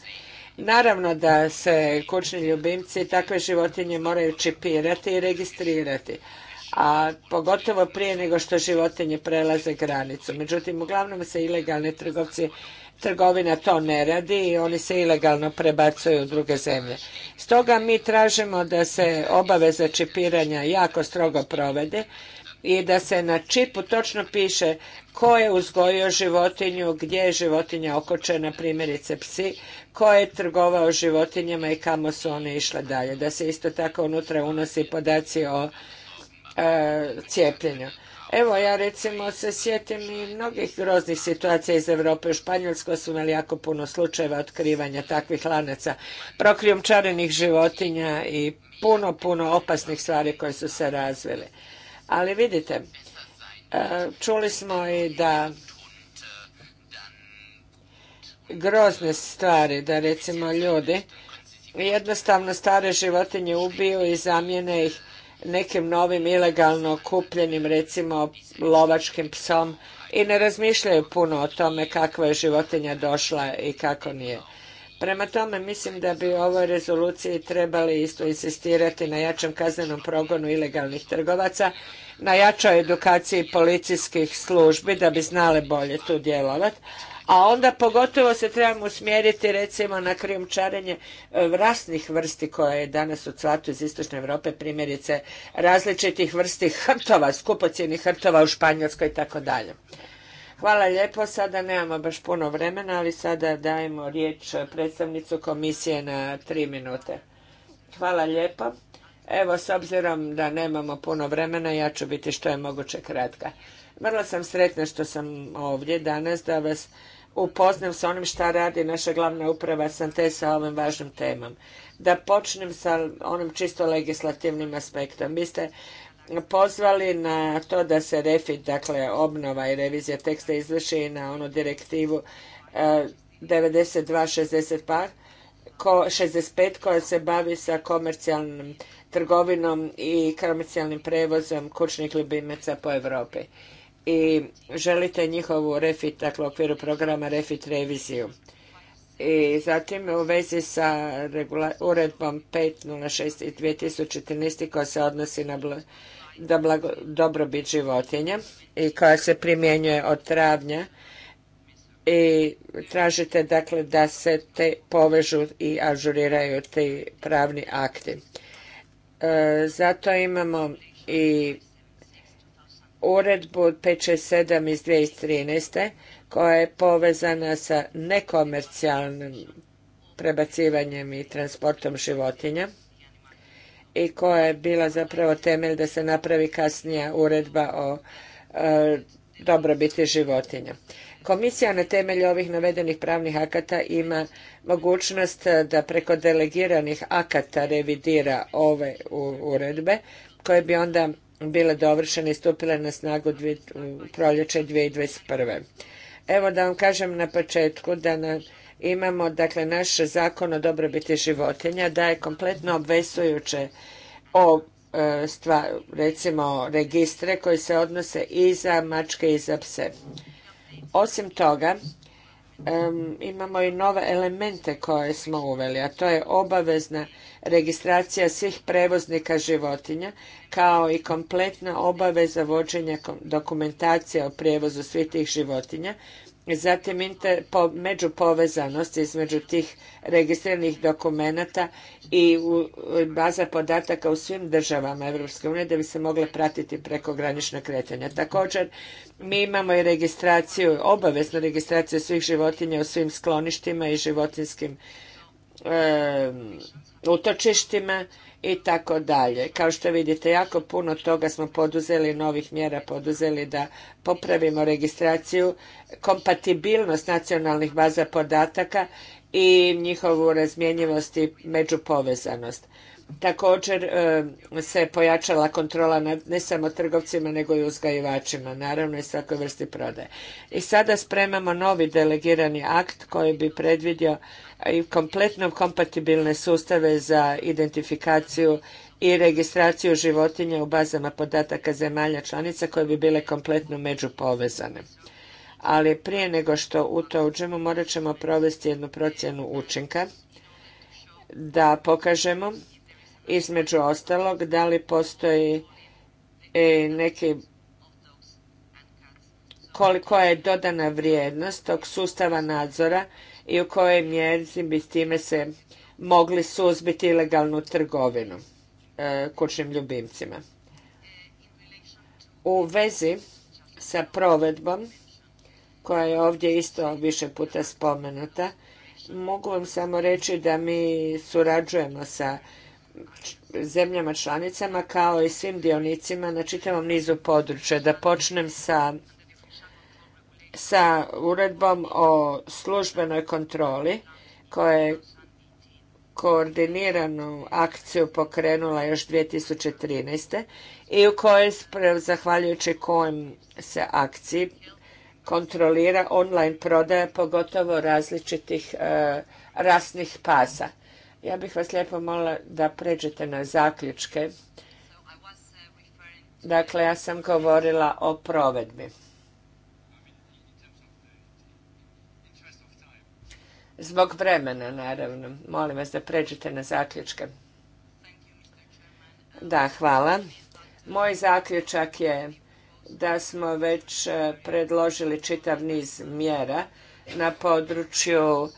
[SPEAKER 1] Naravno da se kućni ljubimci takve životinje moraju čipirati i registrirati, a pogotovo prije nego što životinje prelaze granicu. Međutim, uglavnom se ilegalni trgovci trgovina to ne radi i oni se ilegalno prebacuju u druge zemlje. Stoga mi tražimo da se obaveza čipiranja jako strogo provede i da se na čipu točno piše ko je uzgojio životinju, gdje je životinja okočena, primjerice psi, ko je trgovao životinjama i kamo su one išle dalje. Da se isto tako unutra unosi podaci o e, cijepljenju. Evo ja recimo se sjetim i mnogih groznih situacija iz Europe. U Španjolskoj su imali jako puno slučajeva otkrivanja takvih lanaca, prokrijumčarenih životinja i puno, puno opasnih stvari koje su se razvile. Ali vidite, e, čuli smo i da grozne stvari, da recimo ljudi jednostavno stare životinje ubiju i zamijene ih nekim novim ilegalno kupljenim recimo lovačkim psom i ne razmišljaju puno o tome kakva je životinja došla i kako nije. Prema tome, mislim da bi u ovoj rezoluciji trebali isto insistirati na jačem kaznenom progonu ilegalnih trgovaca, na jačoj edukaciji policijskih službi da bi znale bolje tu djelovati, a onda pogotovo se trebamo usmjeriti recimo na krijumčarenje e, rasnih vrsti koje je danas u cvatu iz Istočne Europe, primjerice različitih vrsti hrtova, skupocjenih hrtova u Španjolskoj i tako dalje. Hvala lijepo, sada nemamo baš puno vremena, ali sada dajemo riječ predstavnicu komisije na tri minute. Hvala lijepo. Evo, s obzirom da nemamo puno vremena, ja ću biti što je moguće kratka. Vrlo sam sretna što sam ovdje danas da vas upoznam sa onim šta radi naša glavna uprava Sante sa ovim važnim temom. Da počnem sa onim čisto legislativnim aspektom. Vi ste pozvali na to da se refit, dakle obnova i revizija teksta izvrši na onu direktivu 92 eh, 65 koja se bavi sa komercijalnom trgovinom i komercijalnim prevozom kućnih ljubimaca po Europi. I želite njihovu refit, dakle u okviru programa refit reviziju. I zatim u vezi sa uredbom 506 i 2013 koja se odnosi na da dobrobit životinja i koja se primjenjuje od travnja i tražite dakle da se te povežu i ažuriraju ti pravni akti. E, zato imamo i uredbu 567 iz 2013. koja je povezana sa nekomercijalnim prebacivanjem i transportom životinja i koja je bila zapravo temelj da se napravi kasnija uredba o e, dobrobiti životinja. Komisija na temelju ovih navedenih pravnih akata ima mogućnost da preko delegiranih akata revidira ove uredbe koje bi onda bile dovršene i stupile na snagu proljeće 2021. Evo da vam kažem na početku da na imamo, dakle, naš zakon o dobrobiti životinja daje kompletno obvezujuće o e, recimo registre koji se odnose i za mačke i za pse. Osim toga, imamo i nove elemente koje smo uveli, a to je obavezna registracija svih prevoznika životinja, kao i kompletna obaveza vođenja dokumentacije o prijevozu svih tih životinja, zatim među po, međupovezanost između tih registriranih dokumenata i baza podataka u svim državama Europske unije da bi se mogle pratiti prekogranična kretanja. Također, mi imamo i registraciju, obaveznu registraciju svih životinja u svim skloništima i životinskim utočištima i tako dalje. Kao što vidite, jako puno toga smo poduzeli, novih mjera poduzeli da popravimo registraciju, kompatibilnost nacionalnih baza podataka i njihovu razmjenjivost i međupovezanost. Također e, se pojačala kontrola ne samo trgovcima nego i uzgajivačima, naravno i svakoj vrsti prodaje. I sada spremamo novi delegirani akt koji bi predvidio i kompletno kompatibilne sustave za identifikaciju i registraciju životinja u bazama podataka zemalja članica koje bi bile kompletno međupovezane. Ali prije nego što u to uđemo, morat ćemo provesti jednu procjenu učinka da pokažemo između ostalog da li postoji e, neki koliko je dodana vrijednost tog sustava nadzora i u kojoj mjeri bi s time se mogli suzbiti ilegalnu trgovinu e, kućnim ljubimcima. U vezi sa provedbom, koja je ovdje isto više puta spomenuta, mogu vam samo reći da mi surađujemo sa zemljama članicama kao i svim dionicima na čitavom nizu područja. Da počnem sa sa uredbom o službenoj kontroli koja je koordiniranu akciju pokrenula još 2013. i u kojoj, zahvaljujući kojem se akciji kontrolira online prodaja pogotovo različitih e, rasnih pasa. Ja bih vas lijepo molila da pređete na zaključke. Dakle, ja sam govorila o provedbi. Zbog vremena, naravno. Molim vas da pređete na zaključke. Da, hvala. Moj zaključak je da smo već e, predložili čitav niz mjera na području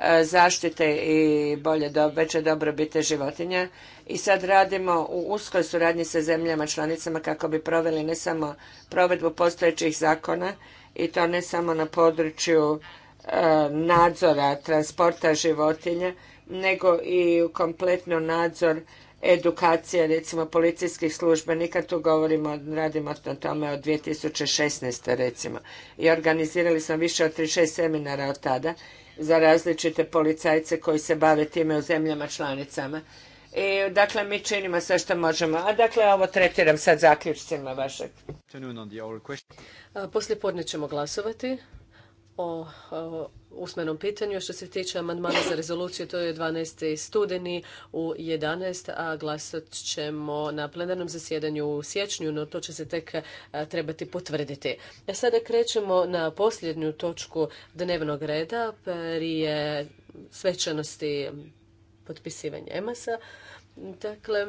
[SPEAKER 1] e, zaštite i bolje veće dobrobite životinja i sad radimo u uskoj suradnji sa zemljama članicama kako bi proveli ne samo provedbu postojećih zakona i to ne samo na području E, nadzora transporta životinja, nego i kompletno nadzor edukacije recimo policijskih službenika, tu govorimo, radimo na tome od 2016. recimo. I organizirali smo više od 36 seminara od tada za različite policajce koji se bave time u zemljama članicama. I, dakle, mi činimo sve što možemo. A dakle, ovo tretiram sad zaključcima vašeg.
[SPEAKER 2] Poslije podne ćemo glasovati o usmenom pitanju. Što se tiče amandmana za rezoluciju, to je 12. studeni u 11. a glasat ćemo na plenarnom zasjedanju u siječnju, no to će se tek trebati potvrditi. A sada krećemo na posljednju točku dnevnog reda prije svečanosti potpisivanja EMAS-a. Dakle,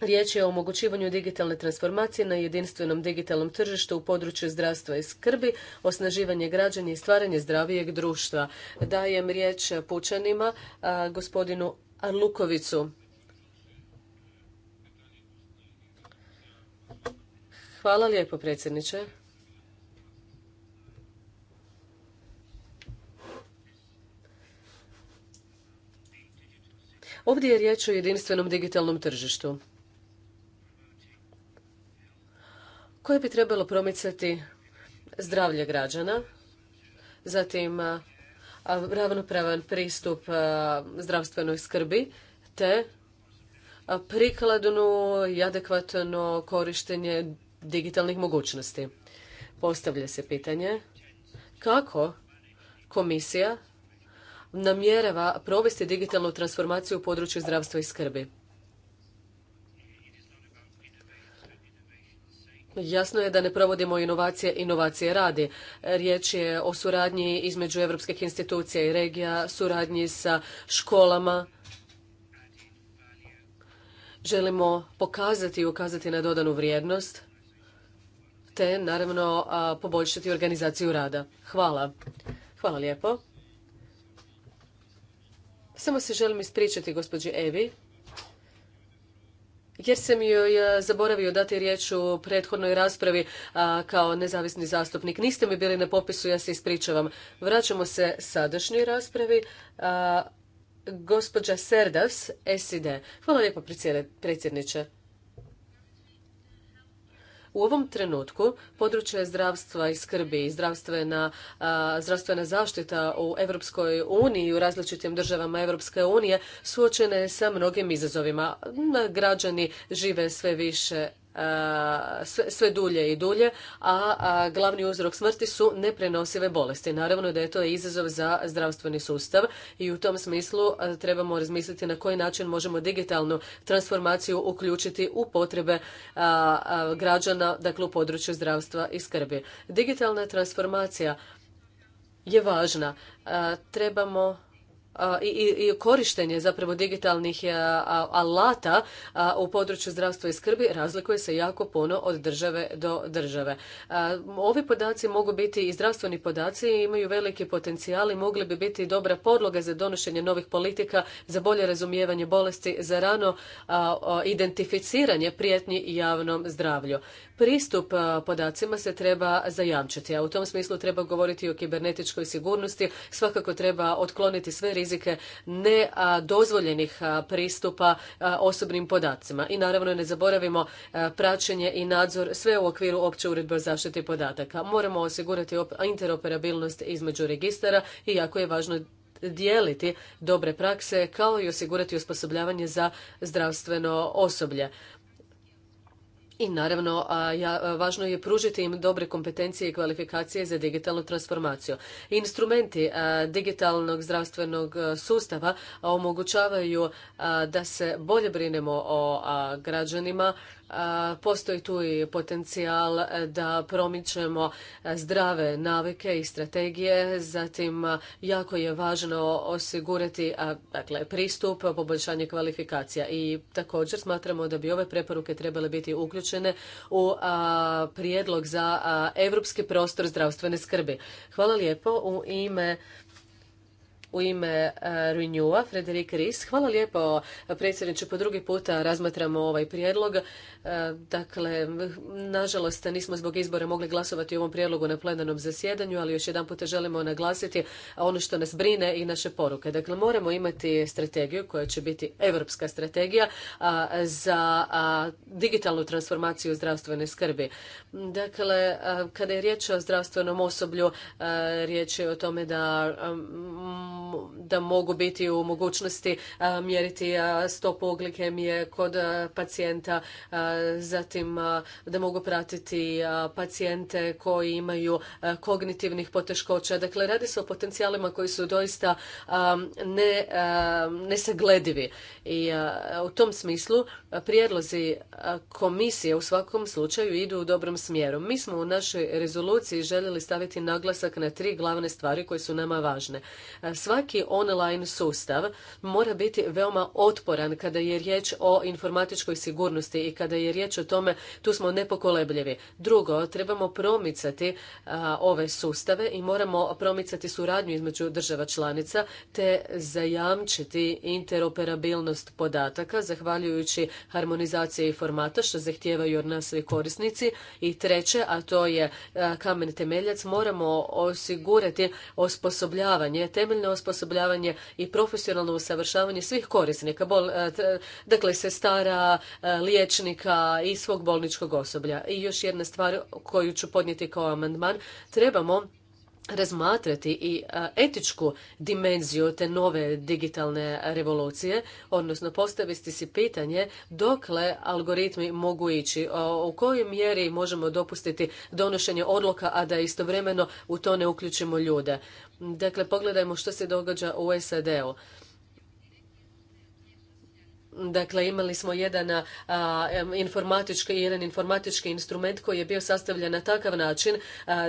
[SPEAKER 2] Riječ je o omogućivanju digitalne transformacije na jedinstvenom digitalnom tržištu u području zdravstva i skrbi, osnaživanje građanja i stvaranje zdravijeg društva. Dajem riječ pučanima, gospodinu Arlukovicu. Hvala lijepo, predsjedniče. Ovdje je riječ o jedinstvenom digitalnom tržištu. koje bi trebalo promicati zdravlje građana, zatim ravnopravan pristup zdravstvenoj skrbi te prikladno i adekvatno korištenje digitalnih mogućnosti. Postavlja se pitanje kako komisija namjerava provesti digitalnu transformaciju u području zdravstva i skrbi. Jasno je da ne provodimo inovacije, inovacije radi. Riječ je o suradnji između europskih institucija i regija, suradnji sa školama. Želimo pokazati i ukazati na dodanu vrijednost, te naravno poboljšati organizaciju rada. Hvala. Hvala lijepo. Samo se želim ispričati gospođi Evi jer sam joj e, zaboravio dati riječ u prethodnoj raspravi kao nezavisni zastupnik. Niste mi bili na popisu, ja se ispričavam. Vraćamo se sadašnjoj raspravi. A, gospođa Serdas, SID. Hvala lijepo predsjedniče. U ovom trenutku područje zdravstva i skrbi i zdravstvena, zdravstvena zaštita u Europskoj uniji i u različitim državama Europske unije suočene je sa mnogim izazovima. Građani žive sve više sve, sve dulje i dulje, a, glavni uzrok smrti su neprenosive bolesti. Naravno da je to izazov za zdravstveni sustav i u tom smislu trebamo razmisliti na koji način možemo digitalnu transformaciju uključiti u potrebe građana, dakle u području zdravstva i skrbi. Digitalna transformacija je važna. Trebamo i, i, korištenje zapravo digitalnih alata u području zdravstva i skrbi razlikuje se jako puno od države do države. Ovi podaci mogu biti i zdravstveni podaci i imaju veliki potencijal i mogli bi biti dobra podloga za donošenje novih politika, za bolje razumijevanje bolesti, za rano identificiranje prijetnji javnom zdravlju. Pristup podacima se treba zajamčiti, a u tom smislu treba govoriti o kibernetičkoj sigurnosti, svakako treba otkloniti sve rizike rizike nedozvoljenih pristupa osobnim podacima. I naravno ne zaboravimo praćenje i nadzor sve u okviru opće uredbe o zaštiti podataka. Moramo osigurati interoperabilnost između registara i jako je važno dijeliti dobre prakse kao i osigurati osposobljavanje za zdravstveno osoblje. I naravno, važno je pružiti im dobre kompetencije i kvalifikacije za digitalnu transformaciju. Instrumenti digitalnog zdravstvenog sustava omogućavaju da se bolje brinemo o građanima, Postoji tu i potencijal e, da promičemo e, zdrave navike i strategije, zatim e, jako je važno osigurati dakle, pristup, poboljšanje kvalifikacija i također smatramo da bi ove preporuke trebale biti uključene u prijedlog za europski prostor zdravstvene skrbi. Hvala lijepo u ime u ime e, Renewa, Frederik Ries. Hvala lijepo, predsjedniče. Po drugi puta razmatramo ovaj prijedlog. E, dakle, nažalost, nismo zbog izbora mogli glasovati o ovom prijedlogu na plenarnom zasjedanju, ali još jedanput puta želimo naglasiti ono što nas brine i naše poruke. Dakle, moramo imati strategiju koja će biti europska strategija za digitalnu transformaciju zdravstvene skrbi. Dakle, kada je riječ o zdravstvenom osoblju, riječ je o tome da da mogu biti u mogućnosti e, mjeriti e, stopu glikemije kod e, pacijenta, zatim da mogu pratiti pacijente koji imaju kognitivnih poteškoća. Dakle, radi se o potencijalima koji su doista ne, nesagledivi i u tom smislu prijedlozi komisije u svakom slučaju idu u dobrom smjeru. Mi smo u našoj rezoluciji željeli staviti naglasak na tri glavne stvari koje su nama važne svaki online sustav mora biti veoma otporan kada je riječ o informatičkoj sigurnosti i kada je riječ o tome tu smo nepokolebljivi. Drugo, trebamo promicati ove sustave i moramo promicati suradnju između država članica te zajamčiti interoperabilnost podataka zahvaljujući harmonizaciji formata što zahtijevaju od nas svi korisnici. I treće, a to je kamen temeljac, moramo osigurati osposobljavanje, temeljno osposobljavanje i profesionalno usavršavanje svih korisnika, bol, e, dakle sestara, e, liječnika i svog bolničkog osoblja. I još jedna stvar koju ću podnijeti kao amandman, trebamo razmatrati i e, etičku dimenziju te nove digitalne revolucije, odnosno postaviti si pitanje dokle algoritmi mogu ići, u kojoj mjeri možemo dopustiti donošenje odluka, a da istovremeno u to ne uključimo ljude. Dakle, pogledajmo što se događa u SAD-u. Dakle, imali smo jedan informatički, jedan informatički instrument koji je bio sastavljen na takav način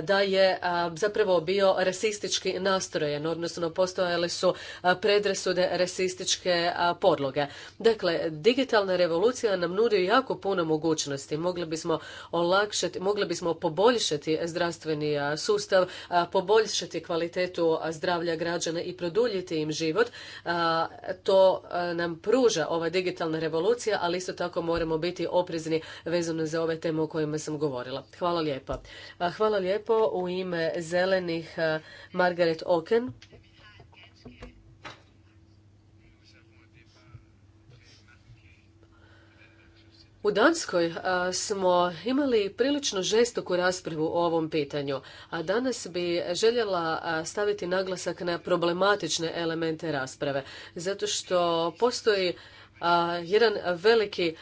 [SPEAKER 2] da je zapravo bio rasistički nastrojen, odnosno postojale su predrasude rasističke podloge. Dakle, digitalna revolucija nam nudi jako puno mogućnosti. Mogli bismo olakšati, mogli bismo poboljšati zdravstveni sustav, poboljšati kvalitetu zdravlja građana i produljiti im život. To nam pruža ova digitalna digitalna revolucija, ali isto tako moramo biti oprezni vezano za ove teme o kojima sam govorila. Hvala lijepo. Hvala lijepo u ime zelenih Margaret Oken. U Danskoj smo imali prilično žestoku raspravu o ovom pitanju, a danas bi željela staviti naglasak na problematične elemente rasprave, zato što postoji jedan veliki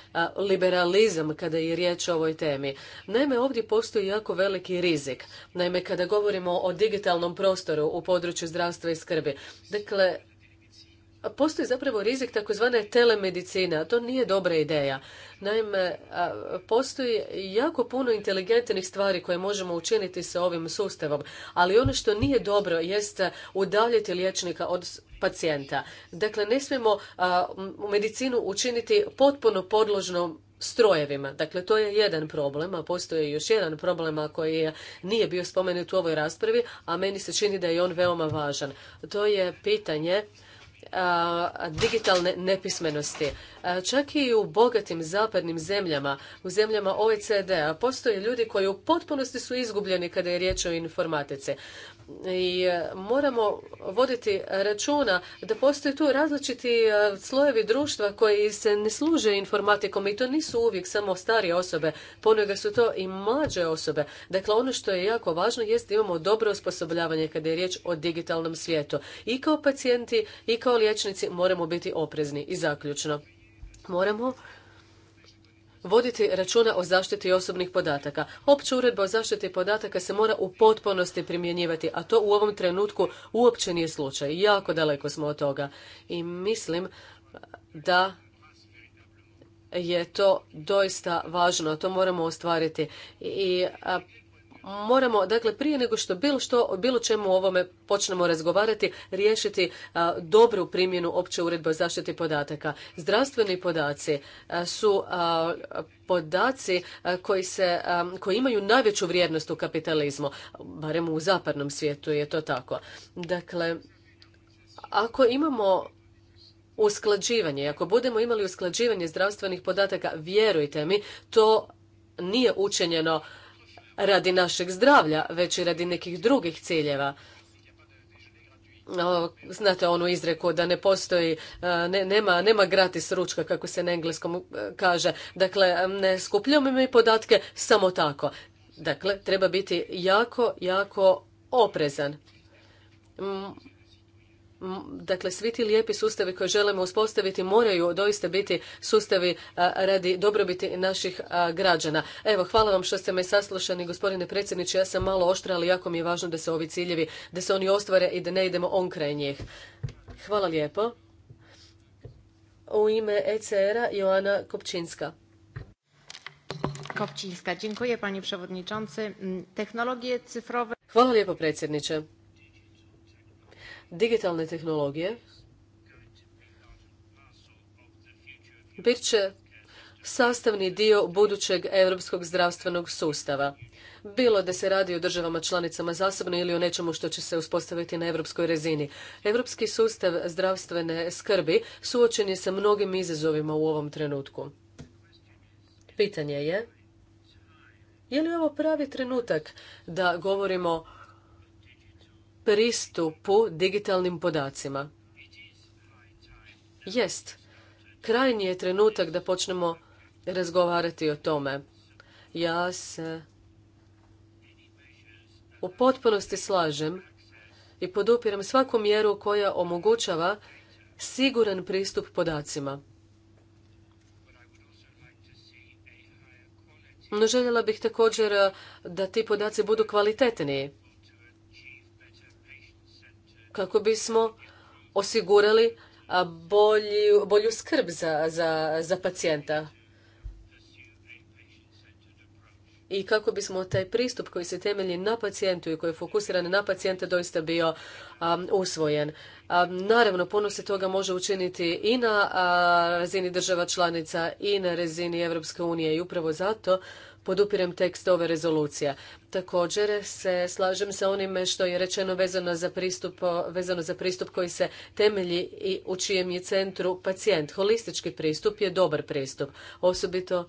[SPEAKER 2] liberalizam kada je riječ o ovoj temi. Naime, ovdje postoji jako veliki rizik. Naime, kada govorimo o digitalnom prostoru u području zdravstva i skrbi. Dakle, postoji zapravo rizik takozvane telemedicine, a to nije dobra ideja. Naime, postoji jako puno inteligentnih stvari koje možemo učiniti sa ovim sustavom, ali ono što nije dobro jest udaljiti liječnika od pacijenta. Dakle, ne smijemo medicinu učiniti potpuno podložno strojevima. Dakle, to je jedan problem, a postoji još jedan problem koji nije bio spomenut u ovoj raspravi, a meni se čini da je on veoma važan. To je pitanje digitalne nepismenosti. Čak i u bogatim zapadnim zemljama, u zemljama OECD-a, postoje ljudi koji u potpunosti su izgubljeni kada je riječ o informatici i e, moramo voditi računa da postoje tu različiti e, slojevi društva koji se ne služe informatikom i to nisu uvijek samo starije osobe, ponega su to i mlađe osobe. Dakle, ono što je jako važno jest da imamo dobro osposobljavanje kada je riječ o digitalnom svijetu. I kao pacijenti i kao liječnici moramo biti oprezni. I zaključno, moramo voditi računa o zaštiti osobnih podataka. Opća uredba o zaštiti podataka se mora u potpunosti primjenjivati, a to u ovom trenutku uopće nije slučaj. Jako daleko smo od toga. I mislim da je to doista važno, to moramo ostvariti. I moramo, dakle, prije nego što bilo što o bilo čemu ovome počnemo razgovarati, riješiti dobru primjenu opće uredbe o zaštiti podataka. Zdravstveni podaci su podaci koji, se, koji imaju najveću vrijednost u kapitalizmu, barem u zapadnom svijetu je to tako. Dakle, ako imamo usklađivanje, ako budemo imali usklađivanje zdravstvenih podataka, vjerujte mi, to nije učinjeno radi našeg zdravlja, već i radi nekih drugih ciljeva. Znate onu izreku da ne postoji, e, ne, nema, nema gratis ručka kako se na engleskom e, kaže. Dakle, ne skupljamo mi podatke samo tako. Dakle, treba biti jako, jako oprezan Dakle, svi ti lijepi sustavi koje želimo uspostaviti moraju doista biti sustavi radi dobrobiti naših građana. Evo, hvala vam što ste me saslušani, gospodine predsjedniče. Ja sam malo oštra, ali jako mi je važno da se ovi ciljevi, da se oni ostvare i da ne idemo on kraj njih. Hvala lijepo. U ime ECR-a Joana Kopčinska. Kopčinska, dziękuję przewodniczący. Mm, cyfrowe... Hvala lijepo predsjedniče digitalne tehnologije bit će sastavni dio budućeg europskog zdravstvenog sustava. Bilo da se radi o državama članicama zasebno ili o nečemu što će se uspostaviti na europskoj razini. Europski sustav zdravstvene skrbi suočen je sa mnogim izazovima u ovom trenutku. Pitanje je, je li ovo pravi trenutak da govorimo pristupu digitalnim podacima. Jest, krajnji je trenutak da počnemo razgovarati o tome. Ja se u potpunosti slažem i podupiram svaku mjeru koja omogućava siguran pristup podacima. No željela bih također eh, da ti podaci budu kvalitetniji kako bismo osigurali bolju, bolju skrb za, pacijenta i kako bismo taj pristup koji se temelji na pacijentu i koji je fokusiran na pacijenta doista bio usvojen. naravno, puno se toga može učiniti i na razini država članica i na razini Evropske unije i upravo zato podupirem tekst ove rezolucije. Također se slažem sa onime što je rečeno vezano za pristup, vezano za pristup koji se temelji i u čijem je centru pacijent. Holistički pristup je dobar pristup, osobito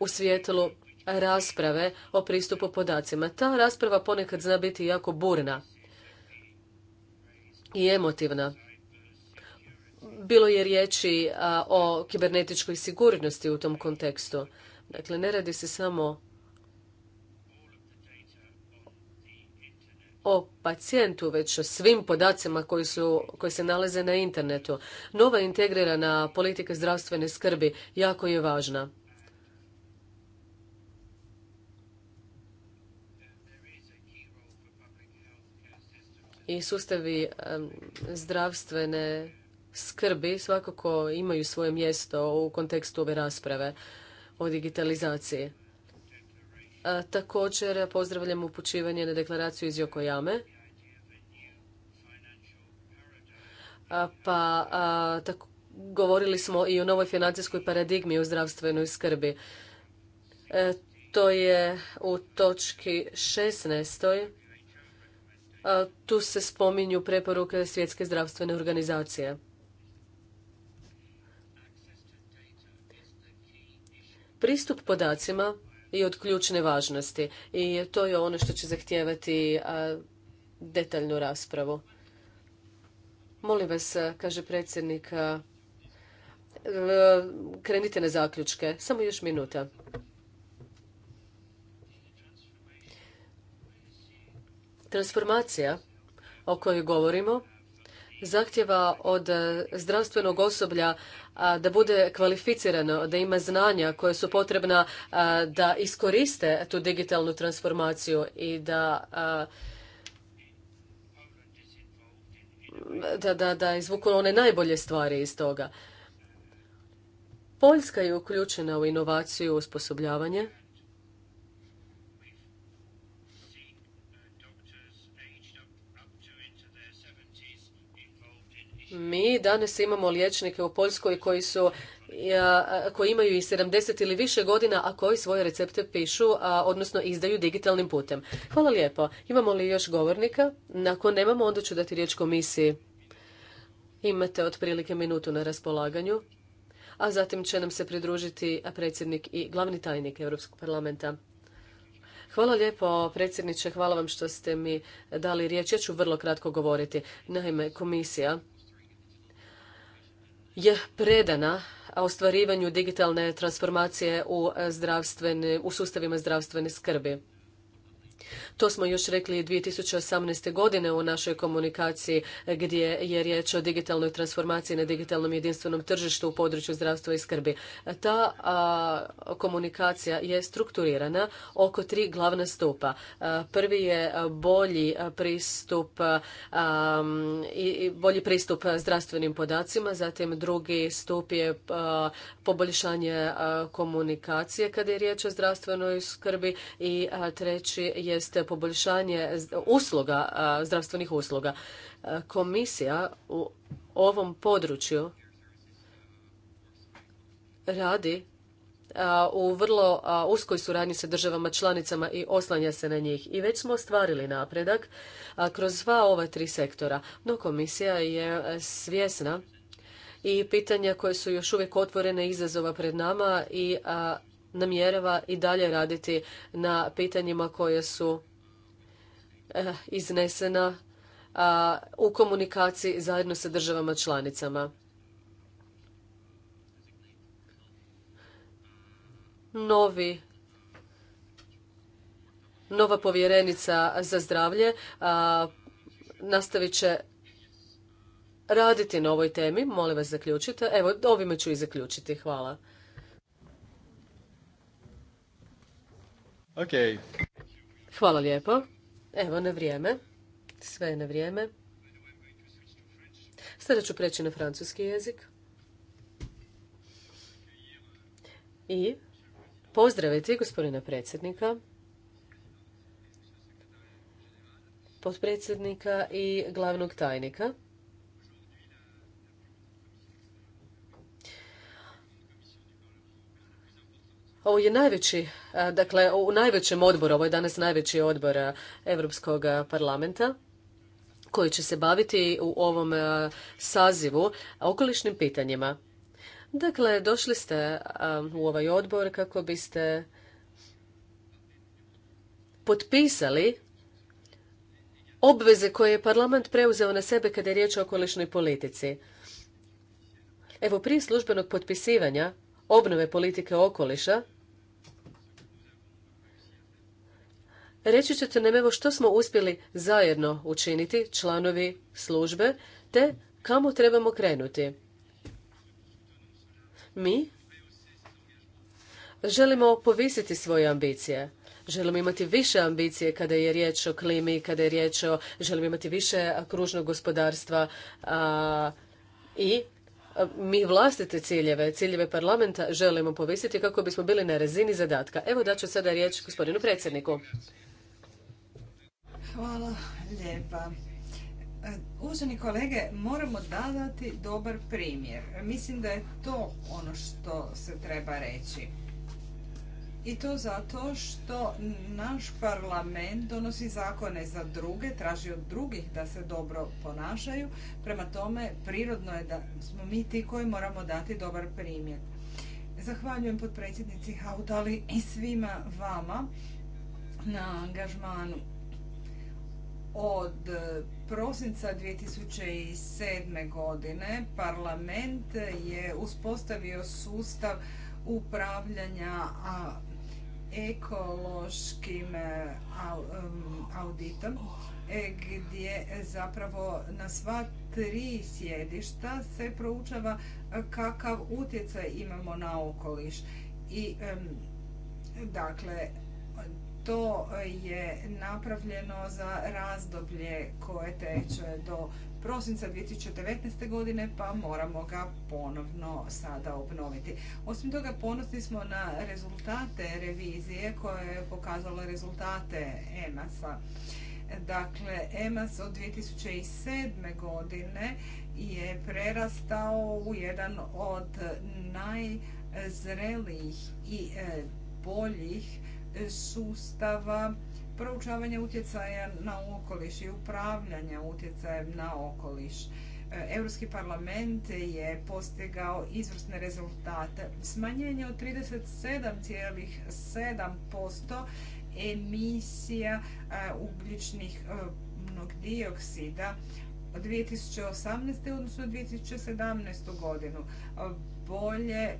[SPEAKER 2] u svijetlu rasprave o pristupu podacima. Ta rasprava ponekad zna biti jako burna i emotivna. Bilo je riječi o kibernetičkoj sigurnosti u tom kontekstu. Dakle, ne radi se samo o pacijentu, već o svim podacima koji, koji se nalaze na internetu. Nova integrirana politika zdravstvene skrbi jako je važna. I sustavi zdravstvene skrbi svakako imaju svoje mjesto u kontekstu ove rasprave o digitalizaciji. E, također pozdravljam upućivanje na deklaraciju iz Jokojame. pa tako, govorili smo i o novoj financijskoj paradigmi u zdravstvenoj skrbi. E, to je u točki 16. Tu se spominju preporuke Svjetske zdravstvene organizacije. Pristup podacima je od ključne važnosti i to je ono što će zahtijevati detaljnu raspravu. Molim vas, kaže predsjednik, krenite na zaključke. Samo još minuta. Transformacija o kojoj govorimo zahtjeva od e, zdravstvenog osoblja da bude kvalificirano, da ima znanja koje su potrebna da iskoriste tu digitalnu transformaciju i da da, da, da izvuku one najbolje stvari iz toga. Poljska je uključena u inovaciju i osposobljavanje. Mi danas imamo liječnike u Poljskoj koji su koji imaju i 70 ili više godina, a koji svoje recepte pišu, odnosno izdaju digitalnim putem. Hvala lijepo. Imamo li još govornika? Ako nemamo, onda ću dati riječ komisiji. Imate otprilike minutu na raspolaganju, a zatim će nam se pridružiti predsjednik i glavni tajnik Europskog parlamenta. Hvala lijepo, predsjedniče. Hvala vam što ste mi dali riječ. Ja ću vrlo kratko govoriti. Naime, komisija je predana ostvarivanju digitalne transformacije u, u sustavima zdravstvene skrbi. To smo još rekli 2018. godine u našoj komunikaciji e, gdje je riječ o digitalnoj transformaciji na digitalnom jedinstvenom tržištu u području zdravstva i skrbi. E, Ta komunikacija je strukturirana oko tri glavna stupa. E, prvi je bolji pristup i bolji pristup zdravstvenim podacima, zatim drugi stup je poboljšanje komunikacije kada je riječ o zdravstvenoj skrbi i treći jeste poboljšanje usluga, zdravstvenih usluga. Komisija u ovom području radi u vrlo uskoj suradnji sa državama članicama i oslanja se na njih. I već smo ostvarili napredak kroz sva ova tri sektora. No komisija je svjesna i pitanja koje su još uvijek otvorene izazova pred nama i namjerava i dalje raditi na pitanjima koje su Eh, iznesena u komunikaciji zajedno sa državama članicama. Novi nova povjerenica za zdravlje nastavit će raditi na ovoj temi. Molim vas zaključite. Evo, ovime ću i zaključiti. Hvala. Hvala lijepo. Evo, na vrijeme. Sve je na vrijeme. Sada ću preći na francuski jezik. I pozdraviti gospodina predsjednika, potpredsjednika i glavnog tajnika. Ovo je najveći, dakle u najvećem odboru, ovo je danas najveći odbor Europskog parlamenta koji će se baviti u ovom sazivu okolišnim pitanjima. Dakle, došli ste u ovaj odbor kako biste potpisali obveze koje je parlament preuzeo na sebe kada je riječ o okolišnoj politici. Evo, prije službenog potpisivanja obnove politike okoliša, reći ćete nam evo što smo uspjeli zajedno učiniti članovi službe te kamo trebamo krenuti. Mi želimo povisiti svoje ambicije. Želimo imati više ambicije kada je riječ o klimi, kada je riječ o... Želimo imati više kružnog gospodarstva i mi vlastite ciljeve, ciljeve parlamenta želimo povisiti kako bismo bili na razini zadatka. Evo da ću sada riječ gospodinu predsjedniku.
[SPEAKER 3] Hvala lijepa. E, uvaženi kolege, moramo dadati dobar primjer. Mislim da je to ono što se treba reći. I to zato što naš parlament donosi zakone za druge, traži od drugih da se dobro ponašaju. Prema tome, prirodno je da smo mi ti koji moramo dati dobar primjer. Zahvaljujem potpredsjednici Hautali i svima vama na angažmanu od e, prosinca 2007. godine parlament je uspostavio sustav upravljanja ekološkim e, auditom e, gdje zapravo na sva tri sjedišta se proučava kakav utjecaj imamo na okoliš. I dakle to e, je napravljeno za razdoblje koje teče do prosinca 2019. godine pa moramo ga ponovno sada obnoviti. Osim toga ponosni smo na rezultate revizije koje je pokazalo rezultate EMAS-a. Dakle, EMAS od 2007. godine je prerastao u jedan od najzrelijih i e, boljih sustava proučavanja utjecaja na okoliš i upravljanja utjecajem na okoliš. E, Europski parlament je postigao izvrsne rezultate. Smanjenje od 37,7% emisija e, ugljičnih e, dioksida od 2018. odnosno 2017. godinu. Bolje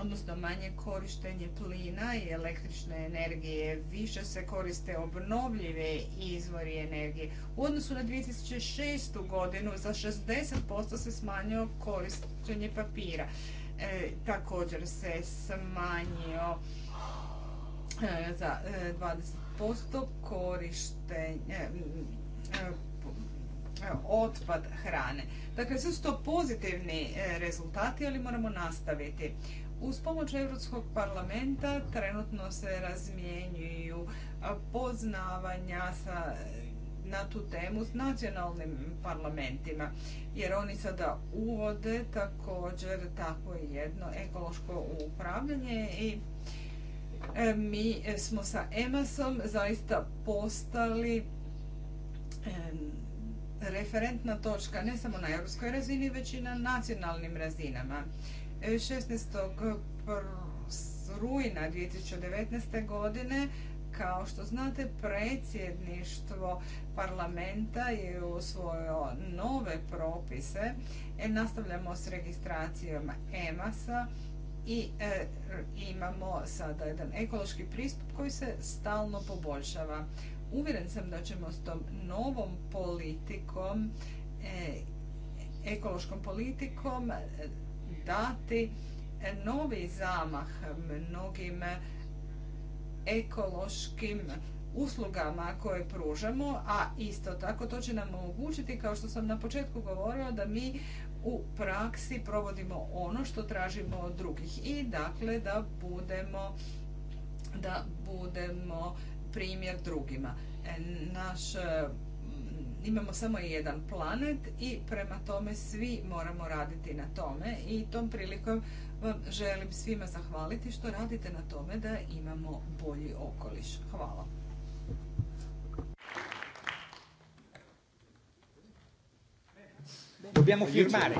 [SPEAKER 3] odnosno manje korištenje plina i električne energije, više se koriste obnovljive izvori energije. U odnosu na 2006. godinu za 60% se smanjio korištenje papira. E, također se smanjio e, za 20% e, korištenje otpad hrane. Dakle, sve su to pozitivni rezultati, ali moramo nastaviti. Uz pomoć Europskog parlamenta trenutno se razmjenjuju poznavanja sa, na tu temu s nacionalnim parlamentima, jer oni sada uvode također tako jedno ekološko upravljanje i e, mi smo sa EMAS-om zaista postali e, referentna točka ne samo na europskoj razini, već i na nacionalnim razinama. 16. rujna 2019. godine kao što znate predsjedništvo parlamenta je usvojilo nove propise. E, nastavljamo s registracijom EMAS-a i e, imamo sada jedan ekološki pristup koji se stalno poboljšava. Uvjeren sam da ćemo s tom novom politikom, e, ekološkom politikom, dati novi zamah mnogim ekološkim uslugama koje pružamo, a isto tako to će nam omogućiti, kao što sam na početku govorila, da mi u praksi provodimo ono što tražimo od drugih i dakle da budemo da budemo primjer drugima. Naš imamo samo jedan planet i prema tome svi moramo raditi na tome i tom prilikom vam želim svima zahvaliti što radite na tome da imamo bolji okoliš. Hvala. Dobbiamo firmare.